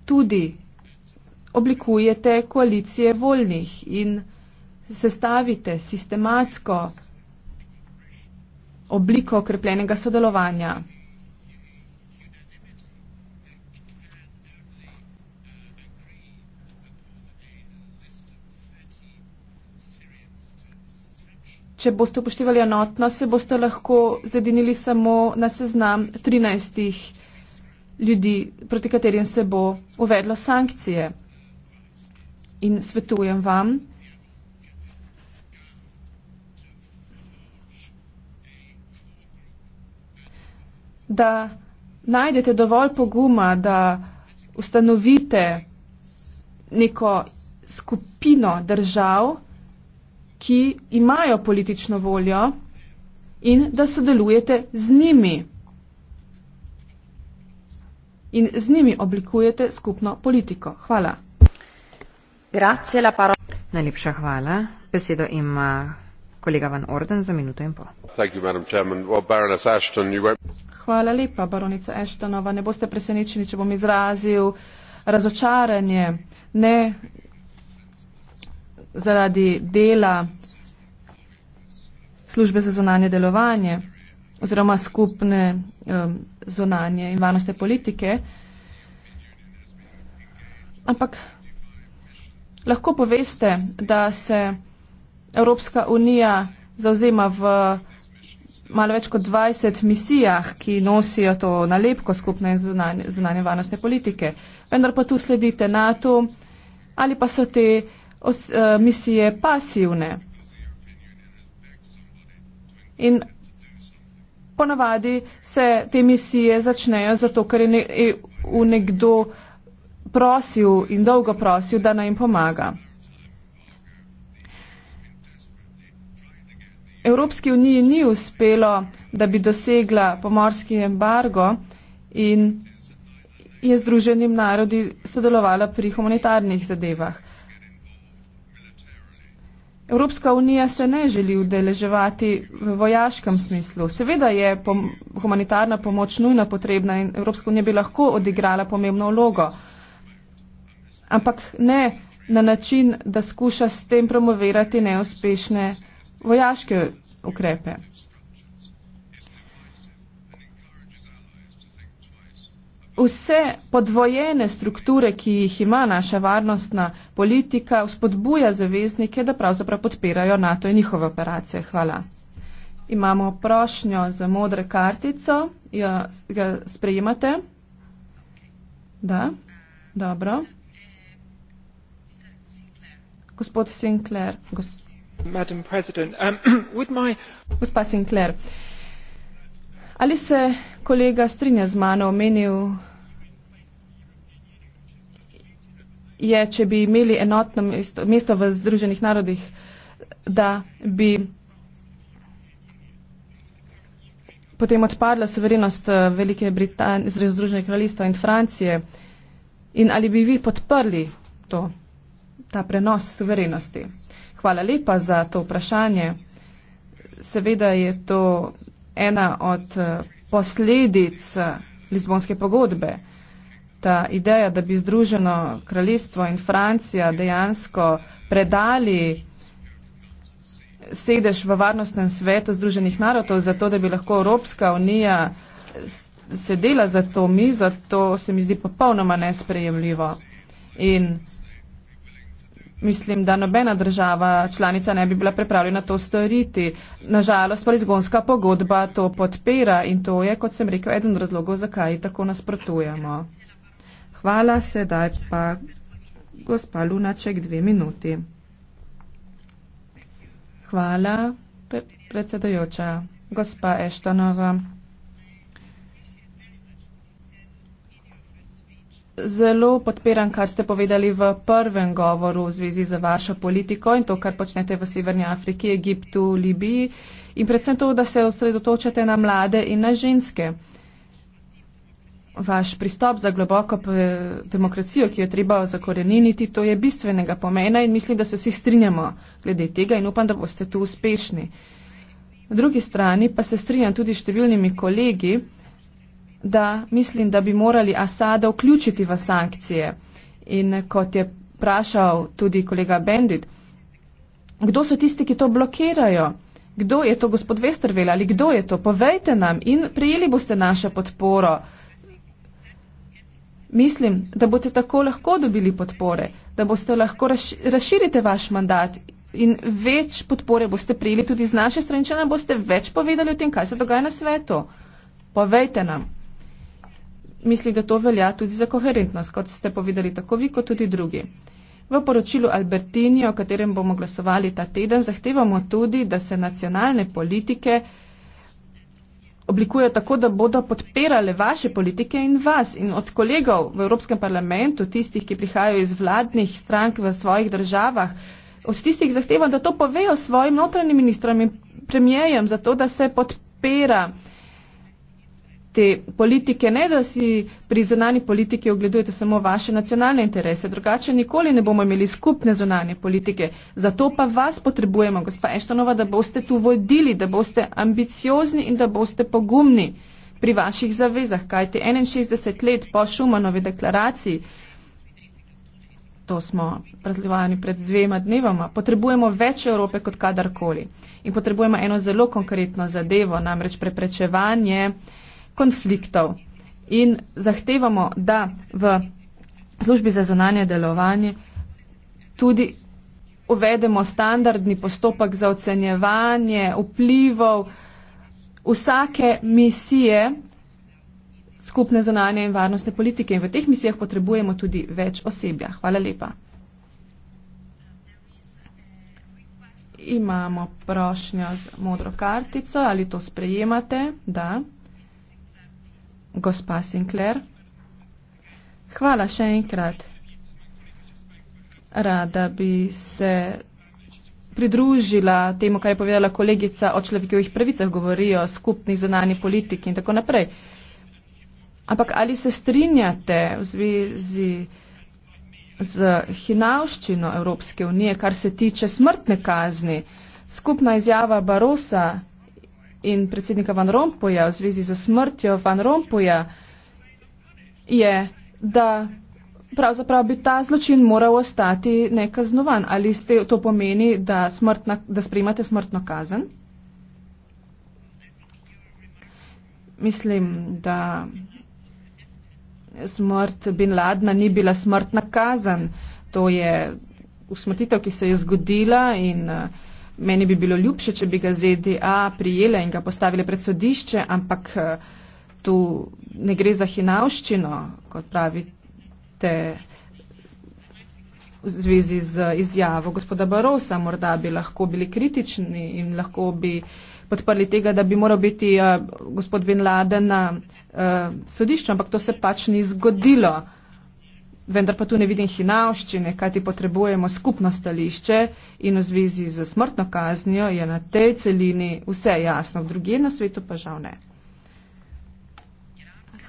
tudi oblikujete koalicije voljnih in sestavite sistematsko obliko okrepljenega sodelovanja. če boste upoštevali enotno, se boste lahko zedinili samo na seznam 13 ljudi, proti katerim se bo uvedlo sankcije. In svetujem vam, da najdete dovolj poguma, da ustanovite neko skupino držav, ki imajo politično voljo in da sodelujete z njimi. In z njimi oblikujete skupno politiko. Hvala. Grazie la parola. Najlepša hvala. Besedo ima kolega Van Orden za minuto in pol. Thank you, madam chairman. Well, Baroness Ashton, you won't... Hvala lepa, baronica Ashtonova. Ne boste presenečeni, če bom izrazil razočaranje. Ne zaradi dela službe za zonanje delovanje oziroma skupne um, zonanje in varnostne politike. Ampak lahko poveste, da se Evropska unija zauzema v malo več kot 20 misijah, ki nosijo to nalepko skupne in zunanje, zunanje varnostne politike. Vendar pa tu sledite NATO ali pa so te os, uh, misije pasivne. In ponavadi se te misije začnejo zato, ker je, ne, je v nekdo prosil in dolgo prosil, da naj jim pomaga. Evropski uniji ni uspelo, da bi dosegla pomorski embargo in je združenim narodi sodelovala pri humanitarnih zadevah. Evropska unija se ne želi udeleževati v vojaškem smislu. Seveda je pom humanitarna pomoč nujna potrebna in Evropska unija bi lahko odigrala pomembno vlogo, ampak ne na način, da skuša s tem promovirati neuspešne vojaške ukrepe. vse podvojene strukture, ki jih ima naša varnostna politika, spodbuja zaveznike, da pravzaprav podpirajo NATO in njihove operacije. Hvala. Imamo prošnjo za modre kartico. Jo ja, ga sprejemate? Da? Dobro. Gospod Sinclair. Gos Madam President, um, *clears throat* my... gospa Sinclair, ali se kolega strinja z mano omenil je, če bi imeli enotno mesto, mesto v Združenih narodih, da bi potem odpadla suverenost eh, Velike Britanije, Združenih kraljestva in Francije in ali bi vi podprli to, ta prenos suverenosti. Hvala lepa za to vprašanje. Seveda je to ena od eh, posledic eh, Lizbonske pogodbe ta ideja, da bi Združeno kraljestvo in Francija dejansko predali sedež v varnostnem svetu Združenih narodov, zato da bi lahko Evropska unija sedela za to mizo, to se mi zdi popolnoma nesprejemljivo. In mislim, da nobena država članica ne bi bila pripravljena to storiti. Nažalost pa izgonska pogodba to podpira in to je, kot sem rekel, eden razlogov, zakaj tako nasprotujemo. Hvala, sedaj pa gospa Lunaček dve minuti. Hvala, predsedujoča. Gospa Eštanova. Zelo podpiram, kar ste povedali v prvem govoru v zvezi z vašo politiko in to, kar počnete v Severni Afriki, Egiptu, Libiji in predvsem to, da se osredotočate na mlade in na ženske vaš pristop za globoko demokracijo, ki jo treba zakoreniniti, to je bistvenega pomena in mislim, da se vsi strinjamo glede tega in upam, da boste tu uspešni. Na drugi strani pa se strinjam tudi številnimi kolegi, da mislim, da bi morali Asada vključiti v sankcije. In kot je vprašal tudi kolega Bendit, kdo so tisti, ki to blokirajo? Kdo je to gospod Vestervel ali kdo je to? Povejte nam in prijeli boste našo podporo. Mislim, da boste tako lahko dobili podpore, da boste lahko razširite vaš mandat in več podpore boste prijeli tudi z naše strani, če nam boste več povedali o tem, kaj se dogaja na svetu. Povejte nam. Mislim, da to velja tudi za koherentnost, kot ste povedali tako vi, kot tudi drugi. V poročilu Albertini, o katerem bomo glasovali ta teden, zahtevamo tudi, da se nacionalne politike oblikuje tako, da bodo podpirale vaše politike in vas. In od kolegov v Evropskem parlamentu, tistih, ki prihajajo iz vladnih strank v svojih državah, od tistih zahtevam, da to povejo svojim notranjim ministrom in premijejem, zato da se podpira uh, te politike, ne da si pri zonani politiki ogledujete samo vaše nacionalne interese, drugače nikoli ne bomo imeli skupne zonane politike. Zato pa vas potrebujemo, gospa Eštonova, da boste tu vodili, da boste ambiciozni in da boste pogumni pri vaših zavezah, kajte 61 let po Šumanovi deklaraciji, to smo razlivali pred dvema dnevoma, potrebujemo več Evrope kot kadarkoli. In potrebujemo eno zelo konkretno zadevo, namreč preprečevanje, konfliktov in zahtevamo, da v službi za zunanje delovanje tudi uvedemo standardni postopek za ocenjevanje vplivov vsake misije skupne zunanje in varnostne politike. In v teh misijah potrebujemo tudi več osebja. Hvala lepa. Imamo prošnjo z modro kartico. Ali to sprejemate? Da gospa Sinclair. Hvala še enkrat. Rada bi se pridružila temu, kar je povedala kolegica o človekovih pravicah, govorijo o skupni zunani politiki in tako naprej. Ampak ali se strinjate v zvezi z hinavščino Evropske unije, kar se tiče smrtne kazni? Skupna izjava Barosa in predsednika Van Rompuja v zvezi z smrtjo Van Rompuja, je, da pravzaprav bi ta zločin moral ostati nekaznovan. Ali ste, to pomeni, da, smrtna, da sprejmate smrtno kazen? Mislim, da smrt Bin Ladna ni bila smrtna kazen. To je usmrtitev, ki se je zgodila in uh, Meni bi bilo ljubše, če bi ga ZDA prijele in ga postavile pred sodišče, ampak eh, tu ne gre za hinavščino, kot pravite v zvezi z izjavo gospoda Barosa. Morda bi lahko bili kritični in lahko bi podprli tega, da bi moral biti eh, gospod Bin Laden na eh, sodišču, ampak to se pač ni zgodilo vendar pa tu ne vidim hinavščine, kajti potrebujemo skupno stališče in v zvezi z smrtno kaznijo je na tej celini vse jasno, v druge na svetu pa žal ne.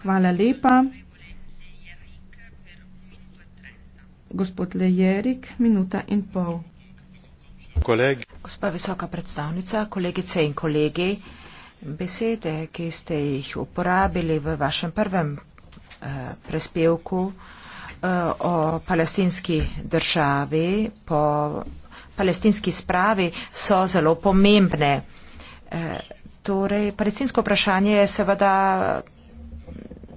Hvala lepa. Gospod Lejerik, minuta in pol. Kolegi. Gospa visoka predstavnica, kolegice in kolegi, besede, ki ste jih uporabili v vašem prvem eh, prespevku, eh, Eh, o palestinski državi, po palestinski spravi so zelo pomembne. Eh, torej, palestinsko vprašanje je seveda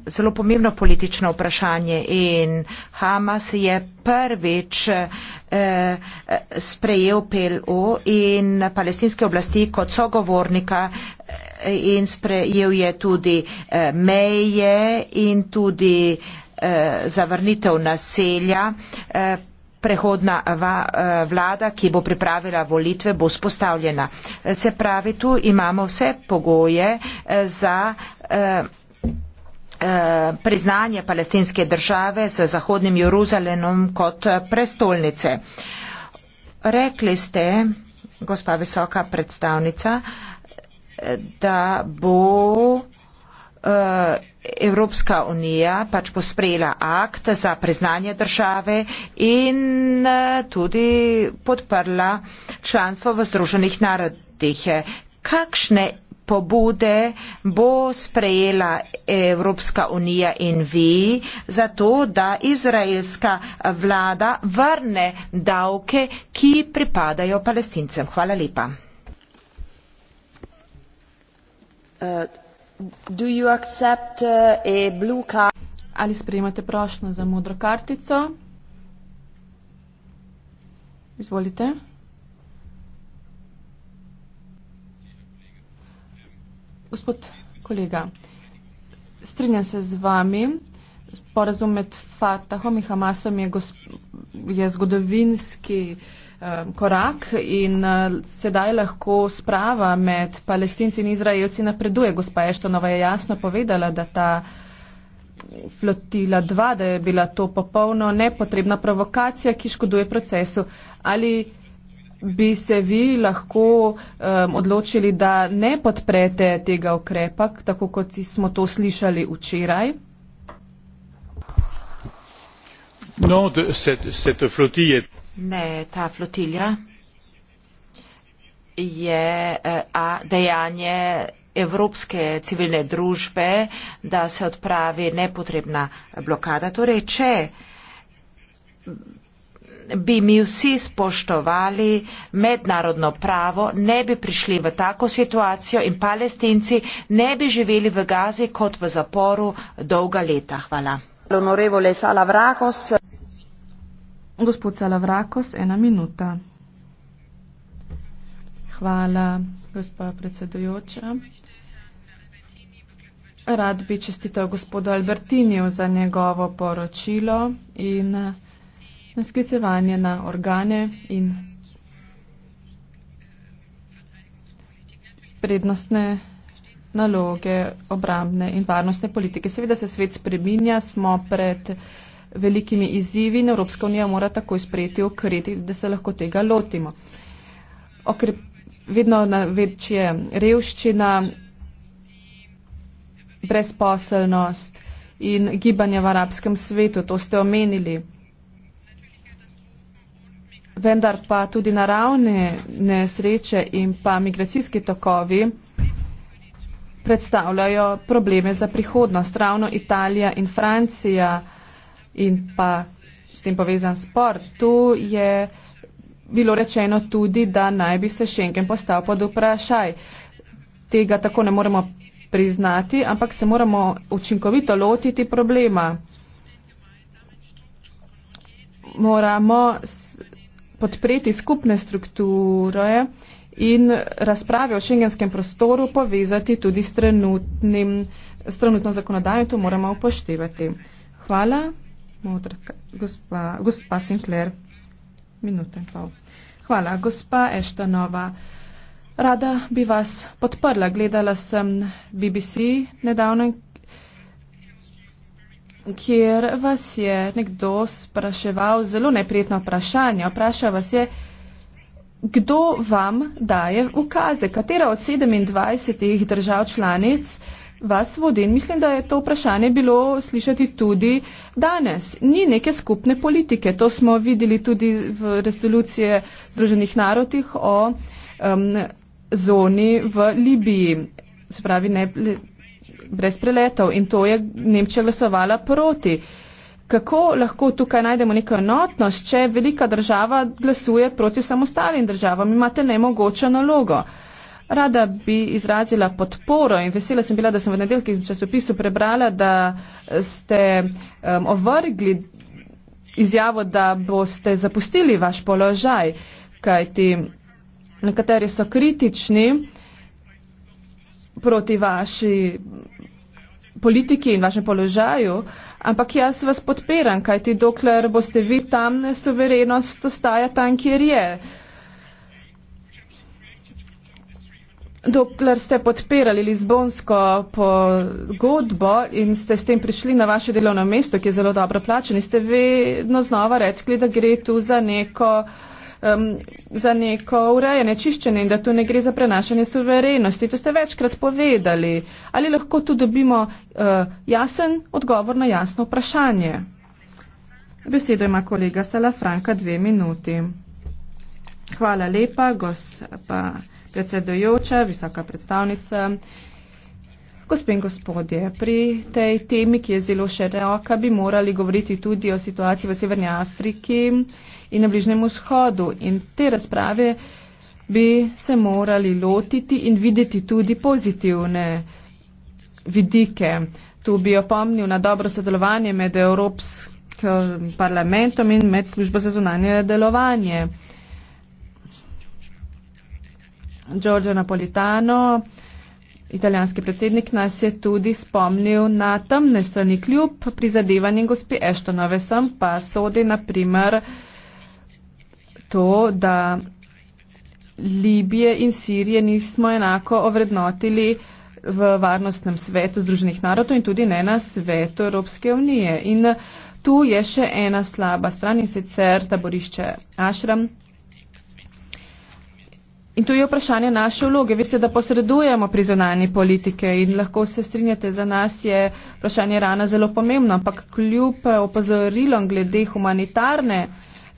zelo pomembno politično vprašanje in Hamas je prvič eh, sprejel PLO in palestinske oblasti kot sogovornika in sprejel je tudi meje in tudi Eh, zavrnitev naselja. Eh, prehodna eh, vlada, ki bo pripravila volitve, bo spostavljena. Se pravi, tu imamo vse pogoje za priznanje palestinske države z Zahodnim Jeruzalemom kot prestolnice. Rekli ste, gospa visoka predstavnica, da bo Eh, Evropska unija pač posprejela akt za priznanje države in eh, tudi podprla članstvo v Združenih narodih. Kakšne pobude bo sprejela Evropska unija in vi za to, da izraelska vlada vrne davke, ki pripadajo palestincem? Hvala lepa. Uh, Uh, Ali sprejemate prošnjo za modro kartico? Izvolite. Gospod kolega, strinjam se z vami. Sporazum med Fatahom in Hamasom je, je zgodovinski uh, Eh, korak in eh, sedaj lahko sprava med palestinci in izraelci napreduje. Gospa Eštonova je jasno povedala, da ta flotila 2, da je bila to popolno nepotrebna provokacija, ki škoduje procesu. Ali bi se vi lahko um, odločili, da ne podprete tega ukrepa, tako kot smo to slišali včeraj? No, cette, cette flottille est Ne, ta flotilja je eh, a, dejanje evropske civilne družbe, da se odpravi nepotrebna blokada. Torej, če bi mi vsi spoštovali mednarodno pravo, ne bi prišli v tako situacijo in palestinci ne bi živeli v Gazi kot v zaporu dolga leta. Hvala. Gospod Salavrakos, ena minuta. Hvala, gospa predsedujoča. Rad bi čestitev gospodu Albertiniju za njegovo poročilo in eh, sklicevanje na organe in prednostne naloge obrambne in varnostne politike. Seveda se svet spreminja, smo pred velikimi izzivi in Evropska unija mora takoj sprejeti okreti, da se lahko tega lotimo. Okre, vedno na večje revščina, brezposelnost in gibanje v arabskem svetu, to ste omenili. Vendar pa tudi naravne nesreče in pa migracijski tokovi predstavljajo probleme za prihodnost. Ravno Italija in Francija in pa s tem povezan spor. Tu je bilo rečeno tudi, da naj bi se Schengen postal pod vprašaj. Tega tako ne moremo priznati, ampak se moramo učinkovito lotiti problema. Moramo podpreti skupne strukture in razprave o šengenskem prostoru povezati tudi s trenutnim, s trenutno zakonodajo, to moramo upoštevati. Hvala. Modra, gospa, gospa Sinclair, minuta in pol. Hvala, gospa Eštanova. Rada bi vas podprla. Gledala sem BBC nedavno, kjer vas je nekdo spraševal zelo neprijetno vprašanje. Vprašal vas je, kdo vam daje ukaze, katera od 27 držav članic vas vodi. In mislim, da je to vprašanje bilo slišati tudi danes. Ni neke skupne politike. To smo videli tudi v resoluciji Združenih narodih o um, zoni v Libiji. Spravi, ne, le, brez preletov. In to je Nemčija glasovala proti. Kako lahko tukaj najdemo neko enotnost, če velika država glasuje proti samostalnim državam? Imate nemogočo nalogo. Rada bi izrazila podporo in vesela sem bila, da sem v nedeljskem časopisu prebrala, da ste um, ovrgli izjavo, da boste zapustili vaš položaj, kajti nekateri so kritični proti vaši politiki in vašem položaju, ampak jaz vas podpiram, kajti dokler boste vi tam, suverenost ostaja tam, kjer je. Uh, Dokler ste podpirali Lizbonsko pogodbo in ste s tem prišli na vaše delovno mesto, ki je zelo dobro plačeno, ste vedno znova rekli, da gre tu za neko, um, za neko urejanje, čiščenje in da tu ne gre za prenašanje suverenosti. To ste večkrat povedali. Ali lahko tu dobimo uh, jasen odgovor na jasno vprašanje? Besedo ima kolega Salafranka dve minuti. Hvala lepa, gospa predsedojoča, visoka predstavnica, gospe in gospodje, pri tej temi, ki je zelo široka, bi morali govoriti tudi o situaciji v Severni Afriki in na Bližnjem vzhodu. In te razprave bi se morali lotiti in videti tudi pozitivne vidike. Tu bi opomnil na dobro sodelovanje med Evropskim parlamentom in med službo za zunanje delovanje. Giorgio Napolitano, italijanski predsednik, nas je tudi spomnil na temne strani kljub prizadevanjem gospe Eštonove. Sem pa sodi na primer to, da Libije in Sirije nismo enako ovrednotili v varnostnem svetu Združenih narodov in tudi ne na svetu Evropske unije. In tu je še ena slaba stran in sicer taborišče Ašram, In tu je vprašanje naše vloge. Veste, da posredujemo pri zonani politike in lahko se strinjate, za nas je vprašanje rana zelo pomembno, ampak kljub opozorilom glede humanitarne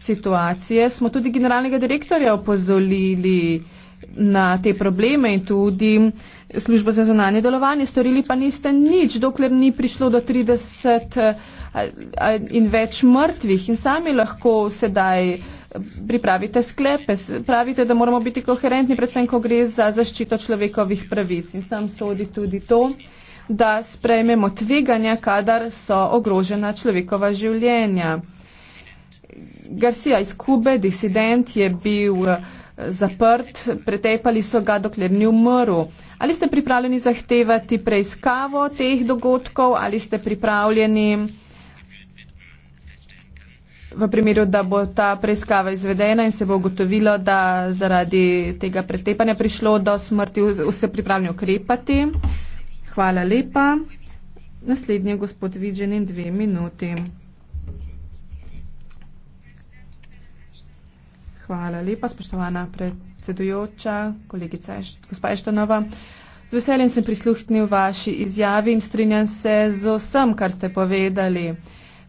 situacije smo tudi generalnega direktorja opozorili na te probleme in tudi službo za zonanje delovanje. Storili pa niste nič, dokler ni prišlo do 30 in več mrtvih in sami lahko sedaj pripravite sklepe, pravite, da moramo biti koherentni, predvsem, ko gre za zaščito človekovih pravic. In sam sodi tudi to, da sprejmemo tveganja, kadar so ogrožena človekova življenja. Garcia iz Kube, disident, je bil eh, zaprt, pretepali so ga, dokler ni umrl. Ali ste pripravljeni zahtevati preiskavo teh dogodkov, ali ste pripravljeni v primeru, da bo ta preiskava izvedena in se bo ugotovilo, da zaradi tega pretepanja prišlo do smrti, vse pripravljeni ukrepati. Hvala lepa. Naslednji je gospod Vidženin, dve minuti. Hvala lepa, spoštovana predsedujoča, kolegica gospa Eštanova. Z veseljem sem prisluhnil vaši izjavi in strinjam se z vsem, kar ste povedali.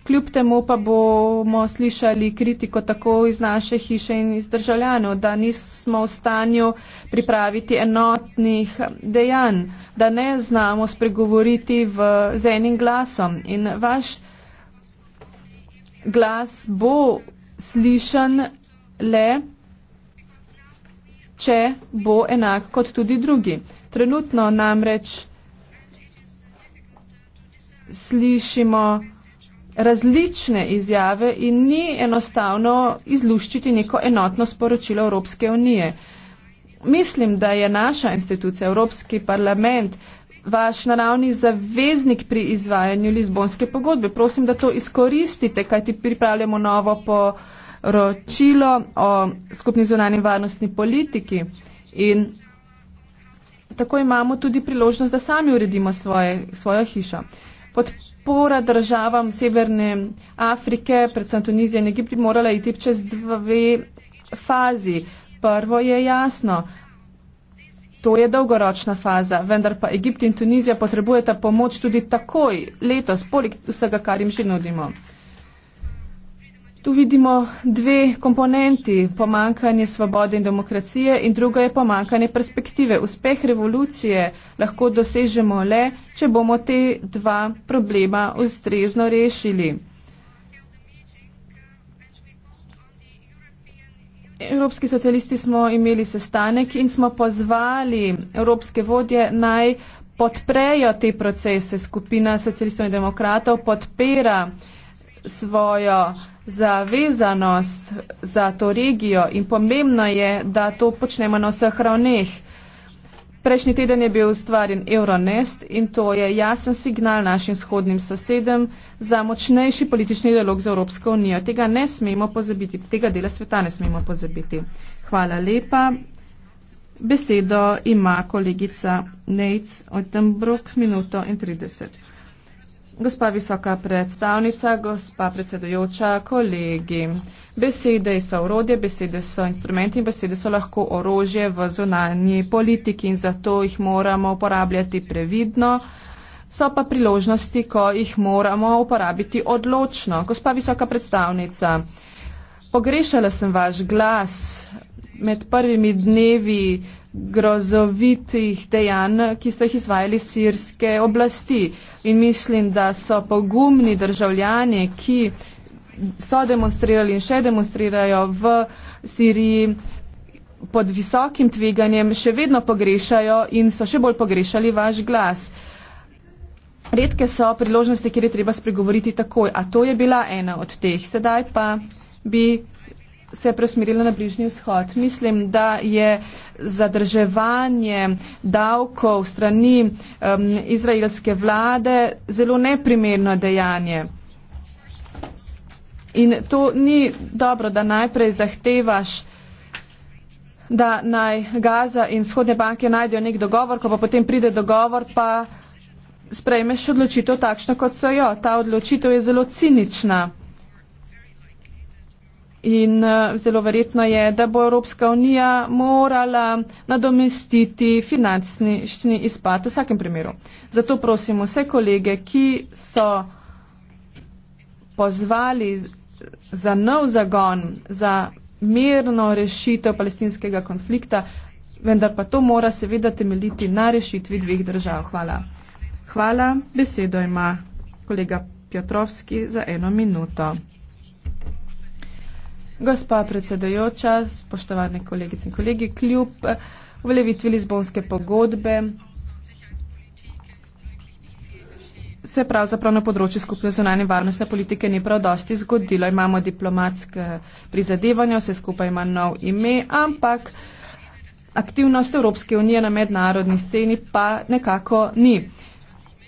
Kljub temu pa bomo slišali kritiko tako iz naše hiše in iz državljanov, da nismo v stanju pripraviti enotnih dejanj, da ne znamo spregovoriti v, z enim glasom. In vaš glas bo slišan le, če bo enak kot tudi drugi. Trenutno namreč slišimo, različne izjave in ni enostavno izluščiti neko enotno sporočilo Evropske unije. Mislim, da je naša institucija, Evropski parlament, vaš naravni zaveznik pri izvajanju Lizbonske pogodbe. Prosim, da to izkoristite, kajti pripravljamo novo poročilo o skupni zunanji varnostni politiki. In tako imamo tudi priložnost, da sami uredimo svoje, svojo hišo podpora državam Severne Afrike, predvsem Tunizije in Egipti, morala iti čez dve fazi. Prvo je jasno, to je dolgoročna faza, vendar pa Egipt in Tunizija potrebujeta pomoč tudi takoj, letos, poleg vsega, kar jim že nudimo. Tu vidimo dve komponenti, pomankanje svobode in demokracije in druga je pomankanje perspektive. Uspeh revolucije lahko dosežemo le, če bomo te dva problema ustrezno rešili. Evropski socialisti smo imeli sestanek in smo pozvali evropske vodje naj podprejo te procese. Skupina socialistov in demokratov podpira svojo zavezanost za to regijo in pomembno je, da to počnemo na vseh ravneh. Prejšnji teden je bil ustvarjen Euronest in to je jasen signal našim shodnim sosedem za močnejši politični dialog z Evropsko unijo. Tega ne smemo pozabiti, tega dela sveta ne smemo pozabiti. Hvala lepa. Besedo ima kolegica Neitz Oitenbrook, minuto in 30. Gospa visoka predstavnica, gospa predsedujoča, kolegi. Besede so orodje, besede so instrumenti in besede so lahko orožje v zunanji politiki in zato jih moramo uporabljati previdno. So pa priložnosti, ko jih moramo uporabiti odločno. Gospa visoka predstavnica, pogrešala sem vaš glas med prvimi dnevi grozovitih dejanj, ki so jih izvajali sirske oblasti. In mislim, da so pogumni državljani, ki so demonstrirali in še demonstrirajo v Siriji pod visokim tveganjem, še vedno pogrešajo in so še bolj pogrešali vaš glas. Redke so priložnosti, kjer je treba spregovoriti takoj, a to je bila ena od teh. Sedaj pa bi se je presmerila na bližnji vzhod. Mislim, da je zadrževanje davkov strani um, izraelske vlade zelo neprimerno dejanje. In to ni dobro, da najprej zahtevaš, da naj Gaza in vzhodne banke najdejo nek dogovor, ko pa potem pride dogovor, pa sprejmeš odločitev takšno, kot so jo. Ta odločitev je zelo cinična in eh, zelo verjetno je, da bo Evropska unija morala nadomestiti finančni izpad v vsakem primeru. Zato prosim vse kolege, ki so pozvali za nov zagon, za mirno rešitev palestinskega konflikta, vendar pa to mora seveda temeljiti na rešitvi dveh držav. Hvala. Hvala. Besedo ima kolega Pjotrovski za eno minuto. Gospa predsedojoča, spoštovane kolegice in kolegi, kljub uveljavitvi Lizbonske pogodbe se pravzaprav na področju skupne zunanje varnostne politike ni prav dosti zgodilo. Imamo diplomatske prizadevanja, vse skupaj ima nov ime, ampak aktivnost Evropske unije na mednarodni sceni pa nekako ni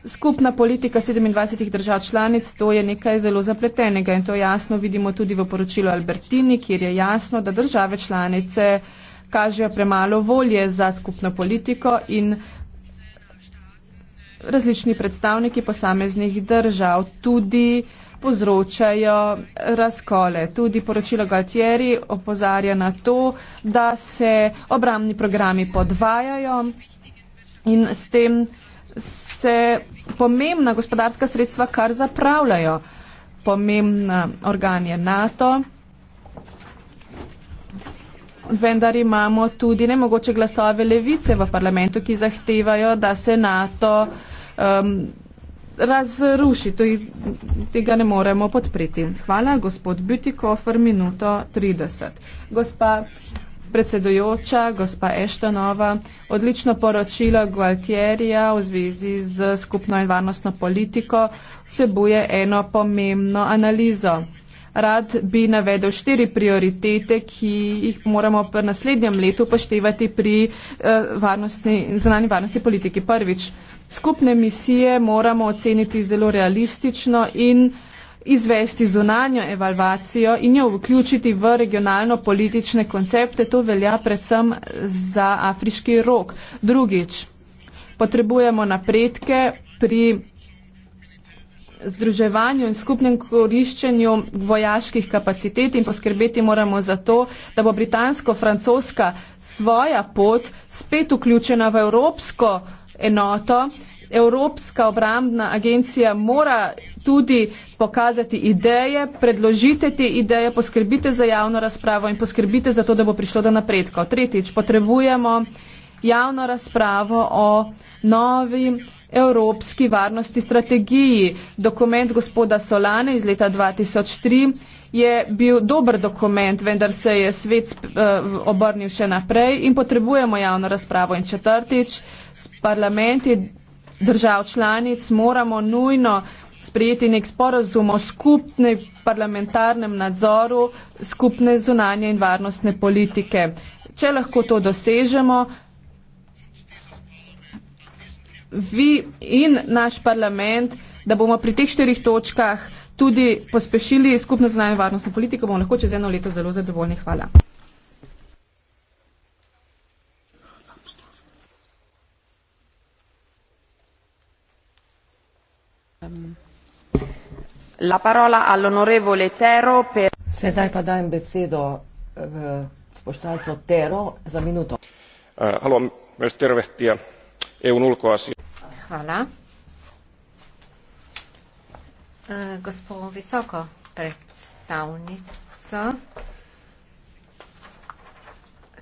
skupna politika 27 držav članic, to je nekaj zelo zapletenega in to jasno vidimo tudi v poročilu Albertini, kjer je jasno, da države članice kažejo premalo volje za skupno politiko in različni predstavniki posameznih držav tudi povzročajo razkole. Tudi poročilo Galtieri opozarja na to, da se obramni programi podvajajo in s tem se pomembna gospodarska sredstva kar zapravljajo. Pomembna organ je NATO, vendar imamo tudi nemogoče glasove levice v parlamentu, ki zahtevajo, da se NATO um, razruši. Tudi tega ne moremo podpreti. Hvala, gospod Bütikofer, minuto 30. Gospa predsedujoča, gospa Eštonova, odlično poročilo Gualtierija v zvezi z skupno in varnostno politiko vsebuje eno pomembno analizo. Rad bi navedel štiri prioritete, ki jih moramo pri naslednjem letu poštevati pri eh, zunanji varnosti politiki. Prvič, skupne misije moramo oceniti zelo realistično in realistično izvesti zunanjo evalvacijo in jo vključiti v regionalno politične koncepte. To velja predvsem za afriški rok. Drugič, potrebujemo napredke pri združevanju in skupnem koriščenju vojaških kapacitet in poskrbeti moramo za to, da bo britansko-francoska svoja pot spet vključena v evropsko enoto Evropska obrambna agencija mora tudi pokazati ideje, predložite te ideje, poskrbite za javno razpravo in poskrbite za to, da bo prišlo do napredka. Tretjič, potrebujemo javno razpravo o novi evropski varnosti strategiji. Dokument gospoda Solane iz leta 2003 je bil dober dokument, vendar se je svet eh, obrnil še naprej in potrebujemo javno razpravo. In četrtič, parlament je držav članic moramo nujno sprejeti nek sporozum o skupnem parlamentarnem nadzoru skupne zunanje in varnostne politike. Če lahko to dosežemo, vi in naš parlament, da bomo pri teh štirih točkah tudi pospešili skupno zunanje in varnostno politiko, bomo lahko čez eno leto zelo zadovoljni. Hvala. Sedaj pa dajem besedo eh, poslancu Tero za minuto. Eh, Haluan myös tervehtiä EUn ulkoasia. Hvala. Eh, Gospod visoko predstavnico,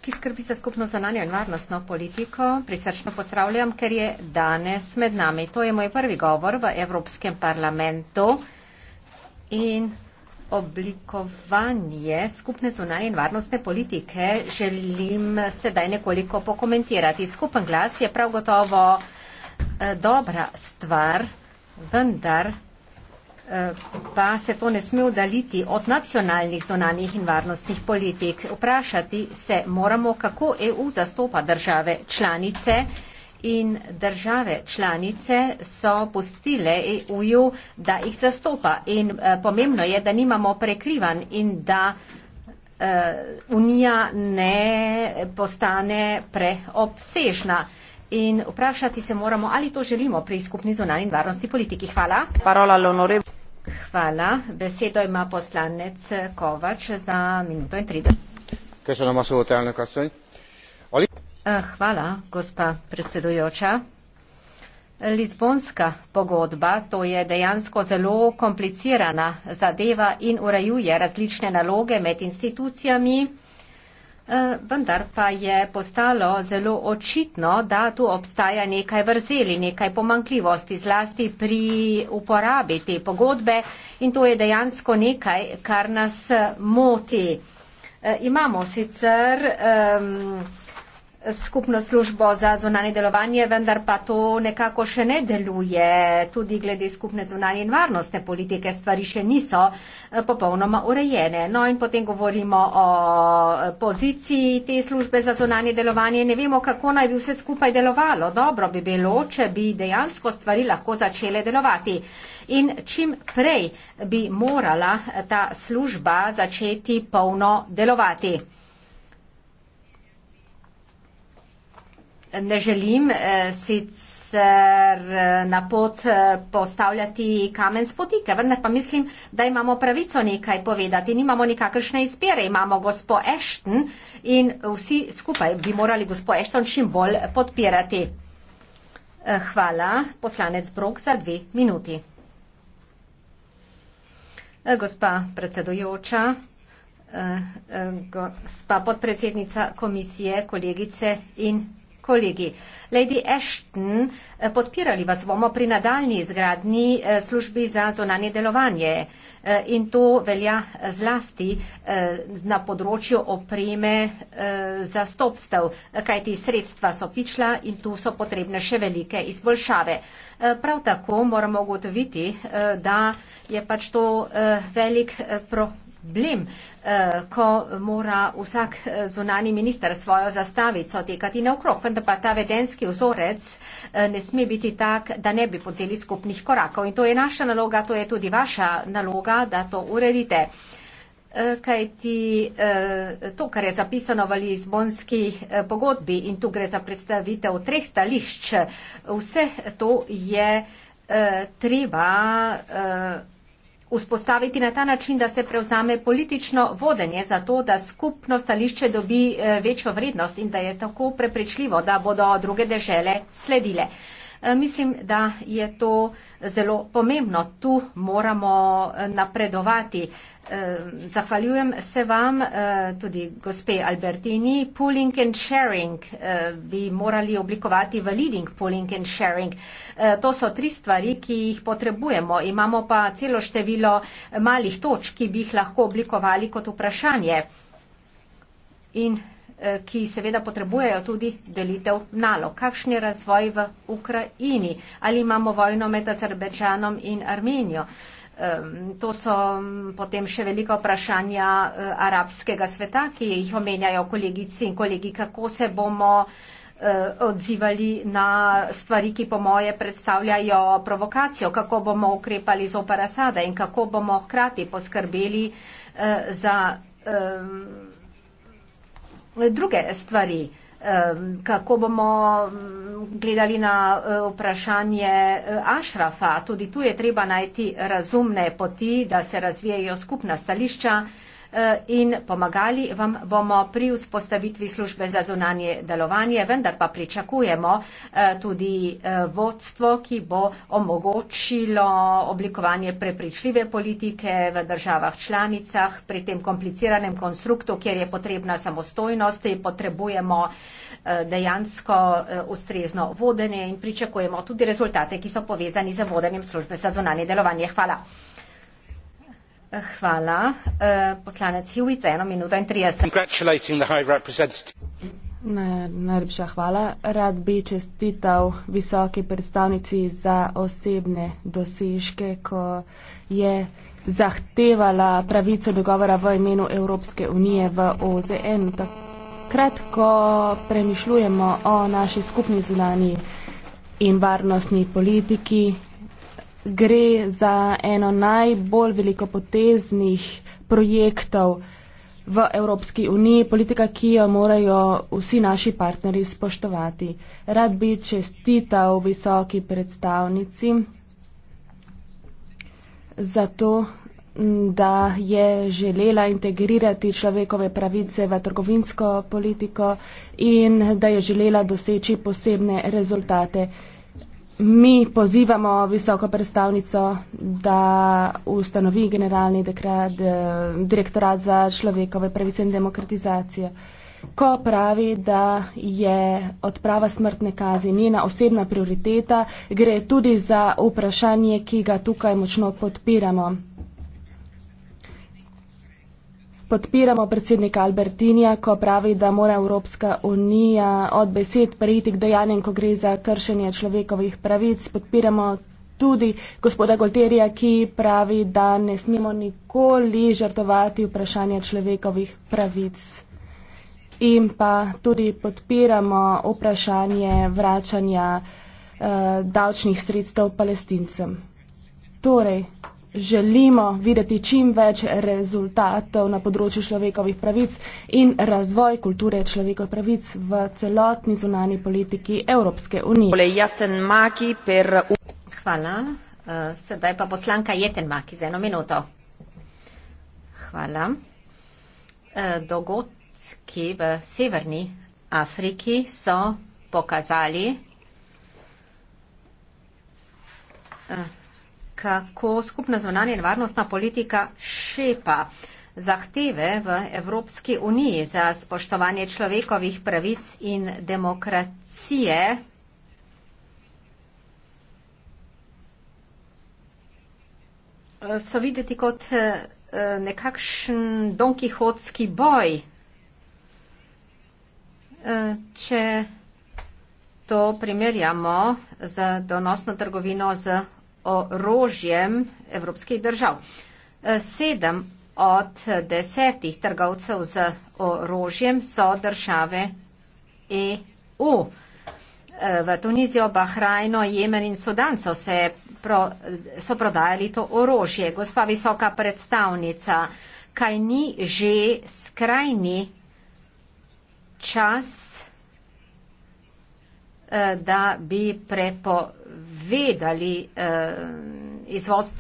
ki skrbi za skupno zananjo in varnostno politiko, prisrčno pozdravljam, ker je danes med nami. To je moj prvi govor v Evropskem parlamentu in oblikovanje skupne zunanje in varnostne politike želim sedaj nekoliko pokomentirati. Skupen glas je prav gotovo eh, dobra stvar, vendar eh, pa se to ne sme udaliti od nacionalnih zunanjih in varnostnih politik. Vprašati se moramo, kako EU zastopa države članice, in države članice so postile EU, da jih zastopa. In eh, pomembno je, da nimamo prekrivan in da eh, Unija ne postane preobsežna. In vprašati se moramo, ali to želimo pri skupni zonalni in varnosti politiki. Hvala. Hvala. Besedo ima poslanec eh, Kovač za minuto in 30. Kaj se nam so v telnem kasu? Eh, hvala, gospa predsedujoča. Lizbonska pogodba, to je dejansko zelo komplicirana zadeva in urejuje različne naloge med institucijami, eh, vendar pa je postalo zelo očitno, da tu obstaja nekaj vrzeli, nekaj pomankljivosti, zlasti pri uporabi te pogodbe in to je dejansko nekaj, kar nas moti. Eh, imamo sicer. Um, skupno službo za zunanje delovanje, vendar pa to nekako še ne deluje. Tudi glede skupne zunanje in varnostne politike stvari še niso eh, popolnoma urejene. No in potem govorimo o eh, poziciji te službe za zunanje delovanje. Ne vemo, kako naj bi vse skupaj delovalo. Dobro bi bilo, če bi dejansko stvari lahko začele delovati. In čim prej bi morala ta služba začeti polno delovati. ne želim eh, sicer eh, na pot eh, postavljati kamen spotike, vendar pa mislim, da imamo pravico nekaj povedati, nimamo nikakršne izbire, imamo gospo Ešten in vsi skupaj bi morali gospo Ešten čim bolj podpirati. Eh, hvala, poslanec Brok, za dve minuti. Eh, gospa predsedujoča. Uh, uh, gospa podpredsednica komisije, kolegice in kolegi. Lady Ashton, eh, podpirali vas bomo pri nadaljni izgradni eh, službi za zonanje delovanje eh, in to velja zlasti na področju opreme zastopstev, kajti sredstva so pičla in tu so potrebne še velike izboljšave. Prav tako moramo ugotoviti, da je pač to velik problem problem, eh, ko mora vsak eh, zunani minister svojo zastavico tekati naokrog, vendar pa ta vedenski vzorec eh, ne sme biti tak, da ne bi podzeli skupnih korakov. In to je naša naloga, to je tudi vaša naloga, da to uredite. Kaj ti to, kar je zapisano v Lizbonski pogodbi in tu gre za predstavitev treh stališč, vse to je treba Vzpostaviti na ta način, da se prevzame politično vodenje za to, da skupno stališče dobi eh, večjo vrednost in da je tako preprečljivo, da bodo druge dežele sledile. Eh, mislim, da je to zelo pomembno. Tu moramo eh, napredovati. Eh, zahvaljujem se vam, tudi gospe Albertini. Pooling and sharing bi morali oblikovati v leading pooling and sharing. To so tri stvari, ki jih potrebujemo. Imamo pa celo število malih točk, ki bi jih lahko oblikovali kot vprašanje. In Eh, ki seveda potrebujejo tudi delitev nalog. Kakšen je razvoj v Ukrajini? Ali imamo vojno med Azerbejdžanom in Armenijo? To so mm, potem še velika vprašanja eh, arabskega sveta, ki jih omenjajo kolegici in kolegi, kako se bomo eh, odzivali na stvari, ki po moje predstavljajo provokacijo, kako bomo ukrepali z opera sada in kako bomo hkrati poskrbeli za druge stvari, kako bomo mm, gledali na e, vprašanje e, Ašrafa. Tudi tu je treba najti razumne poti, da se razvijajo skupna stališča. Eh, in pomagali vam bomo pri vzpostavitvi službe za zunanje delovanje, vendar pa pričakujemo eh, tudi eh, vodstvo, ki bo omogočilo oblikovanje prepričljive politike v državah članicah pri tem kompliciranem konstruktu, kjer je potrebna samostojnost in potrebujemo dejansko ustrezno vodenje in pričakujemo tudi rezultate, ki so povezani z vodenjem službe za zunanje delovanje. Hvala. Hvala. Eh, poslanec Hivic, eno minuto in 30. Najlepša hvala. Rad bi čestital visoki predstavnici za osebne dosežke, ko je zahtevala pravico dogovora v imenu Evropske unije v OZN. Takrat, ko premišljujemo o naši skupni zunani in varnostni politiki, gre za eno najbolj velikopoteznih projektov v Evropski uniji, politika, ki jo morajo vsi naši partnerji spoštovati. Rad bi čestital visoki predstavnici za to, da je želela integrirati človekove pravice v trgovinsko politiko in da je želela doseči posebne rezultate mi pozivamo visoko predstavnico, da ustanovi generalni dekrat, eh, direktorat za človekove pravice in demokratizacijo. Ko pravi, da je odprava smrtne kazni njena osebna prioriteta, gre tudi za vprašanje, ki ga tukaj močno podpiramo podpiramo predsednika Albertinija, ko pravi, da mora Evropska unija od besed prejiti k dejanjem, ko gre za kršenje človekovih pravic. Podpiramo tudi gospoda Golterija, ki pravi, da ne smemo nikoli žrtovati vprašanja človekovih pravic. In pa tudi podpiramo vprašanje vračanja eh, davčnih sredstev palestincem. Torej, želimo videti čim več rezultatov na področju človekovih pravic in razvoj kulture človekovih pravic v celotni zunani politiki Evropske unije. Hvala. Eh, sedaj pa poslanka Jetenmaki za eno minuto. Hvala. Eh, dogodki v Severni Afriki so pokazali, eh, kako skupna zvonanja in varnostna politika šepa zahteve v Evropski uniji za spoštovanje človekovih pravic in demokracije. So videti kot eh, nekakšen donkihotski boj. Eh, če to primerjamo z donosno trgovino z orožjem evropskih držav. E, sedem od desetih trgovcev z orožjem so države EU. E, v Tunizijo, Bahrajno, Jemen in Sudan so, se, so prodajali to orožje. Gospa visoka predstavnica, kaj ni že skrajni čas Eh, da bi prepovedali eh, izvoz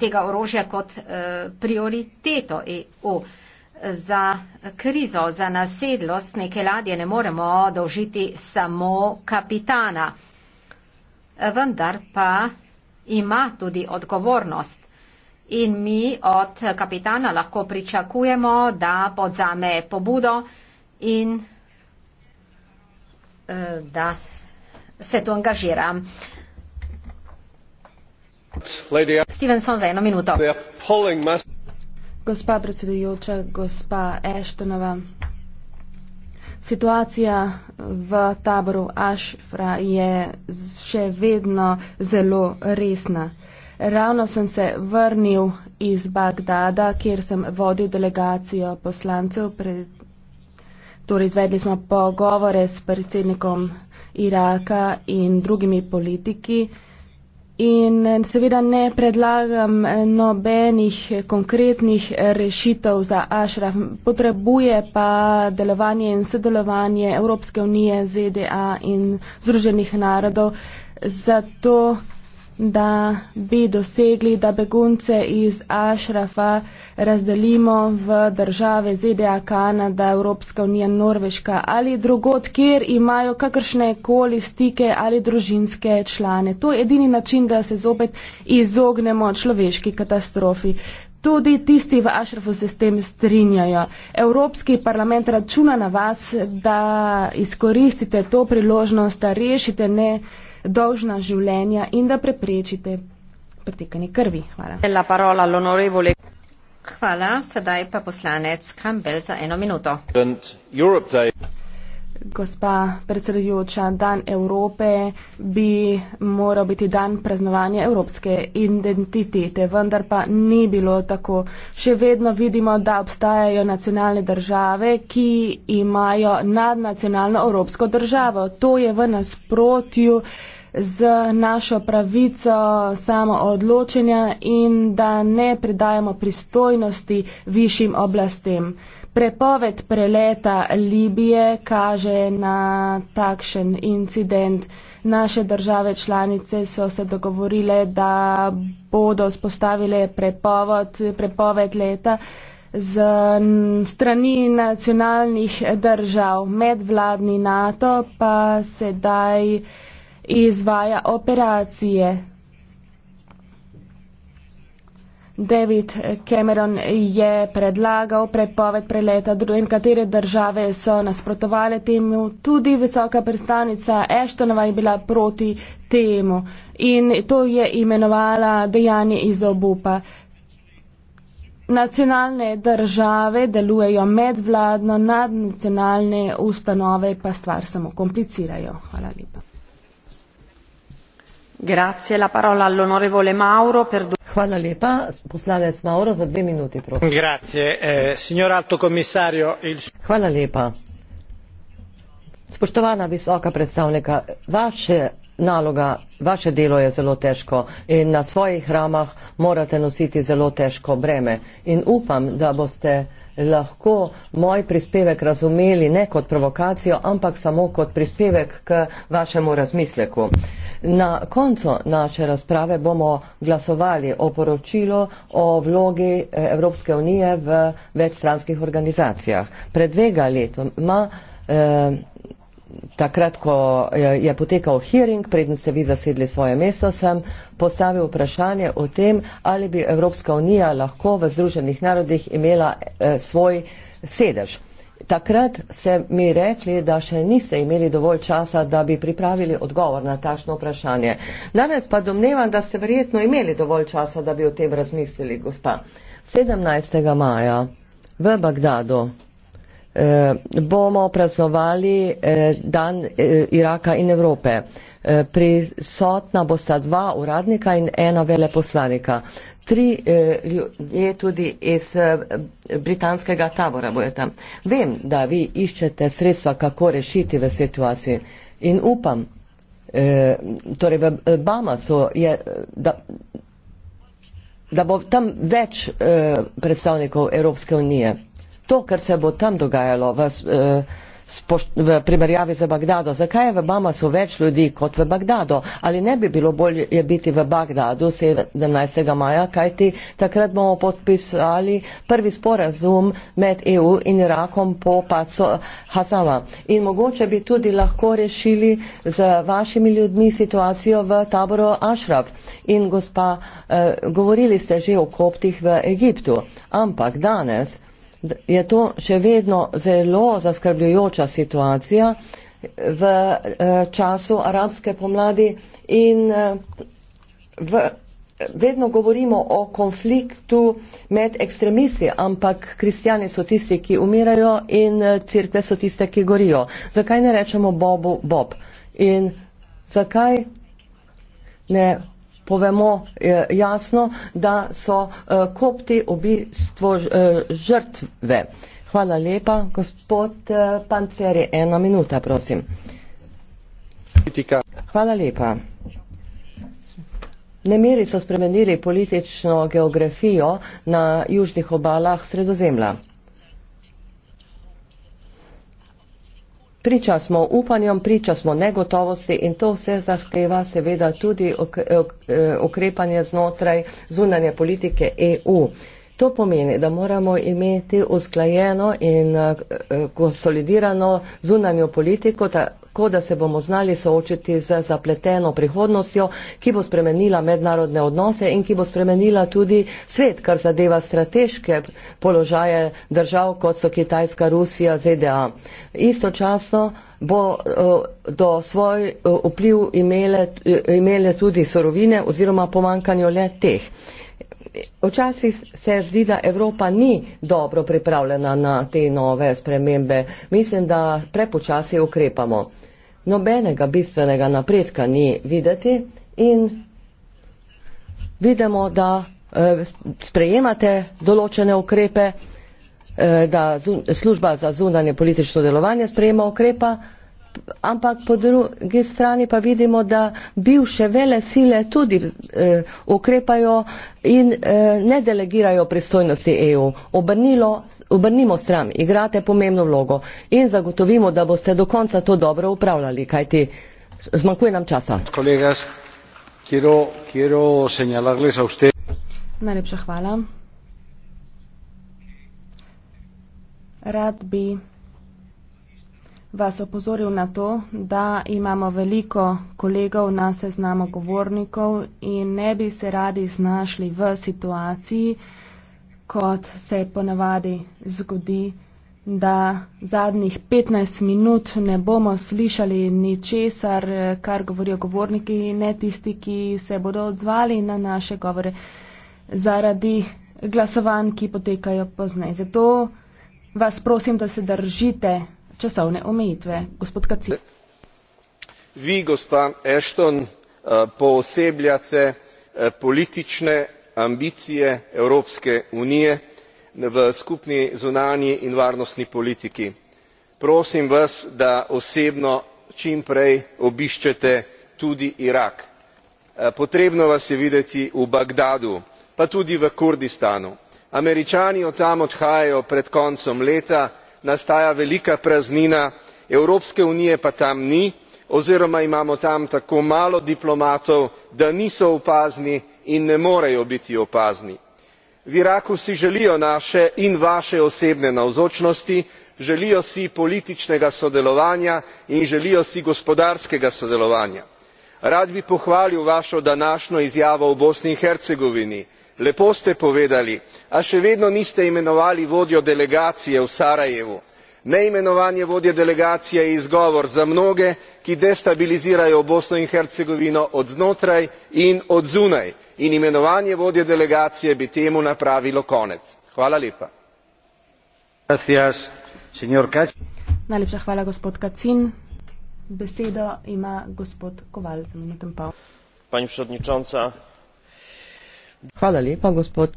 tega orožja kot eh, prioriteto EU. Za krizo, za nasedlost neke ladje ne moremo dolžiti samo kapitana, vendar pa ima tudi odgovornost. In mi od kapitana lahko pričakujemo, da podzame pobudo in da se tu angažira. Stevenson za eno minuto. Gospa predsedujoča, gospa Eštonova, situacija v taboru Ašfra je še vedno zelo resna. Ravno sem se vrnil iz Bagdada, kjer sem vodil delegacijo poslancev pred Torej, izvedli smo pogovore s predsednikom Iraka in drugimi politiki. In seveda ne predlagam nobenih konkretnih rešitev za Ašraf. Potrebuje pa delovanje in sodelovanje Evropske unije, ZDA in Združenih narodov za to, da bi dosegli, da begunce iz Ašrafa razdelimo v države ZDA, Kanada, Evropska unija, Norveška ali drugot, kjer imajo kakršne koli stike ali družinske člane. To je edini način, da se zopet izognemo človeški katastrofi. Tudi tisti v Ašrafu se s tem strinjajo. Evropski parlament računa na vas, da izkoristite to priložnost, da rešite ne dolžna življenja in da preprečite pretekanje krvi. Hvala. Hvala, sedaj pa poslanec Campbell za eno minuto. Gospa predsedujoča, dan Evrope bi moral biti dan praznovanja evropske identitete, vendar pa ni bilo tako. Še vedno vidimo, da obstajajo nacionalne države, ki imajo nadnacionalno evropsko državo. To je v nasprotju uh, z našo pravico samo odločenja in da ne predajamo pristojnosti višjim oblastem. Prepoved preleta Libije kaže na takšen incident. Naše države članice so se dogovorile, da bodo spostavile prepoved, prepoved leta z strani nacionalnih držav. Medvladni NATO pa sedaj izvaja operacije. David Cameron je predlagal prepoved preleta, in katere države so nasprotovali temu. Tudi visoka predstavnica Eštonova je bila proti temu in to je imenovala dejanje iz obupa. Nacionalne države delujejo medvladno, nadnacionalne ustanove pa stvar samo komplicirajo. Hvala lepa. Eh, signora alto commissario spoštovana visoka predstavnika vaša naloga vaše delo je zelo težko in na svojih ramah morate nositi zelo težko breme in upam da boste lahko moj prispevek razumeli ne kot provokacijo, ampak samo kot prispevek k vašemu razmisleku. Na koncu naše razprave bomo glasovali o poročilu o vlogi eh, Evropske unije v večstranskih organizacijah. Pred dvega letoma eh, takrat, ko je potekal hearing, predn ste vi zasedli svoje mesto, sem postavil vprašanje o tem, ali bi Evropska unija lahko v Združenih narodih imela eh, svoj sedež. Takrat ste mi rekli, da še niste imeli dovolj časa, da bi pripravili odgovor na tašno vprašanje. Danes pa domnevam, da ste verjetno imeli dovolj časa, da bi o tem razmislili, gospa. 17. maja v Bagdadu Eh, bomo praznovali eh, dan eh, Iraka in Evrope. Prisotna bosta dva uradnika in ena veleposlanika. Tri ljudje tudi iz britanskega tabora bojo tam. Vem, da vi iščete sredstva, kako rešiti v situaciji in upam, torej v Bamasu je, da, da bo tam več predstavnikov Evropske unije to, kar se bo tam dogajalo v, eh, v primerjavi z Bagdado, zakaj je v Bamasu več ljudi kot v Bagdado? Ali ne bi bilo bolje biti v Bagdadu 17. maja, kajti takrat bomo podpisali prvi sporazum med EU in Irakom po paco Hazama. In mogoče bi tudi lahko rešili z vašimi ljudmi situacijo v taboru Ašraf. In gospa, eh, govorili ste že o koptih v Egiptu, ampak danes je to še vedno zelo zaskrbljujoča situacija v eh, času arabske pomladi in eh, v, vedno govorimo o konfliktu med ekstremisti, ampak kristjani so tisti, ki umirajo in eh, crkve so tiste, ki gorijo. Zakaj ne rečemo Bobu Bob? In zakaj ne povemo eh, jasno, da so eh, kopti obistvo eh, žrtve. Hvala lepa. Gospod Panceri, ena minuta, prosim. Hvala lepa. Nemiri so spremenili politično geografijo na južnih obalah Sredozemlja. Priča smo upanjem, priča smo negotovosti in to vse zahteva seveda tudi eh, ukrepanje znotraj zunanje politike EU. To pomeni, da moramo imeti usklajeno in eh, konsolidirano zunanjo politiko, tako da se bomo znali soočiti z zapleteno prihodnostjo, ki bo spremenila mednarodne odnose in ki bo spremenila tudi svet, kar zadeva strateške položaje držav, kot so Kitajska, Rusija, ZDA. Istočasno bo eh, do svoj eh, vpliv imele, imele tudi sorovine oziroma pomankanje le teh. Včasih se zdi, da Evropa ni dobro pripravljena na te nove spremembe. Mislim, da prepočasi ukrepamo. Nobenega bistvenega napredka ni videti in vidimo, da eh, sprejemate določene ukrepe, eh, da služba za zunanje politično delovanje sprejema ukrepa ampak po drugi strani pa vidimo, da bivše vele sile tudi eh, ukrepajo in eh, ne delegirajo pristojnosti EU. Obrnilo, obrnimo stran, igrate pomembno vlogo in zagotovimo, da boste do konca to dobro upravljali, kajti zmanjkuje nam časa. Kolegas, quiero, quiero señalarles a usted. Najlepša hvala. Rad bi vas opozoril na to, da imamo veliko kolegov na seznamu govornikov in ne bi se radi znašli v situaciji, kot se ponavadi zgodi, da zadnjih 15 minut ne bomo slišali ničesar, kar govorijo govorniki, ne tisti, ki se bodo odzvali na naše govore zaradi glasovanj, ki potekajo poznaj. Zato vas prosim, da se držite časovne omejitve. Gospod Kacin. Vi, gospa Ashton, eh, poosebljate eh, politične ambicije Evropske unije v skupni zunanji in varnostni politiki. Prosim vas, da osebno čimprej obiščete tudi Irak. Eh, potrebno vas je videti v Bagdadu, pa tudi v Kurdistanu. Američani od tam odhajajo pred koncem leta, nastaja velika praznina evropske unije pa tam ni oziroma imamo tam tako malo diplomatov da niso opazni in ne morejo biti opazni. v iraku si želijo naše in vaše osebne navzočnosti želijo si političnega sodelovanja in želijo si gospodarskega sodelovanja. rad bi pohvalil vašo današnjo izjavo o bosni in hercegovini lepo ste povedali a še vedno niste imenovali vodjo delegacije v sarajevu. neimenovanje vodje delegacije je izgovor za mnoge ki destabilizirajo bosno in hercegovino od znotraj in od zunaj in imenovanje vodje delegacije bi temu napravilo konec. pani przewodnicząca! Hvala lepa, gospod,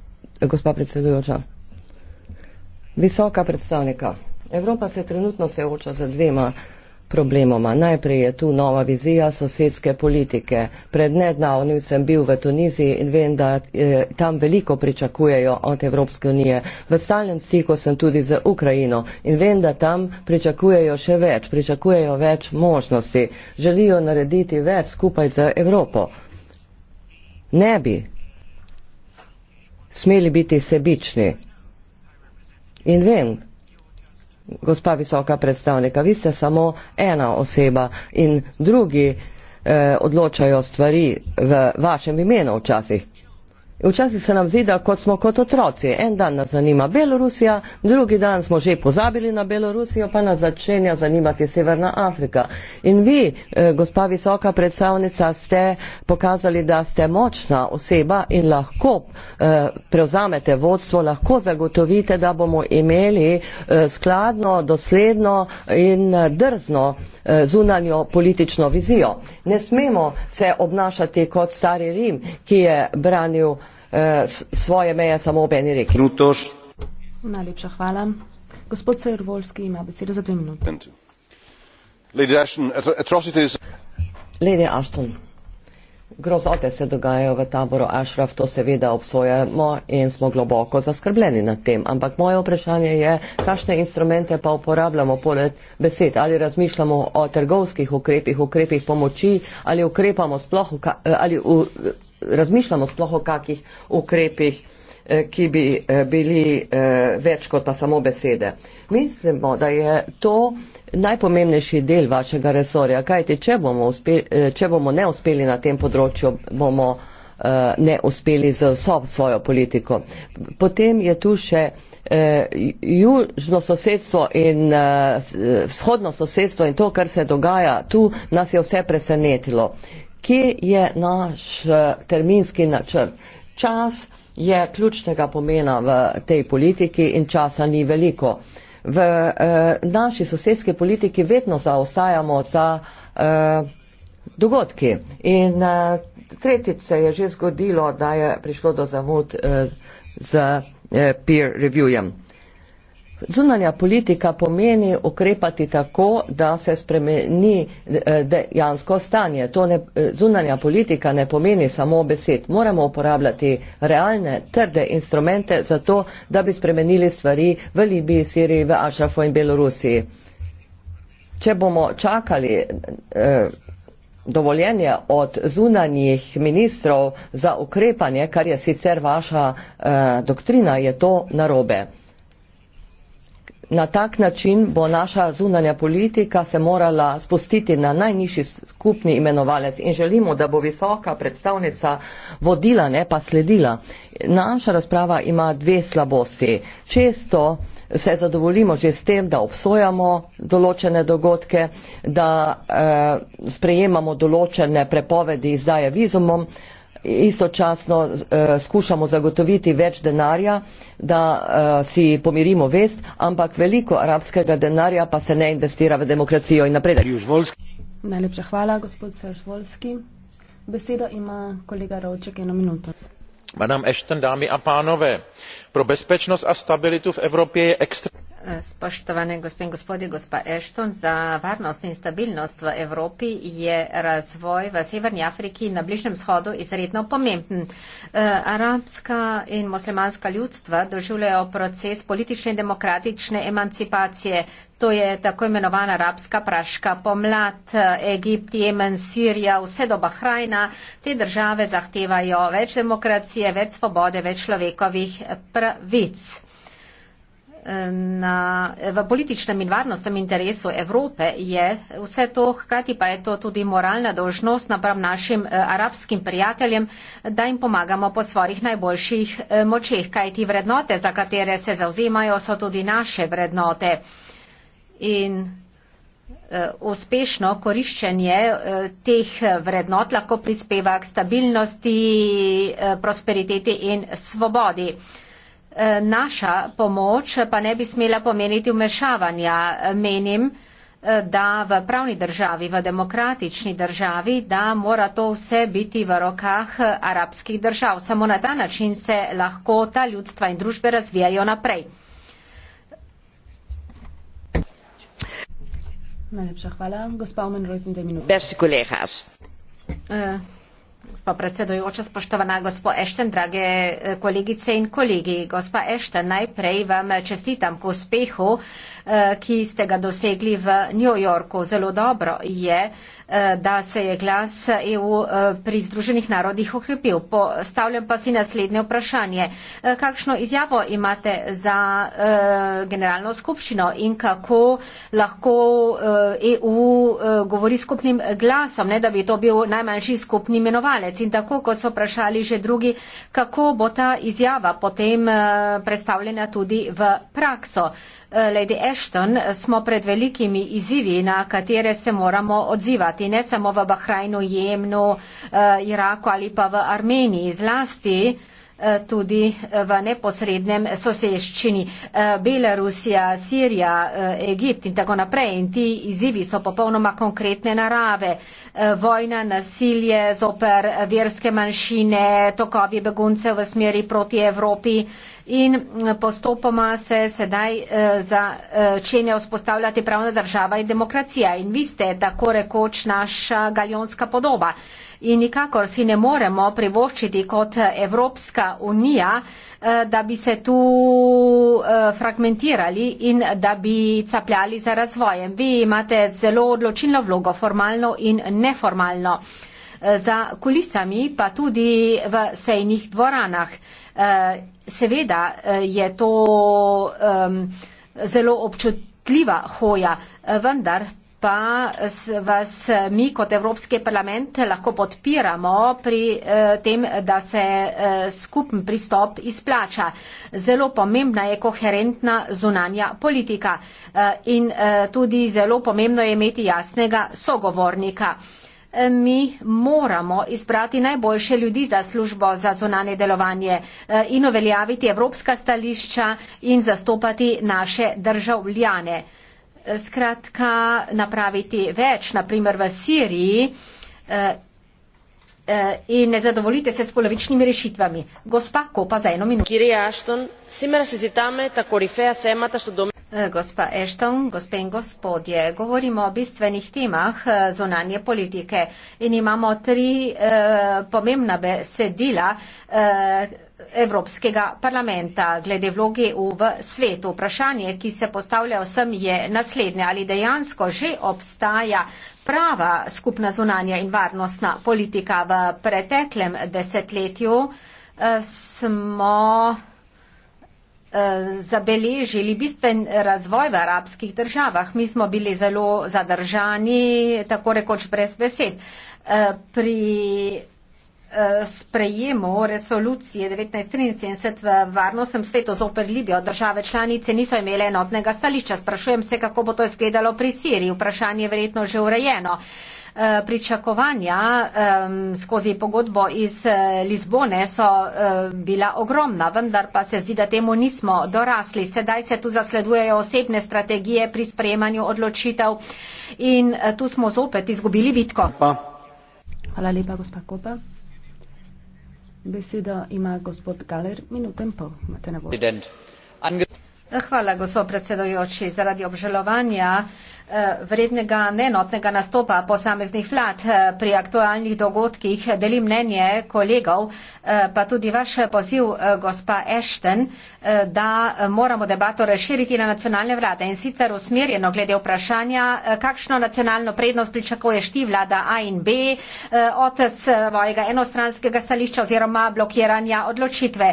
gospa predsedujoča. Visoka predstavnika. Evropa se trenutno sooča z dvema problemoma. Najprej je tu nova vizija sosedske politike. Pred nedavnim sem bil v Tuniziji in vem, da eh, tam veliko pričakujejo od Evropske unije. V stalnem stiku sem tudi z Ukrajino in vem, da tam pričakujejo še več, pričakujejo več možnosti. Želijo narediti več skupaj z Evropo. Ne bi smeli biti sebični. In vem, gospa visoka predstavnika, vi ste samo ena oseba in drugi eh, odločajo stvari v vašem imenu včasih. Včasih se nam zdi, da kot smo kot otroci. En dan nas zanima Belorusija, drugi dan smo že pozabili na Belorusijo, pa nas začenja zanimati Severna Afrika. In vi, eh, gospa visoka predstavnica, ste pokazali, da ste močna oseba in lahko eh, prevzamete vodstvo, lahko zagotovite, da bomo imeli eh, skladno, dosledno in drzno zunanjo politično vizijo. Ne smemo se obnašati kot stari Rim, ki je branil eh, svoje meje samo ob eni reki. Nutoš. Najlepša hvala. Gospod Servolski ima besedo za dve minute. Lady Ashton, atrocities. Lady Ashton. Grozote se dogajajo v taboru Ašraf, to seveda obsojamo in smo globoko zaskrbljeni nad tem. Ampak moje vprašanje je, kakšne instrumente pa uporabljamo poleg besed? Ali razmišljamo o trgovskih ukrepih, ukrepih pomoči ali, sploh, eh, ali u, razmišljamo sploh o kakih ukrepih, eh, ki bi eh, bili več kot pa samo besede? Mislimo, da je to najpomembnejši del vašega resorja. Kajte, če bomo, uspeli, eh, če bomo ne uspeli na tem področju, bomo eh, ne uspeli z vso svojo politiko. Potem je tu še eh, južno sosedstvo in eh, vzhodno sosedstvo in to, kar se dogaja tu, nas je vse presenetilo. Kje je naš eh, terminski načrt? Čas je ključnega pomena v tej politiki in časa ni veliko. Eh, v eh, naši sosedski politiki vedno zaostajamo za eh, dogodki. In eh, tretjič se je že zgodilo, da je prišlo do zamud eh, z eh, peer reviewjem. Zunanja politika pomeni ukrepati tako, da se spremeni eh, dejansko stanje. To ne, eh, zunanja politika ne pomeni samo besed. Moramo uporabljati realne, trde instrumente za to, da bi spremenili stvari v Libiji, Siriji, v Ašrafu in Belorusiji. Če bomo čakali eh, dovoljenje od zunanjih ministrov za ukrepanje, kar je sicer vaša doktrina, je to narobe na tak način bo naša zunanja politika se morala spustiti na najnižji skupni imenovalec in želimo, da bo visoka predstavnica vodila, ne pa sledila. Naša razprava ima dve slabosti. Često se zadovoljimo že s tem, da obsojamo določene dogodke, da eh, sprejemamo določene prepovedi izdaje vizumom, eh, istočasno uh, skušamo zagotoviti več denarja, da uh, si pomirimo vest, ampak veliko arabskega denarja pa se ne investira v demokracijo in napredek. Najlepša hvala, gospod Serž Volski. Besedo ima kolega Rovček eno minuto. Madame Ashton, dámy a pánové, pro bezpečnost a stabilitu v Evropě je extrémně. Spoštovane gospe in gospodje, gospa Ešton, za varnost in stabilnost v Evropi je razvoj v Severni Afriki in na Bližnem shodu izredno pomemben. Eh, arabska in muslimanska ljudstva doživljajo proces politične in demokratične emancipacije. To je tako imenovana arabska praška pomlad, eh, Egipt, Jemen, Sirija, vse do Bahrajna. Te države zahtevajo več demokracije, več svobode, več človekovih pravic na, v političnem in varnostnem interesu Evrope je vse to, hkrati pa je to tudi moralna dožnost naprav našim eh, arabskim prijateljem, da jim pomagamo po svojih najboljših eh, močeh, kajti vrednote, za katere se zauzemajo, so tudi naše vrednote. In eh, uspešno koriščenje teh vrednot lahko prispeva k stabilnosti, prosperiteti in svobodi. Eh, naša pomoč pa ne bi smela pomeniti umešavanja. Menim, eh, da v pravni državi, v demokratični državi, da mora to vse biti v rokah eh, arabskih držav. Samo na ta način se lahko ta ljudstva in družbe razvijajo naprej. Najlepša hvala, gospa Omen Rojten, da je minuto. Uh, Gospa predsedujoča, spoštovana gospo Ešten, drage eh, kolegice in kolegi. Gospa Ešten, najprej vam čestitam k uspehu. Eh, ki ste ga dosegli v New Yorku. Zelo dobro je, eh, da se je glas EU eh, pri Združenih narodih okrepil. Postavljam pa si naslednje vprašanje. Kakšno izjavo imate za generalno skupščino in kako lahko EU govori skupnim glasom, ne da bi to bil najmanjši skupni imenovalec? In tako, kot so vprašali že drugi, kako bo ta izjava potem predstavljena tudi v prakso? Lady Ashton, smo pred velikimi izzivi, na katere se moramo odzivati, ne samo v Bahrajnu, Jemnu, eh, Iraku ali pa v Armeniji. Zlasti uh, Eh, tudi eh, v neposrednem soseščini. Eh, Belarusija, Sirija, Egipt in tako naprej. In ti izzivi so popolnoma konkretne narave. Vojna, nasilje, zoper verske manjšine, tokovi beguncev v smeri proti Evropi. In mm, postopoma se sedaj začenja vzpostavljati pravna država in demokracija. In vi ste tako rekoč naša galjonska podoba in nikakor si ne moremo privoščiti kot Evropska unija, eh, da bi se tu eh, fragmentirali in da bi capljali za razvojem. Vi imate zelo odločilno vlogo, formalno in neformalno, eh, za kulisami pa tudi v sejnih dvoranah. Seveda je to ehm, zelo občutljiva hoja, vendar pa vas mi kot Evropski parlament lahko podpiramo pri eh, tem, da se eh, skupen pristop izplača. Zelo pomembna je koherentna zunanja politika eh, in tudi zelo pomembno je imeti jasnega sogovornika. Mi moramo izbrati najboljše ljudi za službo za zonane delovanje in uveljaviti evropska stališča in zastopati naše državljane skratka napraviti več, naprimer v Siriji, eh, eh, in ne zadovolite se s polovičnimi rešitvami. Gospa Kopa za eno minuto. Kiri Ashton, simera se zitame ta korifeja temata so domen. Gospa Ashton, gospe in gospodje, govorimo o bistvenih temah eh, zonanje politike in imamo tri eh, pomembna besedila. Eh, Evropskega parlamenta glede vloge EU v svetu. Vprašanje, ki se postavlja vsem, je naslednje. Ali dejansko že obstaja prava skupna zunanja in varnostna politika v preteklem desetletju? Eh, smo eh, zabeležili bistven razvoj v arabskih državah. Mi smo bili zelo zadržani, tako rekoč brez besed. Eh, pri sprejemu resolucije 1973 v varnostnem svetu zoper Libijo države članice niso imele enotnega stališča. Sprašujem se, kako bo to izgledalo pri Siriji. Vprašanje je verjetno že urejeno. Eh, pričakovanja um, skozi pogodbo iz eh, Lizbone so um, bila ogromna, vendar pa se zdi, da temu nismo dorasli. Sedaj se tu zasledujejo osebne strategije pri sprejemanju odločitev in uh, tu smo zopet izgubili bitko. Hvala lepa, gospod Kopa. Besedo ima gospod Galer, minuto in pol. Hvala, gospod predsedujoči, zaradi obžalovanja. Eh, vrednega nenotnega nastopa posameznih vlad eh, pri aktualnih dogodkih, delim mnenje kolegov, eh, pa tudi vaš poziv, gospa Ešten, da moramo debato razširiti na nacionalne vlade in sicer usmerjeno glede vprašanja, kakšno nacionalno prednost pričakuješ ti vlada A in B od svojega enostranskega stališča oziroma blokiranja odločitve.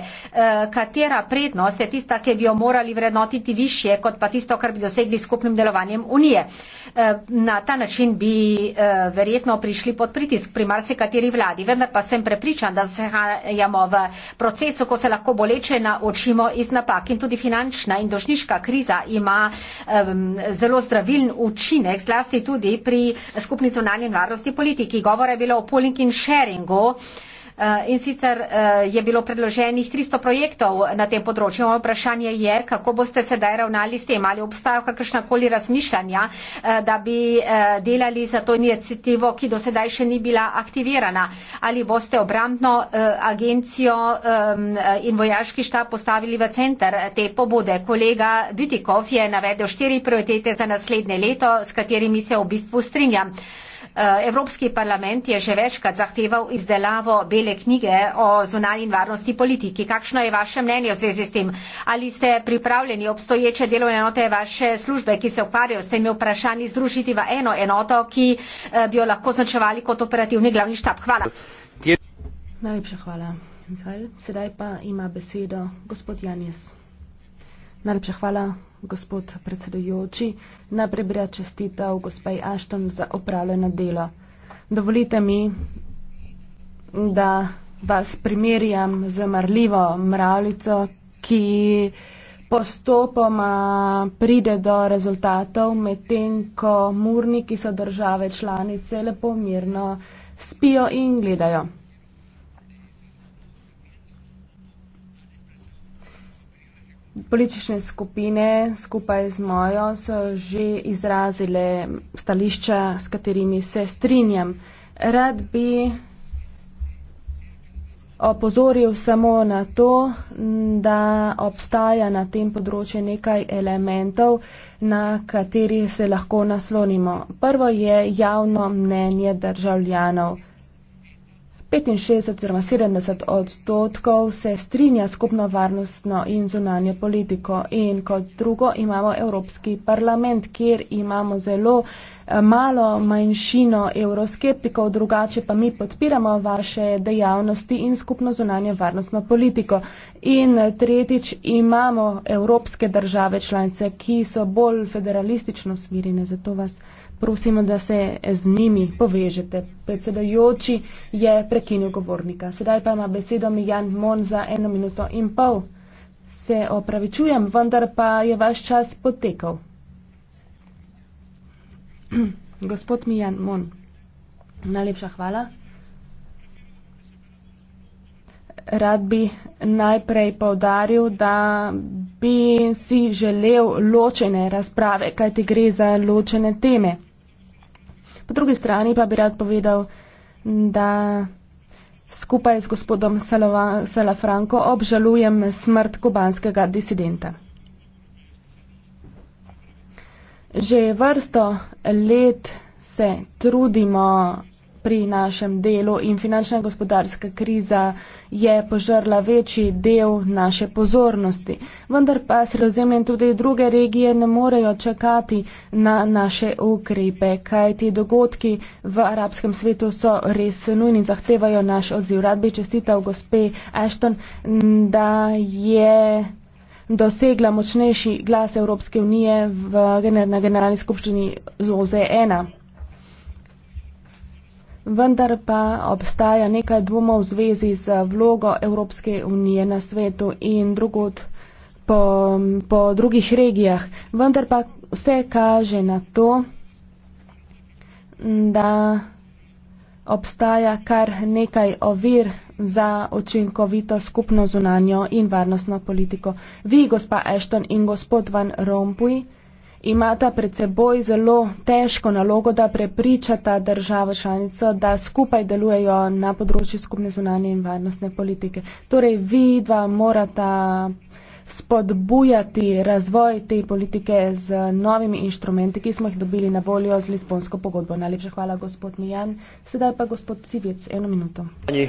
Katera prednost je tista, ki bi jo morali vrednotiti više kot pa tisto, kar bi dosegli skupnim delovanjem Unije? Eh, na ta način bi eh, verjetno prišli pod pritisk pri marsikateri vladi, vendar pa sem prepričan, da se hajamo v procesu, ko se lahko boleče naučimo iz napak. In tudi finančna in dožniška kriza ima zelo zdravilen učinek, zlasti tudi pri skupni zunanji varnosti politiki. Govore je bilo o pooling in sharingu. Eh, in sicer eh, je bilo predloženih 300 projektov na tem področju. Moje vprašanje je, kako boste sedaj ravnali s tem, ali obstajajo kakršnakoli razmišljanja, eh, da bi delali za to inicijativo, ki do sedaj še ni bila aktivirana. Ali boste obrambno agencijo in vojaški štab postavili v center te pobude. Kolega Bitikov je navedel štiri prioritete za naslednje leto, s katerimi se v bistvu strinjam. Eh, Evropski parlament je že večkrat zahteval izdelavo bele knjige o zunanji varnosti politiki. Kakšno je vaše mnenje v zvezi s tem? Ali ste pripravljeni obstoječe delovne enote vaše službe, ki se ukvarjajo s temi vprašanji, združiti v eno enoto, ki eh, bi jo lahko značevali kot operativni glavni štab? Hvala. Najlepša hvala, Mihajl. Sedaj pa ima besedo gospod Janis. Najlepša hvala, gospod predsedujoči. Najprej bi rad čestital gospej Ashton za opravljeno delo. Dovolite mi, da vas primerjam z marljivo mravljico, ki postopoma pride do rezultatov, medtem ko murniki so države članice lepo mirno spijo in gledajo. Politične skupine skupaj z mojo so že izrazile stališča, s katerimi se strinjam. Rad bi opozoril samo na to, da obstaja na tem področju nekaj elementov, na katerih se lahko naslonimo. Prvo je javno mnenje državljanov. 65 oziroma 70 odstotkov se strinja skupno varnostno in zunanje politiko. In kot drugo imamo Evropski parlament, kjer imamo zelo eh, malo manjšino euroskeptikov, drugače pa mi podpiramo vaše dejavnosti in skupno zunanje varnostno politiko. In eh, tretjič imamo evropske države članice, ki so bolj federalistično smirjene. Zato vas. Prosimo, da se z njimi povežete. Predsedajoči je prekinil govornika. Sedaj pa ima besedo Mijan Mon za eno minuto in pol. Se opravičujem, vendar pa je vaš čas potekal. *clears throat* Gospod Mijan Mon, najlepša hvala. Rad bi najprej povdaril, da bi si želel ločene razprave, kajti gre za ločene teme. Po drugi strani pa bi rad povedal, da skupaj z gospodom Salafranko obžalujem smrt kubanskega disidenta. Že vrsto let se trudimo pri našem delu in finančna gospodarska kriza je požrla večji del naše pozornosti. Vendar pa sredozemlje in tudi druge regije ne morejo čakati na naše ukrepe, kaj ti dogodki v arabskem svetu so res nujni in zahtevajo naš odziv. Rad bi čestital gospe Ashton, da je dosegla močnejši glas Evropske unije v, na generalni skupščini z OZE 1 vendar pa obstaja nekaj dvomov v zvezi z vlogo Evropske unije na svetu in drugod po, po drugih regijah. Vendar pa vse kaže na to, da obstaja kar nekaj ovir za učinkovito skupno zunanjo in varnostno politiko. Vi, gospa Ashton in gospod Van Rompuy, imata pred seboj zelo težko nalogo, da prepričata državo članico, da skupaj delujejo na področju skupne zunanje in varnostne politike. Torej, vi dva morata spodbujati razvoj te politike z novimi inštrumenti, ki smo jih dobili na voljo z Lisbonsko pogodbo. Najlepša hvala, gospod Mijan. Sedaj pa gospod Civic, eno minuto. Pani, eh,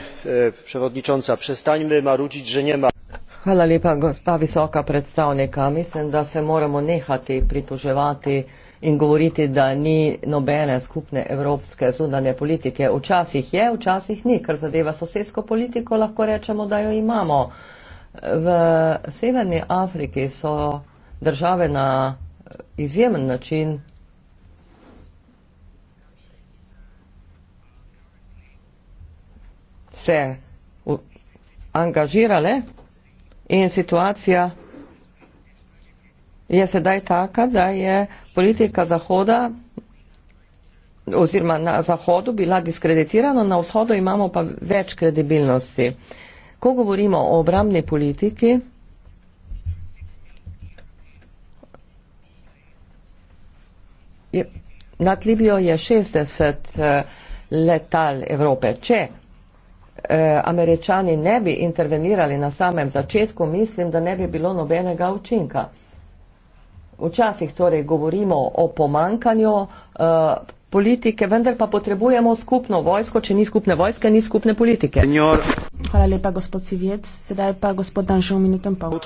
Hvala lepa, gospa visoka predstavnika. Mislim, da se moramo nehati prituževati in govoriti, da ni nobene skupne evropske zunanje politike. Včasih je, včasih ni, ker zadeva sosedsko politiko, lahko rečemo, da jo imamo. V Severni Afriki so države na izjemen način. se angažirale. In situacija je sedaj taka, da je politika Zahoda oziroma na Zahodu bila diskreditirana, na Vzhodu imamo pa več kredibilnosti. Ko govorimo o obramni politiki, nad Libijo je 60 eh, letal Evrope. Če Eh, američani ne bi intervenirali na samem začetku, mislim, da ne bi bilo nobenega učinka. Včasih torej govorimo o pomankanju eh, politike, vendar pa potrebujemo skupno vojsko, če ni skupne vojske, ni skupne politike. Senjor. Hvala lepa, gospod Sivjec. Sedaj pa gospod Danšov, minuto in pol.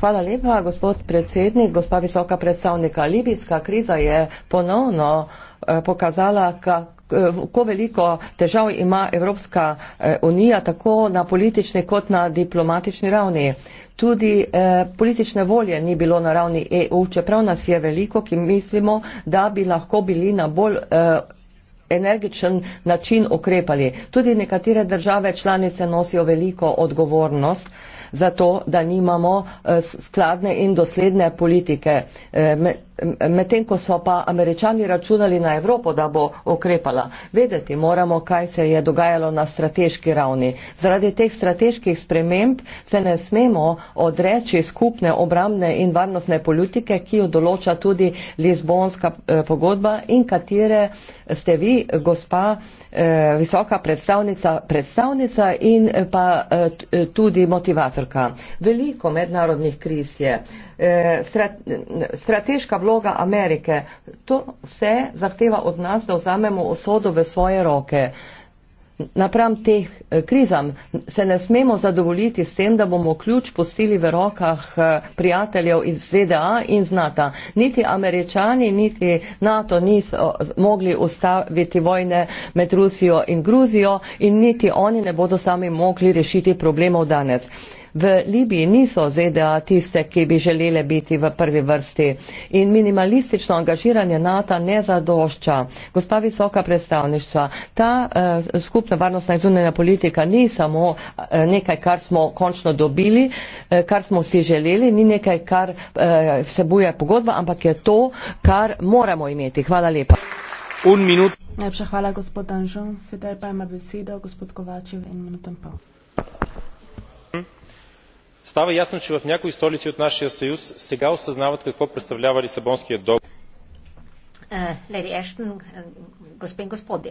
Hvala lepa, gospod predsednik, gospa visoka predstavnika. Libijska kriza je ponovno eh, pokazala, kako kako eh, veliko težav ima Evropska eh, unija tako na politični kot na diplomatični ravni. Tudi eh, politične volje ni bilo na ravni EU, čeprav nas je veliko, ki mislimo, da bi lahko bili na bolj eh, energičen način ukrepali. Tudi nekatere države članice nosijo veliko odgovornost eh, zato, da nimamo eh, skladne in dosledne politike. Eh, medtem, ko so pa američani računali na Evropo, da bo okrepala, vedeti moramo, kaj se je dogajalo na strateški ravni. Zaradi teh strateških sprememb se ne smemo odreči skupne obramne in varnostne politike, ki jo določa tudi Lizbonska eh, pogodba in katere ste vi, gospa visoka predstavnica, predstavnica in pa tudi motivator ministrka. Veliko mednarodnih kriz je, e, strateška vloga Amerike, to vse zahteva od nas, da vzamemo osodo v svoje roke. Napram teh e, krizam se ne smemo zadovoljiti s tem, da bomo ključ postili v rokah e, prijateljev iz ZDA in z NATO. Niti američani, niti NATO niso mogli ustaviti vojne med Rusijo in Gruzijo in niti oni ne bodo sami mogli rešiti problemov danes. V Libiji niso ZDA tiste, ki bi želele biti v prvi vrsti in minimalistično angažiranje NATO ne zadošča. Gospa visoka predstavništva, ta uh, skupna varnostna izunjena politika ni samo uh, nekaj, kar smo končno dobili, uh, kar smo si želeli, ni nekaj, kar uh, vsebuje pogodba, ampak je to, kar moramo imeti. Hvala lepa. Najlepša hvala, gospod Danžon. Sedaj pa ima besedo gospod Kovačev in minuto in pol става ясно че в някои столици от нашия съюз сега осъзнават какво представлява лисабонският договор. Леди Ештен, господин господи,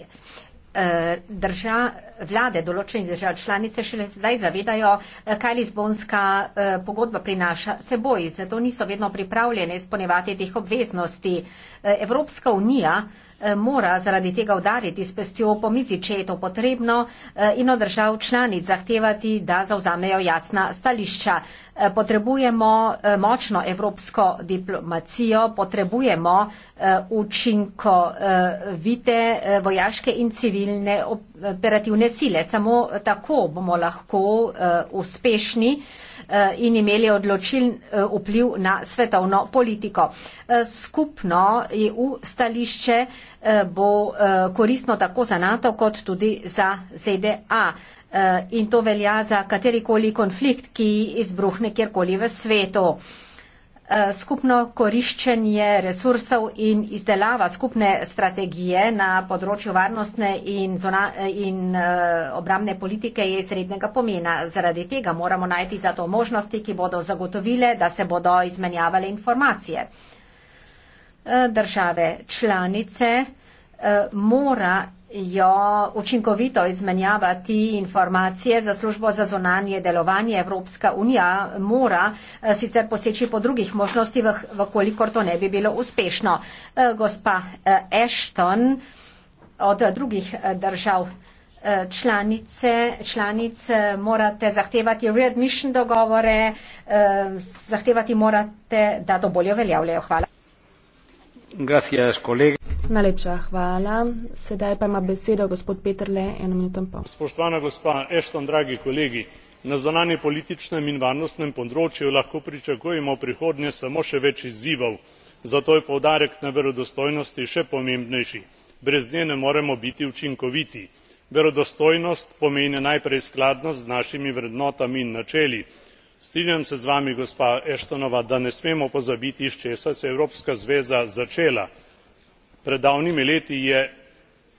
държа, владе, določени държави членице шле сдай завидайо, кай Лисбонска погодба принаша себой, зато нисо ведно приправлене изпълнявати тих обвезности. Европска уния Eh, mora zaradi tega udariti s pestjo po mizi, če je to potrebno, eh, in od držav članic zahtevati, da zauzamejo jasna stališča. Eh, potrebujemo močno evropsko diplomacijo, potrebujemo učinkovite vojaške in civilne operativne sile. Samo tako bomo lahko uspešni. Eh, in imeli odločen eh, vpliv na svetovno politiko. Eh, skupno EU stališče bo koristno tako za NATO kot tudi za ZDA. In to velja za katerikoli konflikt, ki izbruhne kjerkoli v svetu. Eh, skupno koriščenje resursov in izdelava skupne strategije na področju varnostne in, zona, in eh, obramne politike je srednjega pomena. Zaradi tega moramo najti za to možnosti, ki bodo zagotovile, da se bodo izmenjavale informacije. Eh, države članice mora jo učinkovito izmenjavati informacije za službo za zonanje delovanje. Evropska unija mora eh, sicer poseči po drugih možnosti, vkolikor to ne bi bilo uspešno. Eh, gospa eh, Ashton od drugih držav članice, članic morate zahtevati readmission dogovore, zahtevati morate, da to bolje uveljavljajo. Hvala. Gracias, kolega. Najlepša hvala. Sedaj pa ima besedo gospod Peter Le, eno minuto in pol. Spoštovana gospa Ešton, dragi kolegi, na zonanje političnem in varnostnem področju lahko pričakujemo prihodnje samo še več izzivov, zato je povdarek na verodostojnosti še pomembnejši. Brez nje ne moremo biti učinkoviti. Verodostojnost pomeni najprej skladnost z našimi vrednotami in načeli. Strinjam se z vami, gospa Eštonova, da ne smemo pozabiti, iz česa se je Evropska zveza začela pred davnimi leti je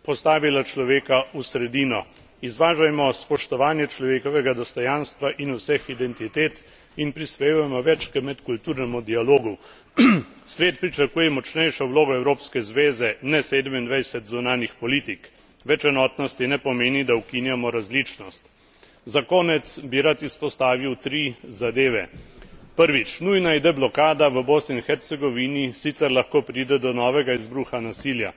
postavila človeka v sredino izražajmo spoštovanje človekovega dostojanstva in vseh identitet in prispevajmo več k medkulturnemu dialogu. *clears throat* svet pričakuje močnejšo vlogo evropske zveze ne sedemindvajset zunanjih politik. več enotnosti ne pomeni da ukinjamo različnost. za konec bi rad izpostavil tri zadeve prvič nujna je deblokada v bosni in hercegovini sicer lahko pride do novega izbruha nasilja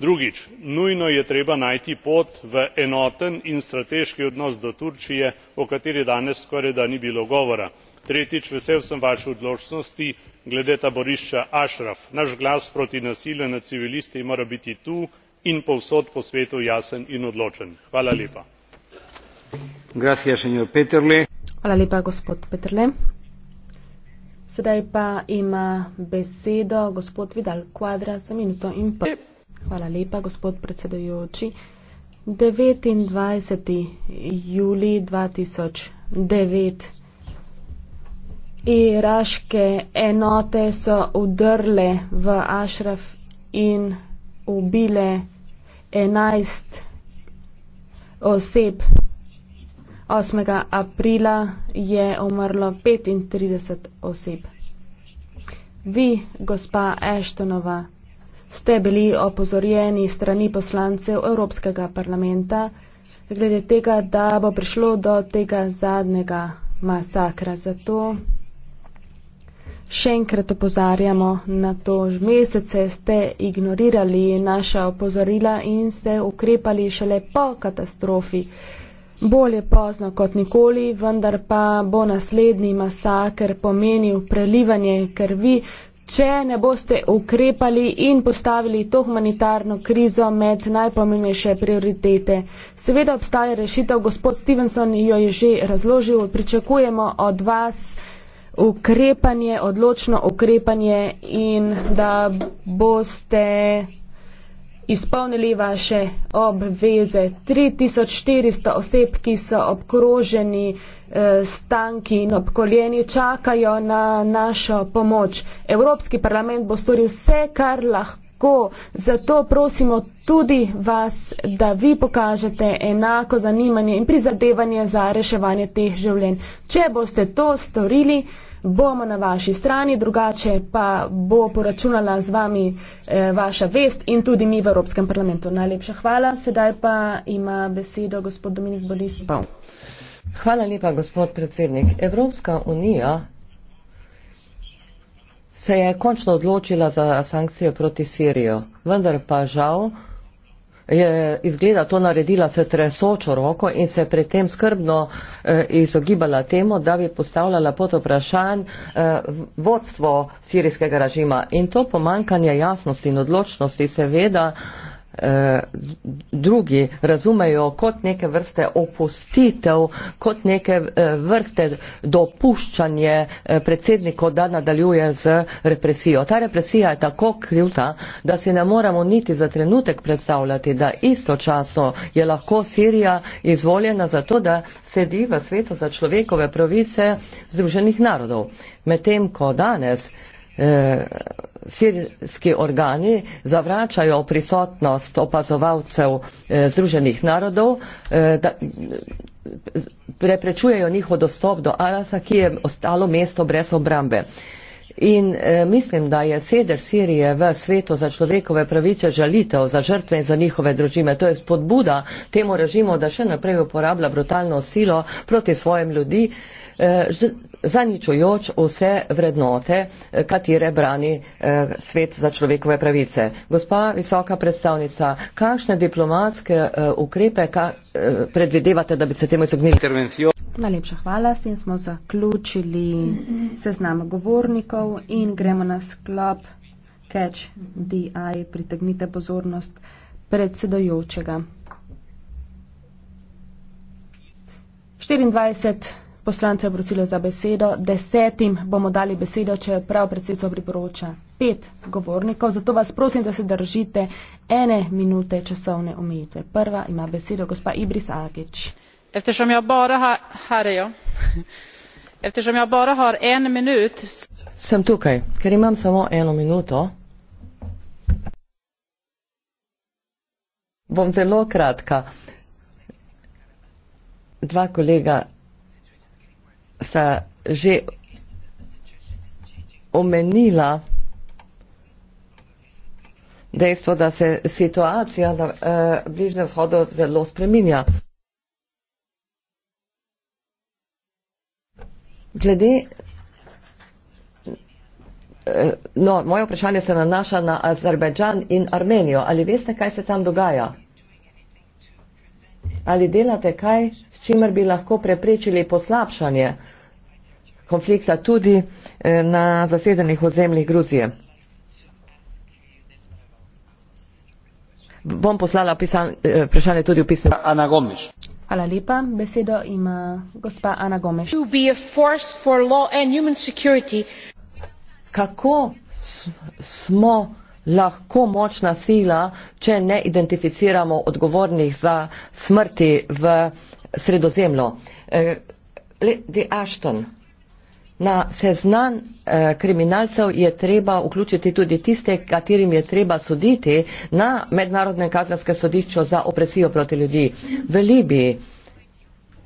drugič nujno je treba najti pot v enoten in strateški odnos do turčije o kateri danes skorajda ni bilo govora tretjič vesel sem vaše odločnosti glede taborišča ashraf naš glas proti nasilju nad civilisti mora biti tu in povsod po svetu jasen in odločen hvala lepa Sedaj pa ima besedo gospod Vidal Kvadra za minuto in pol. Hvala lepa, gospod predsedujoči. 29. juli 2009. Iraške enote so udrle v Ašraf in ubile 11 oseb. 8. aprila je umrlo 35 oseb. Vi, gospa Eštonova, ste bili opozorjeni strani poslancev Evropskega parlamenta glede tega, da bo prišlo do tega zadnjega masakra. Zato še enkrat opozarjamo na to. Mesece ste ignorirali naša opozorila in ste ukrepali šele po katastrofi. Bolje pozno kot nikoli, vendar pa bo naslednji masaker pomenil prelivanje krvi, če ne boste ukrepali in postavili to humanitarno krizo med najpomembnejše prioritete. Seveda obstaja rešitev, gospod Stevenson jo je že razložil, pričakujemo od vas ukrepanje, odločno ukrepanje in da boste izpolnili vaše obveze. 3400 oseb, ki so obkroženi eh, stanki in obkoljeni čakajo na našo pomoč. Evropski parlament bo storil vse, kar lahko. Zato prosimo tudi vas, da vi pokažete enako zanimanje in prizadevanje za reševanje teh življenj. Če boste to storili, bomo na vaši strani, drugače pa bo poračunala z vami eh, vaša vest in tudi mi v Evropskem parlamentu. Najlepša hvala, sedaj pa ima besedo gospod Dominik Boris. Hvala lepa, gospod predsednik. Evropska unija se je končno odločila za sankcije proti Sirijo, vendar pa žal je izgleda to naredila s tresočo roko in se pred tem skrbno eh, izogibala temu, da bi postavljala pod vprašanj eh, vodstvo sirijskega režima. In to pomankanje jasnosti in odločnosti seveda Eh, drugi razumejo kot neke vrste opustitev, kot neke eh, vrste dopuščanje eh, predsedniku, da nadaljuje z represijo. Ta represija je tako krivta, da si ne moramo niti za trenutek predstavljati, da istočasno je lahko Sirija izvoljena za to, da sedi v svetu za človekove pravice Združenih narodov. Medtem ko danes sirski organi zavračajo prisotnost opazovalcev eh, Združenih narodov, eh, da, preprečujejo njihov dostop do Arasa, ki je ostalo mesto brez obrambe. In eh, mislim, da je seder Sirije v svetu za človekove pravice žalitev za žrtve in za njihove družine. To je spodbuda temu režimu, da še naprej uporablja brutalno silo proti svojim ljudi. Eh, zaničujoč vse vrednote, eh, katere brani eh, svet za človekove pravice. Gospa visoka predstavnica, kakšne diplomatske eh, ukrepe predvidevate, da bi se temu izognili? Najlepša hvala, s tem smo zaključili seznam govornikov in gremo na sklop Catch DI, pritegnite pozornost predsedojočega. 24 poslance prosilo za besedo. Desetim bomo dali besedo, če prav predsedstvo priporoča pet govornikov. Zato vas prosim, da se držite ene minute časovne omejitve. Prva ima besedo gospa Ibris Agič. Eftersom jaz bara ha, harajo. Eftersom jaz bara har en minut. Sem tukaj, ker imam samo eno minuto. Bom zelo kratka. Dva kolega sta že omenila dejstvo, da se situacija na eh, Bližnjem vzhodu zelo spreminja. Glede. Eh, no, moje vprašanje se nanaša na Azerbajdžan in Armenijo. Ali veste, kaj se tam dogaja? Ali delate kaj, s čimer bi lahko preprečili poslabšanje konflikta tudi eh, na zasedenih ozemljih Gruzije. Bom poslala pisan, eh, vprašanje tudi v pismu. Ana Gomes. Hvala lepa. Besedo ima gospa Ana Gomes. To be a force for law and human security. Kako smo lahko močna sila, če ne identificiramo odgovornih za smrti v sredozemlju? Eh, Lady Ashton. Na seznam eh, kriminalcev je treba vključiti tudi tiste, katerim je treba suditi na mednarodnem kazenskem sodišču za opresijo proti ljudi. V Libiji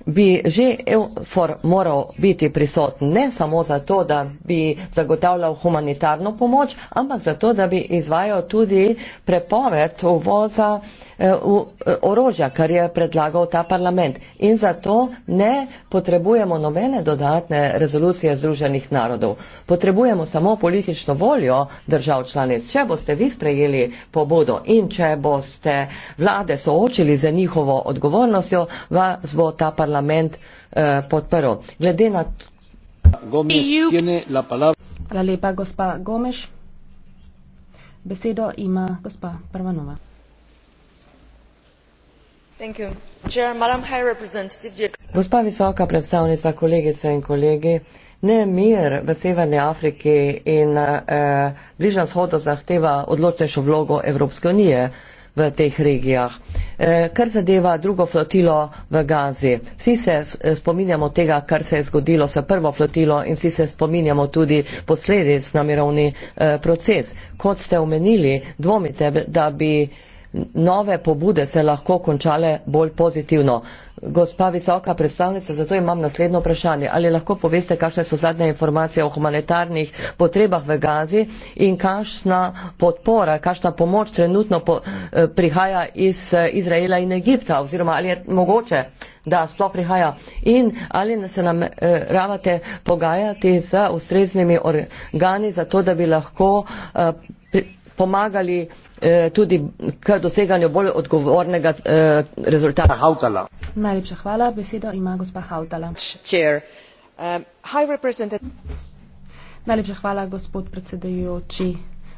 bi že EUFOR moral biti prisoten, ne samo zato, da bi zagotavljal humanitarno pomoč, ampak zato, da bi izvajal tudi prepoved uvoza eh, v, eh, orožja, kar je predlagal ta parlament. In zato ne potrebujemo nobene dodatne rezolucije Združenih narodov. Potrebujemo samo politično voljo držav članic. Če boste vi sprejeli pobudo in če boste vlade soočili za njihovo odgovornostjo, vas bo ta parlament parlament eh, podprl. Glede na. Gomez, you... Hvala lepa, gospa Gomeš. Besedo ima gospa Prvanova. Gospa visoka predstavnica, kolegice in kolegi, ne mir v Severni Afriki in eh, Bližnjem shodu zahteva odločnejšo vlogo Evropske unije. Eh, v teh regijah. Eh, kar zadeva drugo flotilo v Gazi. Vsi se eh, spominjamo tega, kar se je zgodilo s prvo flotilo in vsi se spominjamo tudi posledic na mirovni eh, proces. Kot ste omenili, dvomite, da bi nove pobude se lahko končale bolj pozitivno. Gospa visoka predstavnica, zato imam naslednjo vprašanje. Ali lahko poveste, kakšne so zadnje informacije o humanitarnih potrebah v Gazi in kakšna podpora, kakšna pomoč trenutno po, eh, prihaja iz eh, Izraela in Egipta oziroma ali je mogoče, da sploh prihaja in ali se nam eh, ravate pogajati z ustreznimi organi za to, da bi lahko eh, pri, pomagali Eh, tudi k doseganju bolj odgovornega eh, rezultata. Hautala. Najlepša hvala. Besedo ima gospa Hautala. Um, Najlepša hvala, gospod predsedujoči.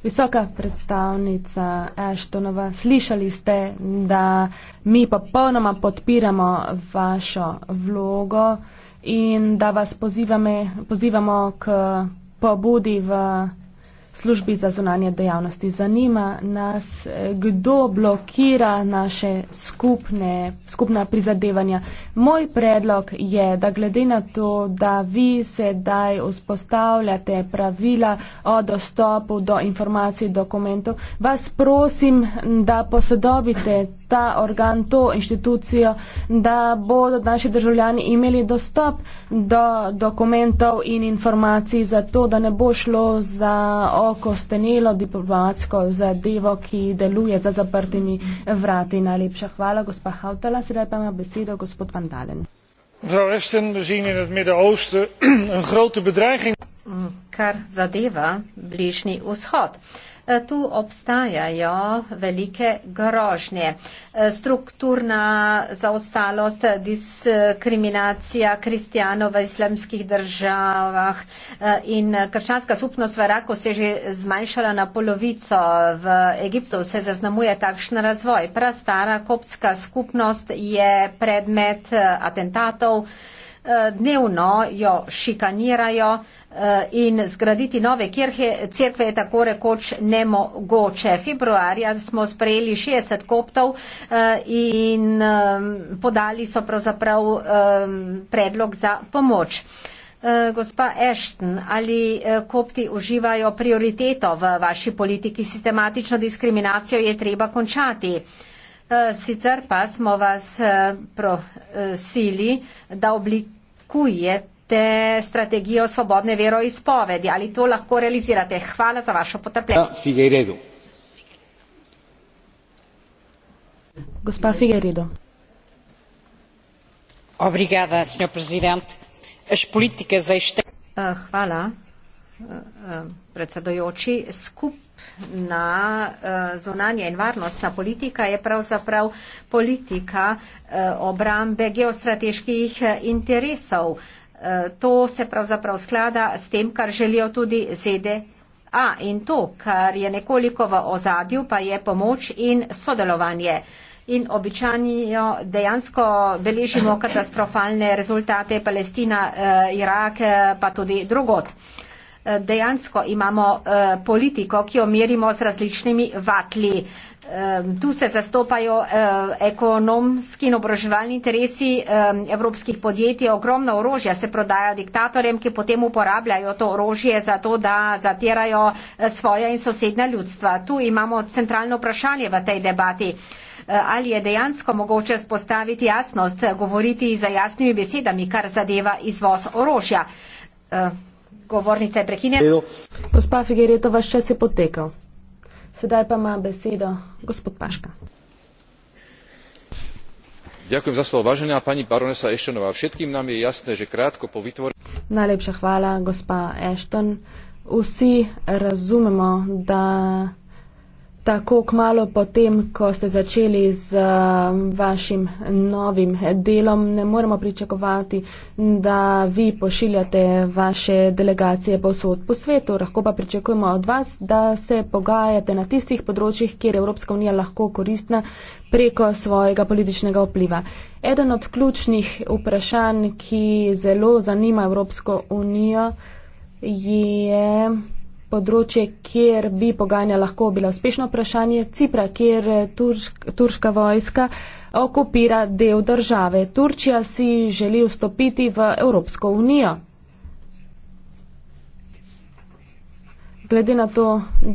Visoka predstavnica Ashtonova, slišali ste, da mi popolnoma podpiramo vašo vlogo in da vas pozivame, pozivamo k pobudi v službi za zunanje dejavnosti. Zanima nas, eh, kdo blokira naše skupne, skupna prizadevanja. Moj predlog je, da glede na to, da vi sedaj vzpostavljate pravila o dostopu do informacij, dokumentov, vas prosim, da posodobite ta organ, to inštitucijo, da bodo naši državljani imeli dostop do dokumentov in informacij za to, da ne bo šlo za oko stenelo diplomatsko zadevo, ki deluje za zaprtimi vrati. Najlepša hvala, gospa Hautala. Sedaj pa ima besedo gospod Vandalen. Mevrouw Esten, we zien in het Midden-Oosten een grote bedreiging. Mm, kar zadeva, Bližni Oshod. Uh, Eh, tu obstajajo velike grožnje. Eh, strukturna zaostalost, diskriminacija kristijanov v islamskih državah eh, in krščanska skupnost v Iraku se je že zmanjšala na polovico. V Egiptu se zaznamuje takšen razvoj. Prastara koptska skupnost je predmet atentatov. Eh, dnevno jo šikanirajo eh, in zgraditi nove kirhe, cerkve je tako rekoč nemogoče. Februarja smo sprejeli 60 koptov eh, in podali so pravzaprav predlog za pomoč. Gospa Ešten, ali kopti uživajo prioriteto v vaši politiki? Sistematično diskriminacijo je treba končati. Eh, sicer pa smo vas eh, prosili, da oblikujete strategijo svobodne veroizpovedi. Ali to lahko realizirate? Hvala za vašo potrpljenje. Gospa Figueiredo. Obrigada, gospod predsednik. Eh, hvala, predsedujoči. Skup, na eh, zunanje in varnostna politika je pravzaprav politika eh, obrambe geostrateških eh, interesov. To se pravzaprav sklada s tem, kar želijo tudi ZDE. A in to, kar je nekoliko v ozadju, pa je pomoč in sodelovanje. In običajno dejansko beležimo katastrofalne rezultate Palestina, Irak, pa tudi drugot. Uh, dejansko imamo eh, politiko, ki jo merimo z različnimi vatli. Eh, tu se zastopajo eh, ekonomski in obroževalni interesi evropskih podjetij, ogromno orožja se prodaja diktatorjem, ki potem uporabljajo to orožje za to, da zatirajo svoje in sosednja ljudstva. Tu imamo centralno vprašanje v tej debati. Ali je dejansko mogoče spostaviti jasnost, govoriti za jasnimi besedami, kar zadeva izvoz orožja? Govornica je prekinjena. Gospa Figerjeta, vaš čas je potekal. Sedaj pa ima besedo gospod Paška. Ďakujem za slovo. Vážená pani baronesa Eštonová, všetkým nám je jasné, že krátko po vytvorení. Najlepša hvala, gospa Ešton. Vsi razumemo, da tako kmalo potem, ko ste začeli z um, vašim novim delom, ne moremo pričakovati, da vi pošiljate vaše delegacije posod po svetu. Lahko pa pričakujemo od vas, da se pogajate na tistih področjih, kjer Evropska unija lahko koristna preko svojega političnega vpliva. Eden od ključnih vprašanj, ki zelo zanima Evropsko unijo, je področje, kjer bi pogajanja lahko bila uspešno vprašanje Cipra, kjer tursk, turška vojska okupira del države. Turčija si želi vstopiti v Evropsko unijo. Glede na to,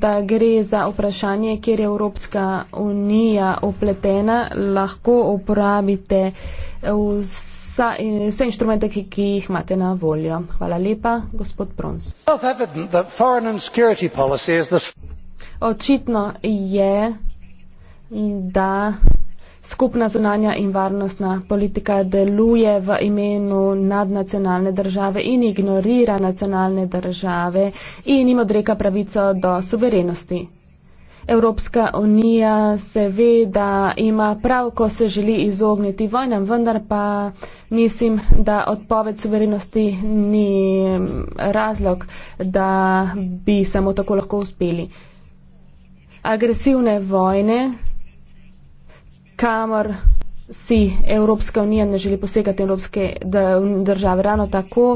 da gre za vprašanje, kjer je Evropska unija upletena, lahko uporabite vse vsa, vse instrumente, ki, ki jih imate na voljo. Hvala lepa, gospod Prons. Očitno je, da skupna zunanja in varnostna politika deluje v imenu nadnacionalne države in ignorira nacionalne države in jim odreka pravico do suverenosti. Evropska unija seveda ima prav, ko se želi izogniti vojnam, vendar pa mislim, da odpoved suverenosti ni mm, razlog, da bi samo tako lahko uspeli. Agresivne vojne, kamor si Evropska unija ne želi posegati Evropske države ravno tako,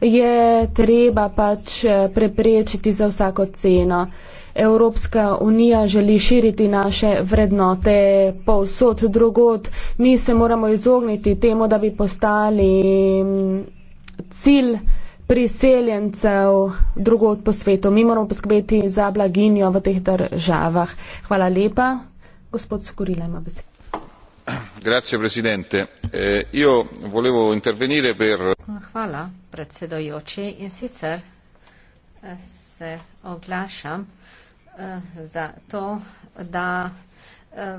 je treba pač eh, preprečiti za vsako ceno. Evropska unija želi širiti naše vrednote povsod drugod. Mi se moramo izogniti temu, da bi postali mm, cilj priseljencev drugod po svetu. Mi moramo poskrbeti za blaginjo v teh državah. Hvala lepa. Gospod Skurila ima besedo. Grazie Presidente. Eh, io volevo intervenire per. Hvala predsedojoči in sicer eh, se oglašam eh, za to, da eh,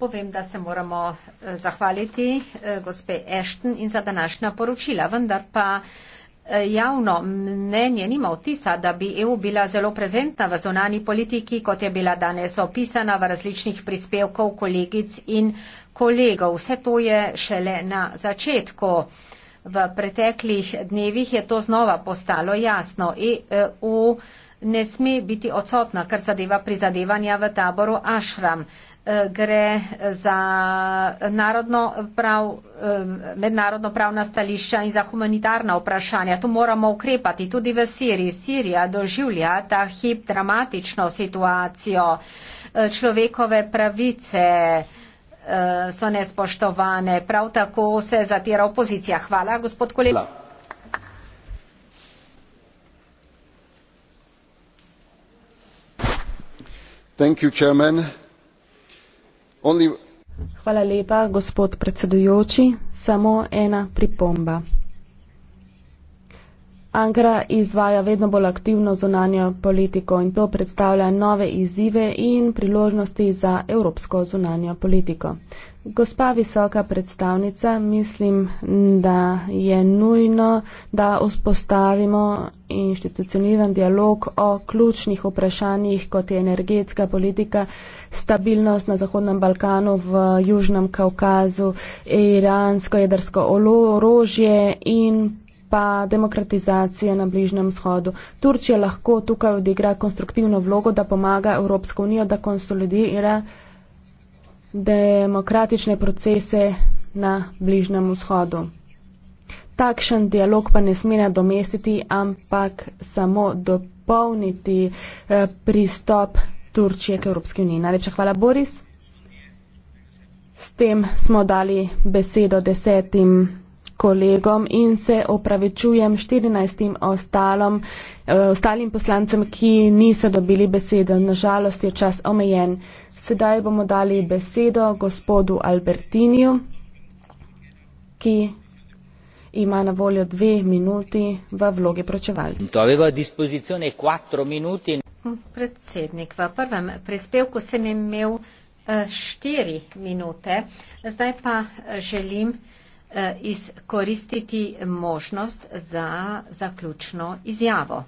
povem, da se moramo eh, zahvaliti gospe Ešten in za današnja poročila, vendar pa javno mnenje nima vtisa, da bi EU bila zelo prezentna v zonani politiki, kot je bila danes opisana v različnih prispevkov kolegic in kolegov. Vse to je šele na začetku. Uh, V preteklih dnevih je to znova postalo jasno. EU ne sme biti odsotna, kar zadeva prizadevanja v taboru Ašram. E, gre za narodno prav, e, mednarodno pravna stališča in za humanitarna vprašanja. Tu moramo ukrepati tudi v Siriji. Sirija doživlja ta hip dramatično situacijo e, človekove pravice. Eh, so nespoštovane. Prav tako se zatira opozicija. Hvala, gospod kolega. Hvala lepa, gospod predsedujoči. Samo ena pripomba. Ankara izvaja vedno bolj aktivno zunanjo politiko in to predstavlja nove izzive in priložnosti za evropsko zunanjo politiko. Gospa visoka predstavnica, mislim, da je nujno, da vzpostavimo institucioniran dialog o ključnih vprašanjih, kot je energetska politika, stabilnost na Zahodnem Balkanu, v Južnem Kaukazu, iransko jedrsko orožje in pa demokratizacije na Bližnem shodu. Turčija lahko tukaj odigra konstruktivno vlogo, da pomaga Evropsko unijo, da konsolidira demokratične procese na Bližnem vzhodu. Takšen dialog pa ne sme nadomestiti, ampak samo dopolniti eh, pristop Turčije k Evropski uniji. Najlepša hvala, Boris. S tem smo dali besedo desetim kolegom in se opravičujem 14 ostalom, eh, ostalim poslancem, ki niso dobili besede. Nažalost je čas omejen. Sedaj bomo dali besedo gospodu Albertiniju, ki ima na voljo dve minuti v vlogi pročevalca. Predsednik, v prvem prispevku sem imel eh, štiri minute, zdaj pa eh, želim uh, Eh, izkoristiti možnost za zaključno izjavo.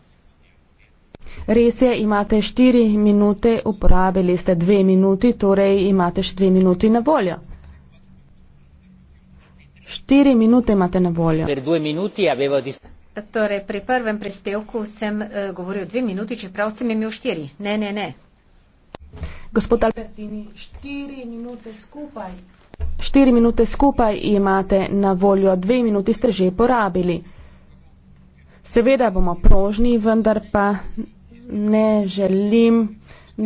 Res je, imate štiri minute, uporabili ste dve minuti, torej imate še dve minuti na voljo. Štiri minute imate na voljo. Torej, pri prvem prispevku sem uh, govoril dve minuti, čeprav sem imel štiri. Ne, ne, ne. Gospod Albertini, štiri minute skupaj Štiri minute skupaj imate na voljo, dve minuti ste že porabili. Seveda bomo prožni, vendar pa ne želim,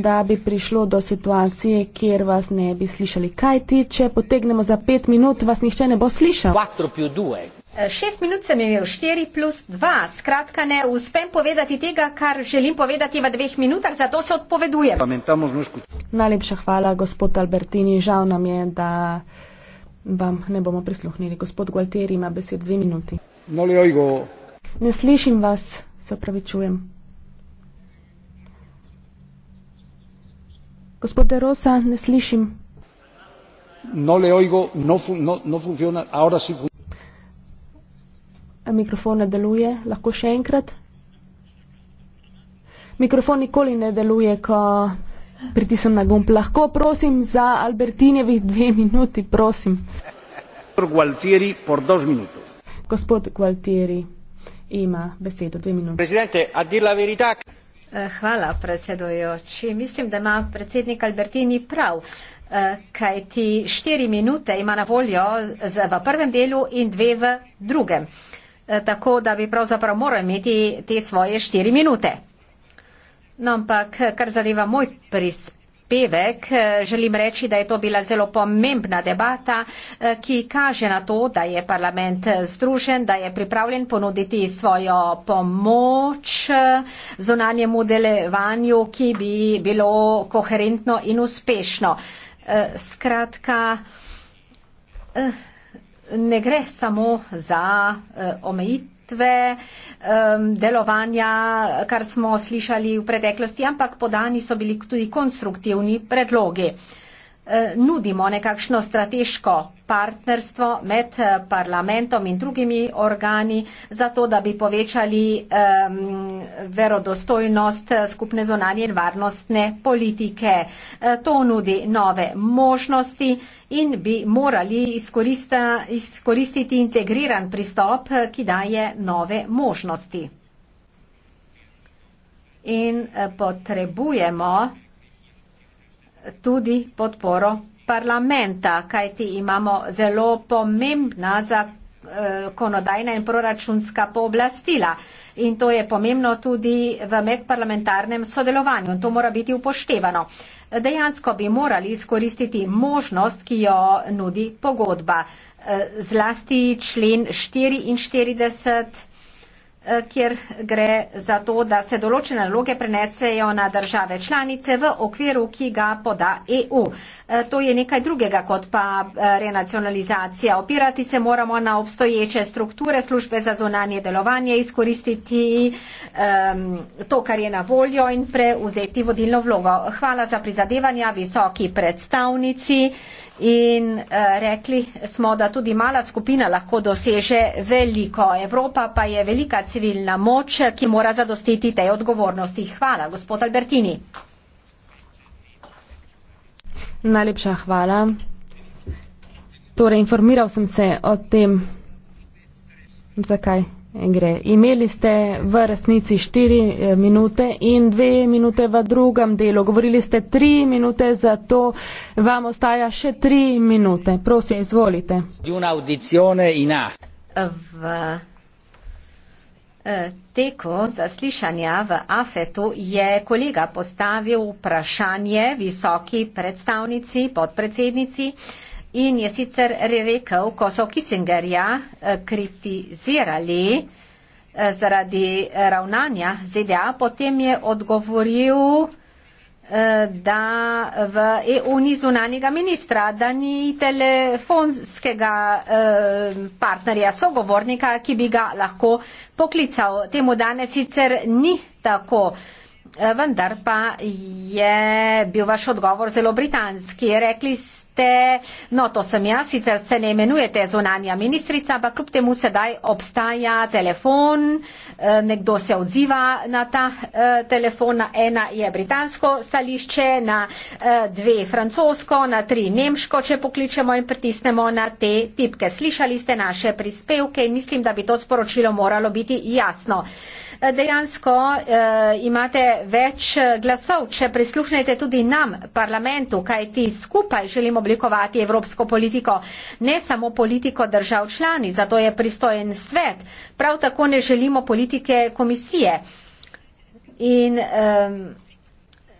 da bi prišlo do situacije, kjer vas ne bi slišali. Kaj ti, če potegnemo za pet minut, vas nihče ne bo slišal? 4 plus 2. Eh, šest minut sem imel, štiri plus dva. Skratka, ne uspem povedati tega, kar želim povedati v dveh minutah, zato se odpovedujem. Najlepša hvala, gospod Albertini. Žal nam je, da vam ne bomo prisluhnili. Gospod Gualtieri ima besed dve minuti. No ne slišim vas, se pravi čujem. Gospod De Rosa, ne slišim. No le oigo, no, no, no funciona, ahora sí funciona mikrofon ne deluje, lahko še enkrat. Mikrofon nikoli ne deluje, ko pritisnem na gumb. Lahko prosim za Albertinevi dve minuti, prosim. Gualtieri por dos minutos. Gospod Gualtieri ima besedo dve minuti. Eh, hvala, predsedujoči. Mislim, da ima predsednik Albertini prav, eh, kaj ti štiri minute ima na voljo v prvem delu in dve v drugem. Eh, tako da bi pravzaprav moral imeti te svoje štiri minute. No, ampak eh, kar zadeva moj prispevek, eh, želim reči, da je to bila zelo pomembna debata, ki kaže na to, da je parlament združen, da je pripravljen ponuditi svojo pomoč zunanjemu delevanju, ki bi bilo koherentno in uspešno. Skratka. Uh ne gre samo za uh, omejitve um, delovanja, kar smo slišali v preteklosti, ampak podani so bili tudi konstruktivni predlogi. Uh, Eh, nudimo nekakšno strateško partnerstvo med eh, parlamentom in drugimi organi, zato da bi povečali verodostojnost eh, skupne zonanje in varnostne politike. To nudi nove možnosti in bi morali izkoristiti integriran pristop, ki daje nove možnosti. In potrebujemo tudi podporo parlamenta, kajti imamo zelo pomembna zakonodajna eh, in proračunska pooblastila. In to je pomembno tudi v medparlamentarnem sodelovanju. To mora biti upoštevano. Dejansko bi morali izkoristiti možnost, ki jo nudi pogodba. Eh, zlasti člen 44. Eh, kjer gre za to, da se določene naloge prenesejo na države članice v okviru, ki ga poda EU. Eh, to je nekaj drugega kot pa eh, renacionalizacija. Opirati se moramo na obstoječe strukture službe za zonanje delovanje, izkoristiti um, to, kar je na voljo in preuzeti vodilno vlogo. Hvala za prizadevanja visoki predstavnici. In rekli smo, da tudi mala skupina lahko doseže veliko. Evropa pa je velika civilna moć ki mora zadostiti tej odgovornosti. Hvala, gospod Albertini. Najlepša hvala. Torej, informiral sem se o tem, zakaj gre. Imeli ste v resnici 4 eh, minute in 2 minute v drugem delu. Govorili ste 3 minute, zato vam ostaja še 3 minute. Prosim, izvolite. V Eh, Teko zaslišanja v Afetu je kolega postavil vprašanje visoki predstavnici, podpredsednici in je sicer rekel, ko so Kissingerja eh, kritizirali eh, zaradi ravnanja ZDA, potem je odgovoril Eh, da v EU ni zunanjega ministra, da ni telefonskega eh, partnerja, sogovornika, ki bi ga lahko poklical. Temu danes sicer ni tako. Eh, vendar pa je bil vaš odgovor zelo britanski. Rekli ste, no to sem jaz, sicer se ne imenujete zonanja ministrica, ampak kljub temu sedaj obstaja telefon, eh, nekdo se odziva na ta eh, telefon, na ena je britansko stališče, na eh, dve francosko, na tri nemško, če pokličemo in pritisnemo na te tipke. Slišali ste naše prispevke in mislim, da bi to sporočilo moralo biti jasno dejansko uh, imate več glasov, če prisluhnete tudi nam, parlamentu, kaj ti skupaj želimo oblikovati evropsko politiko, ne samo politiko držav člani, zato je pristojen svet. Prav tako ne želimo politike komisije. In um,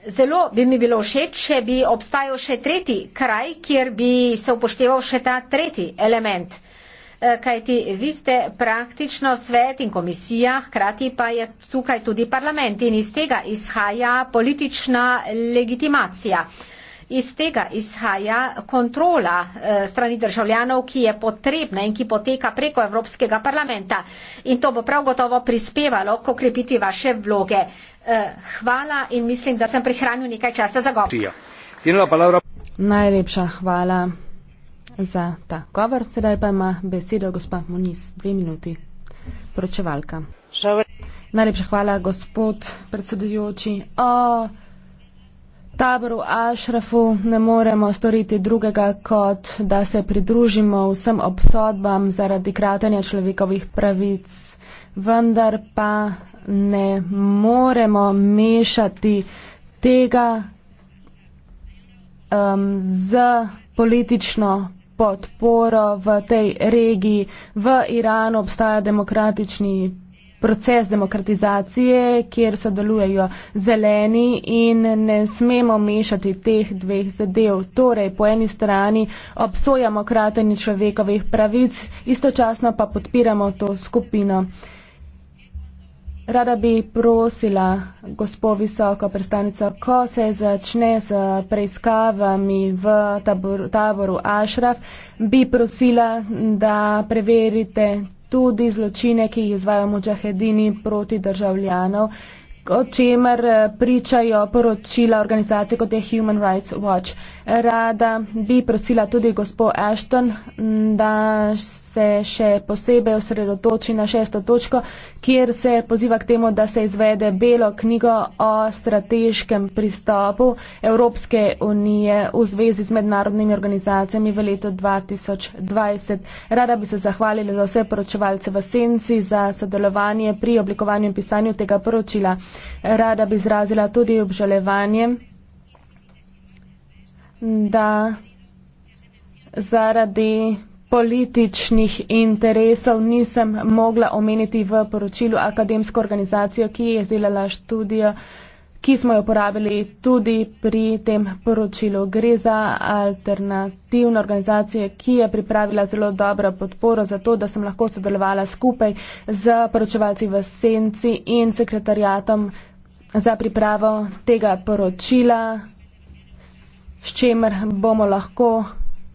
zelo bi mi bilo všeč, če bi obstajal še tretji kraj, kjer bi se upošteval še ta tretji element. Eh, kajti vi ste praktično svet in komisija, hkrati pa je tukaj tudi parlament in iz tega izhaja politična legitimacija. Iz tega izhaja kontrola eh, strani državljanov, ki je potrebna in ki poteka preko Evropskega parlamenta. In to bo prav gotovo prispevalo k okrepiti vaše vloge. Eh, hvala in mislim, da sem prihranil nekaj časa za govor. Najlepša hvala za ta govor. Sedaj pa ima besedo gospa Moniz, dve minuti, poročevalka. Najlepša hvala, gospod predsedujoči. O taboru Ašrafu ne moremo storiti drugega, kot da se pridružimo vsem obsodbam zaradi kratenja človekovih pravic, vendar pa ne moremo mešati tega um, z politično podporo v tej regiji. V Iranu obstaja demokratični proces demokratizacije, kjer sodelujejo zeleni in ne smemo mešati teh dveh zadev. Torej, po eni strani obsojamo kratenje človekovih pravic, istočasno pa podpiramo to skupino. Rada bi prosila, gospod visoko predstavnico, ko se začne z preiskavami v tabor, taboru Ašraf, bi prosila, da preverite tudi zločine, ki jih izvajo mučahedini proti državljanov, o čemer pričajo poročila organizacije kot je Human Rights Watch. Rada bi prosila tudi gospod Ashton, da se še posebej osredotoči na šesto točko, kjer se poziva k temu, da se izvede belo knjigo o strateškem pristopu Evropske unije v zvezi z mednarodnimi organizacijami v letu 2020. Rada bi se zahvalila za vse poročevalce v Senci za sodelovanje pri oblikovanju in pisanju tega poročila. Rada bi izrazila tudi obžalevanje da zaradi političnih interesov nisem mogla omeniti v poročilu akademsko organizacijo, ki je izdelala študijo, ki smo jo uporabili tudi pri tem poročilu. Gre za alternativno organizacijo, ki je pripravila zelo dobro podporo za to, da sem lahko sodelovala skupaj z poročevalci v Senci in sekretarjatom za pripravo tega poročila s čimer bomo lahko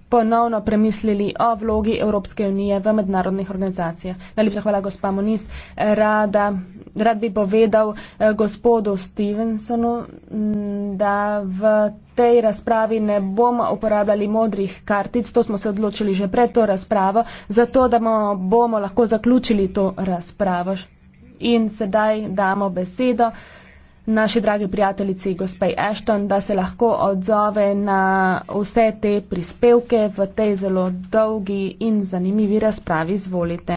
ponovno premislili o vlogi Evropske unije v mednarodnih organizacijah. Najlepša hvala, gospa Moniz. Rada, rad bi povedal eh, gospodu Stevensonu, da v tej razpravi ne bomo uporabljali modrih kartic, to smo se odločili že pred to razpravo, zato da bomo, bomo lahko zaključili to razpravo. In sedaj damo besedo naši dragi prijateljici gospej Ashton, da se lahko odzove na vse te prispevke v tej zelo dolgi in zanimivi razpravi. Izvolite.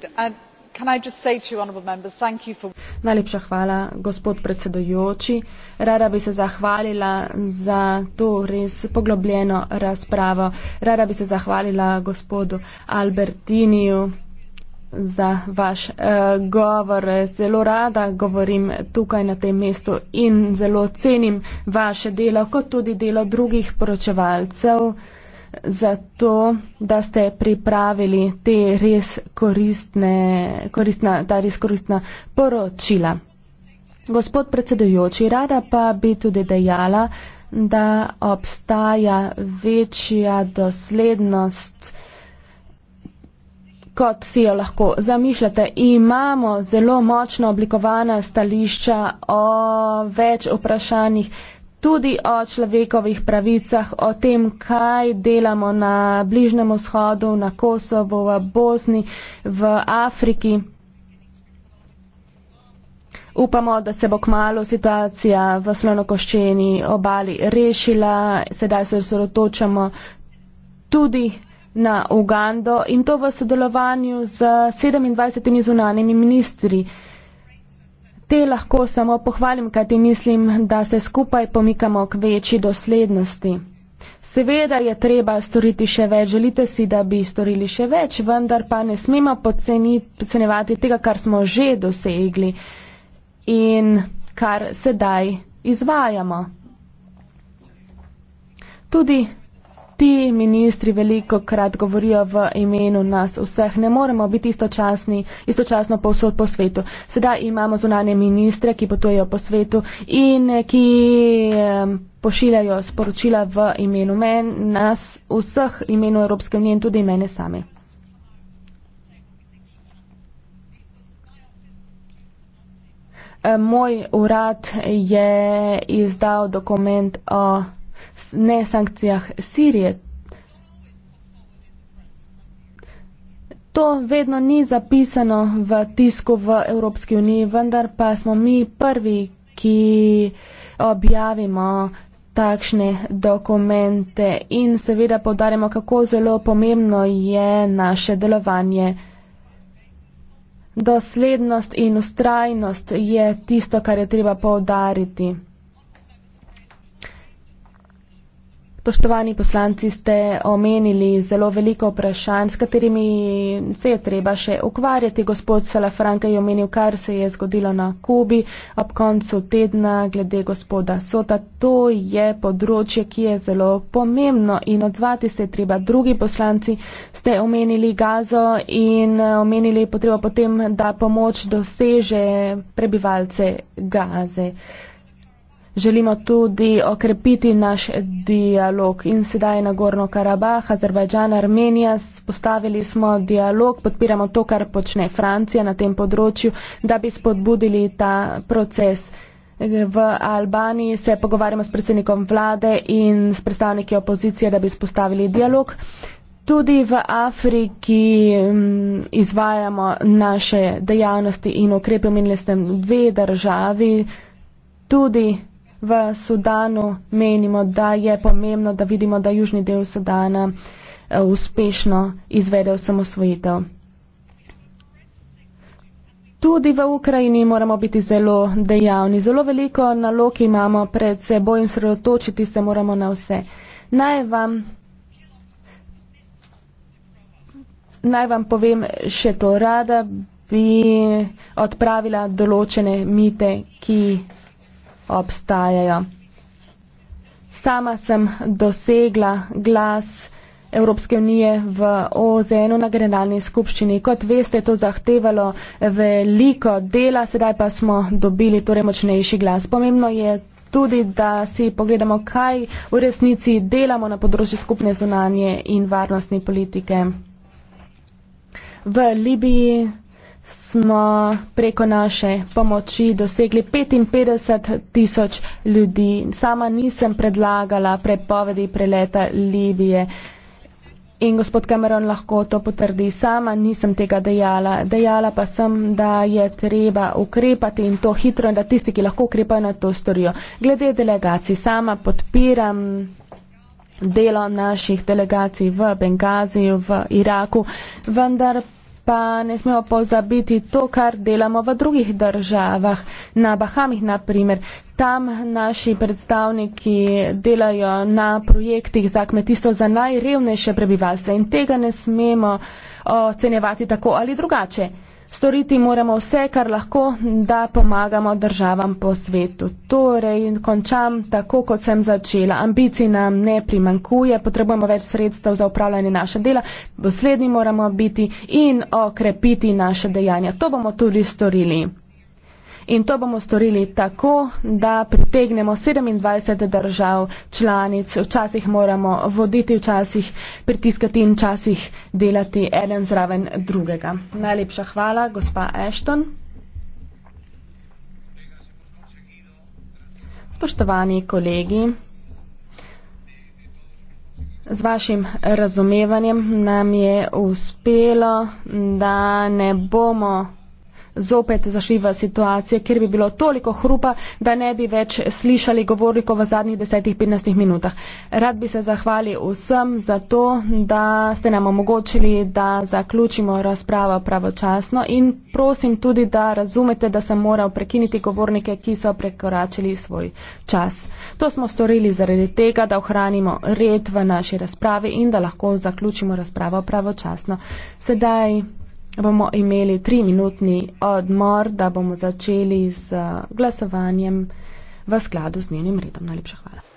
Najlepša hvala, gospod predsedojoči. Rada bi se zahvalila za to res poglobljeno razpravo. Rada bi se zahvalila gospodu Albertiniju za vaš uh, govor. Zelo rada govorim tukaj na tem mestu in zelo cenim vaše delo, kot tudi delo drugih poročevalcev, zato da ste pripravili te res koristne, koristna, ta res koristna poročila. Gospod predsedujoči, rada pa bi tudi dejala, da obstaja večja doslednost uh, kot si jo lahko zamišljate. Imamo zelo močno oblikovana stališča o več vprašanjih, tudi o človekovih pravicah, o tem, kaj delamo na Bližnem vzhodu, na Kosovo, v Bosni, v Afriki. Upamo, da se bo kmalo situacija v slonokoščeni obali rešila. Sedaj se osredotočamo tudi na Ugando in to v sodelovanju z 27 zunanimi ministri. Te lahko samo pohvalim, kajti mislim, da se skupaj pomikamo k večji doslednosti. Seveda je treba storiti še več, želite si, da bi storili še več, vendar pa ne smemo podcenjevati tega, kar smo že dosegli in kar sedaj izvajamo. Tudi ti ministri veliko krat govorijo v imenu nas vseh. Ne moremo biti istočasni, istočasno povsod po svetu. Sedaj imamo zunanje ministre, ki potujejo po svetu in ki pošiljajo sporočila v imenu men, nas vseh, imenu Evropske unije in tudi mene same. Moj urad je izdal dokument o ne sankcijah Sirije. To vedno ni zapisano v tisku v Evropski uniji, vendar pa smo mi prvi, ki objavimo takšne dokumente in seveda povdarjamo, kako zelo pomembno je naše delovanje. Doslednost in ustrajnost je tisto, kar je treba povdariti. spoštovani poslanci, ste omenili zelo veliko vprašanj, s katerimi se je treba še ukvarjati. Gospod Salafranka je omenil, kar se je zgodilo na Kubi ob koncu tedna glede gospoda Sota. To je področje, ki je zelo pomembno in odzvati se je treba. Drugi poslanci ste omenili gazo in eh, omenili potrebo potem, da pomoč doseže prebivalce gaze. Uh, Želimo tudi okrepiti naš dialog in sedaj na Gorno Karabah, Azerbajdžan, Armenija. Spostavili smo dialog, podpiramo to, kar počne Francija na tem področju, da bi spodbudili ta proces. V Albaniji se pogovarjamo s predsednikom vlade in s predstavniki opozicije, da bi spostavili dialog. Tudi v Afriki mm, izvajamo naše dejavnosti in okrepimo in le s tem dve državi. Tudi v Sudanu menimo, da je pomembno, da vidimo, da južni del Sudana eh, uspešno izvede osamosvojitev. Tudi v Ukrajini moramo biti zelo dejavni. Zelo veliko nalog imamo pred seboj in sredotočiti se moramo na vse. Naj vam, naj vam povem še to. Rada bi odpravila določene mite, ki obstajajo. Sama sem dosegla glas Evropske unije v OZN-u na generalni skupščini. Kot veste, to zahtevalo veliko dela, sedaj pa smo dobili torej močnejši glas. Pomembno je tudi, da si pogledamo, kaj v resnici delamo na področju skupne zunanje in varnostne politike. V Libiji smo preko naše pomoči dosegli 55 tisoč ljudi. Sama nisem predlagala prepovedi preleta Libije. In gospod Cameron lahko to potrdi. Sama nisem tega dejala. Dejala pa sem, da je treba ukrepati in to hitro in da tisti, ki lahko ukrepajo na to storijo. Glede delegacij, sama podpiram delo naših delegacij v Bengaziju, v Iraku, vendar pa ne smemo pozabiti to, kar delamo v drugih državah, na Bahamih naprimer. Tam naši predstavniki delajo na projektih za kmetijstvo za najrevnejše prebivalstvo in tega ne smemo ocenjevati tako ali drugače. Storiti moramo vse, kar lahko, da pomagamo državam po svetu. Torej, končam tako, kot sem začela. Ambicij nam ne primankuje, potrebujemo več sredstev za upravljanje naše dela, dosledni moramo biti in okrepiti naše dejanja. To bomo tudi storili. In to bomo storili tako, da pritegnemo 27 držav članic. Včasih moramo voditi, včasih pritiskati in včasih delati en zraven drugega. Najlepša hvala, gospa Ashton. Spoštovani kolegi, z vašim razumevanjem nam je uspelo, da ne bomo zopet zašli v situacije, kjer bi bilo toliko hrupa, da ne bi več slišali govornikov v zadnjih 10-15 minutah. Rad bi se zahvalil vsem za to, da ste nam omogočili, da zaključimo razpravo pravočasno in prosim tudi, da razumete, da sem moral prekiniti govornike, ki so prekoračili svoj čas. To smo storili zaradi tega, da ohranimo red v naši razpravi in da lahko zaključimo razpravo pravočasno. Sedaj bomo imeli tri minutni odmor, da bomo začeli z glasovanjem v skladu z njenim redom. Najlepša hvala.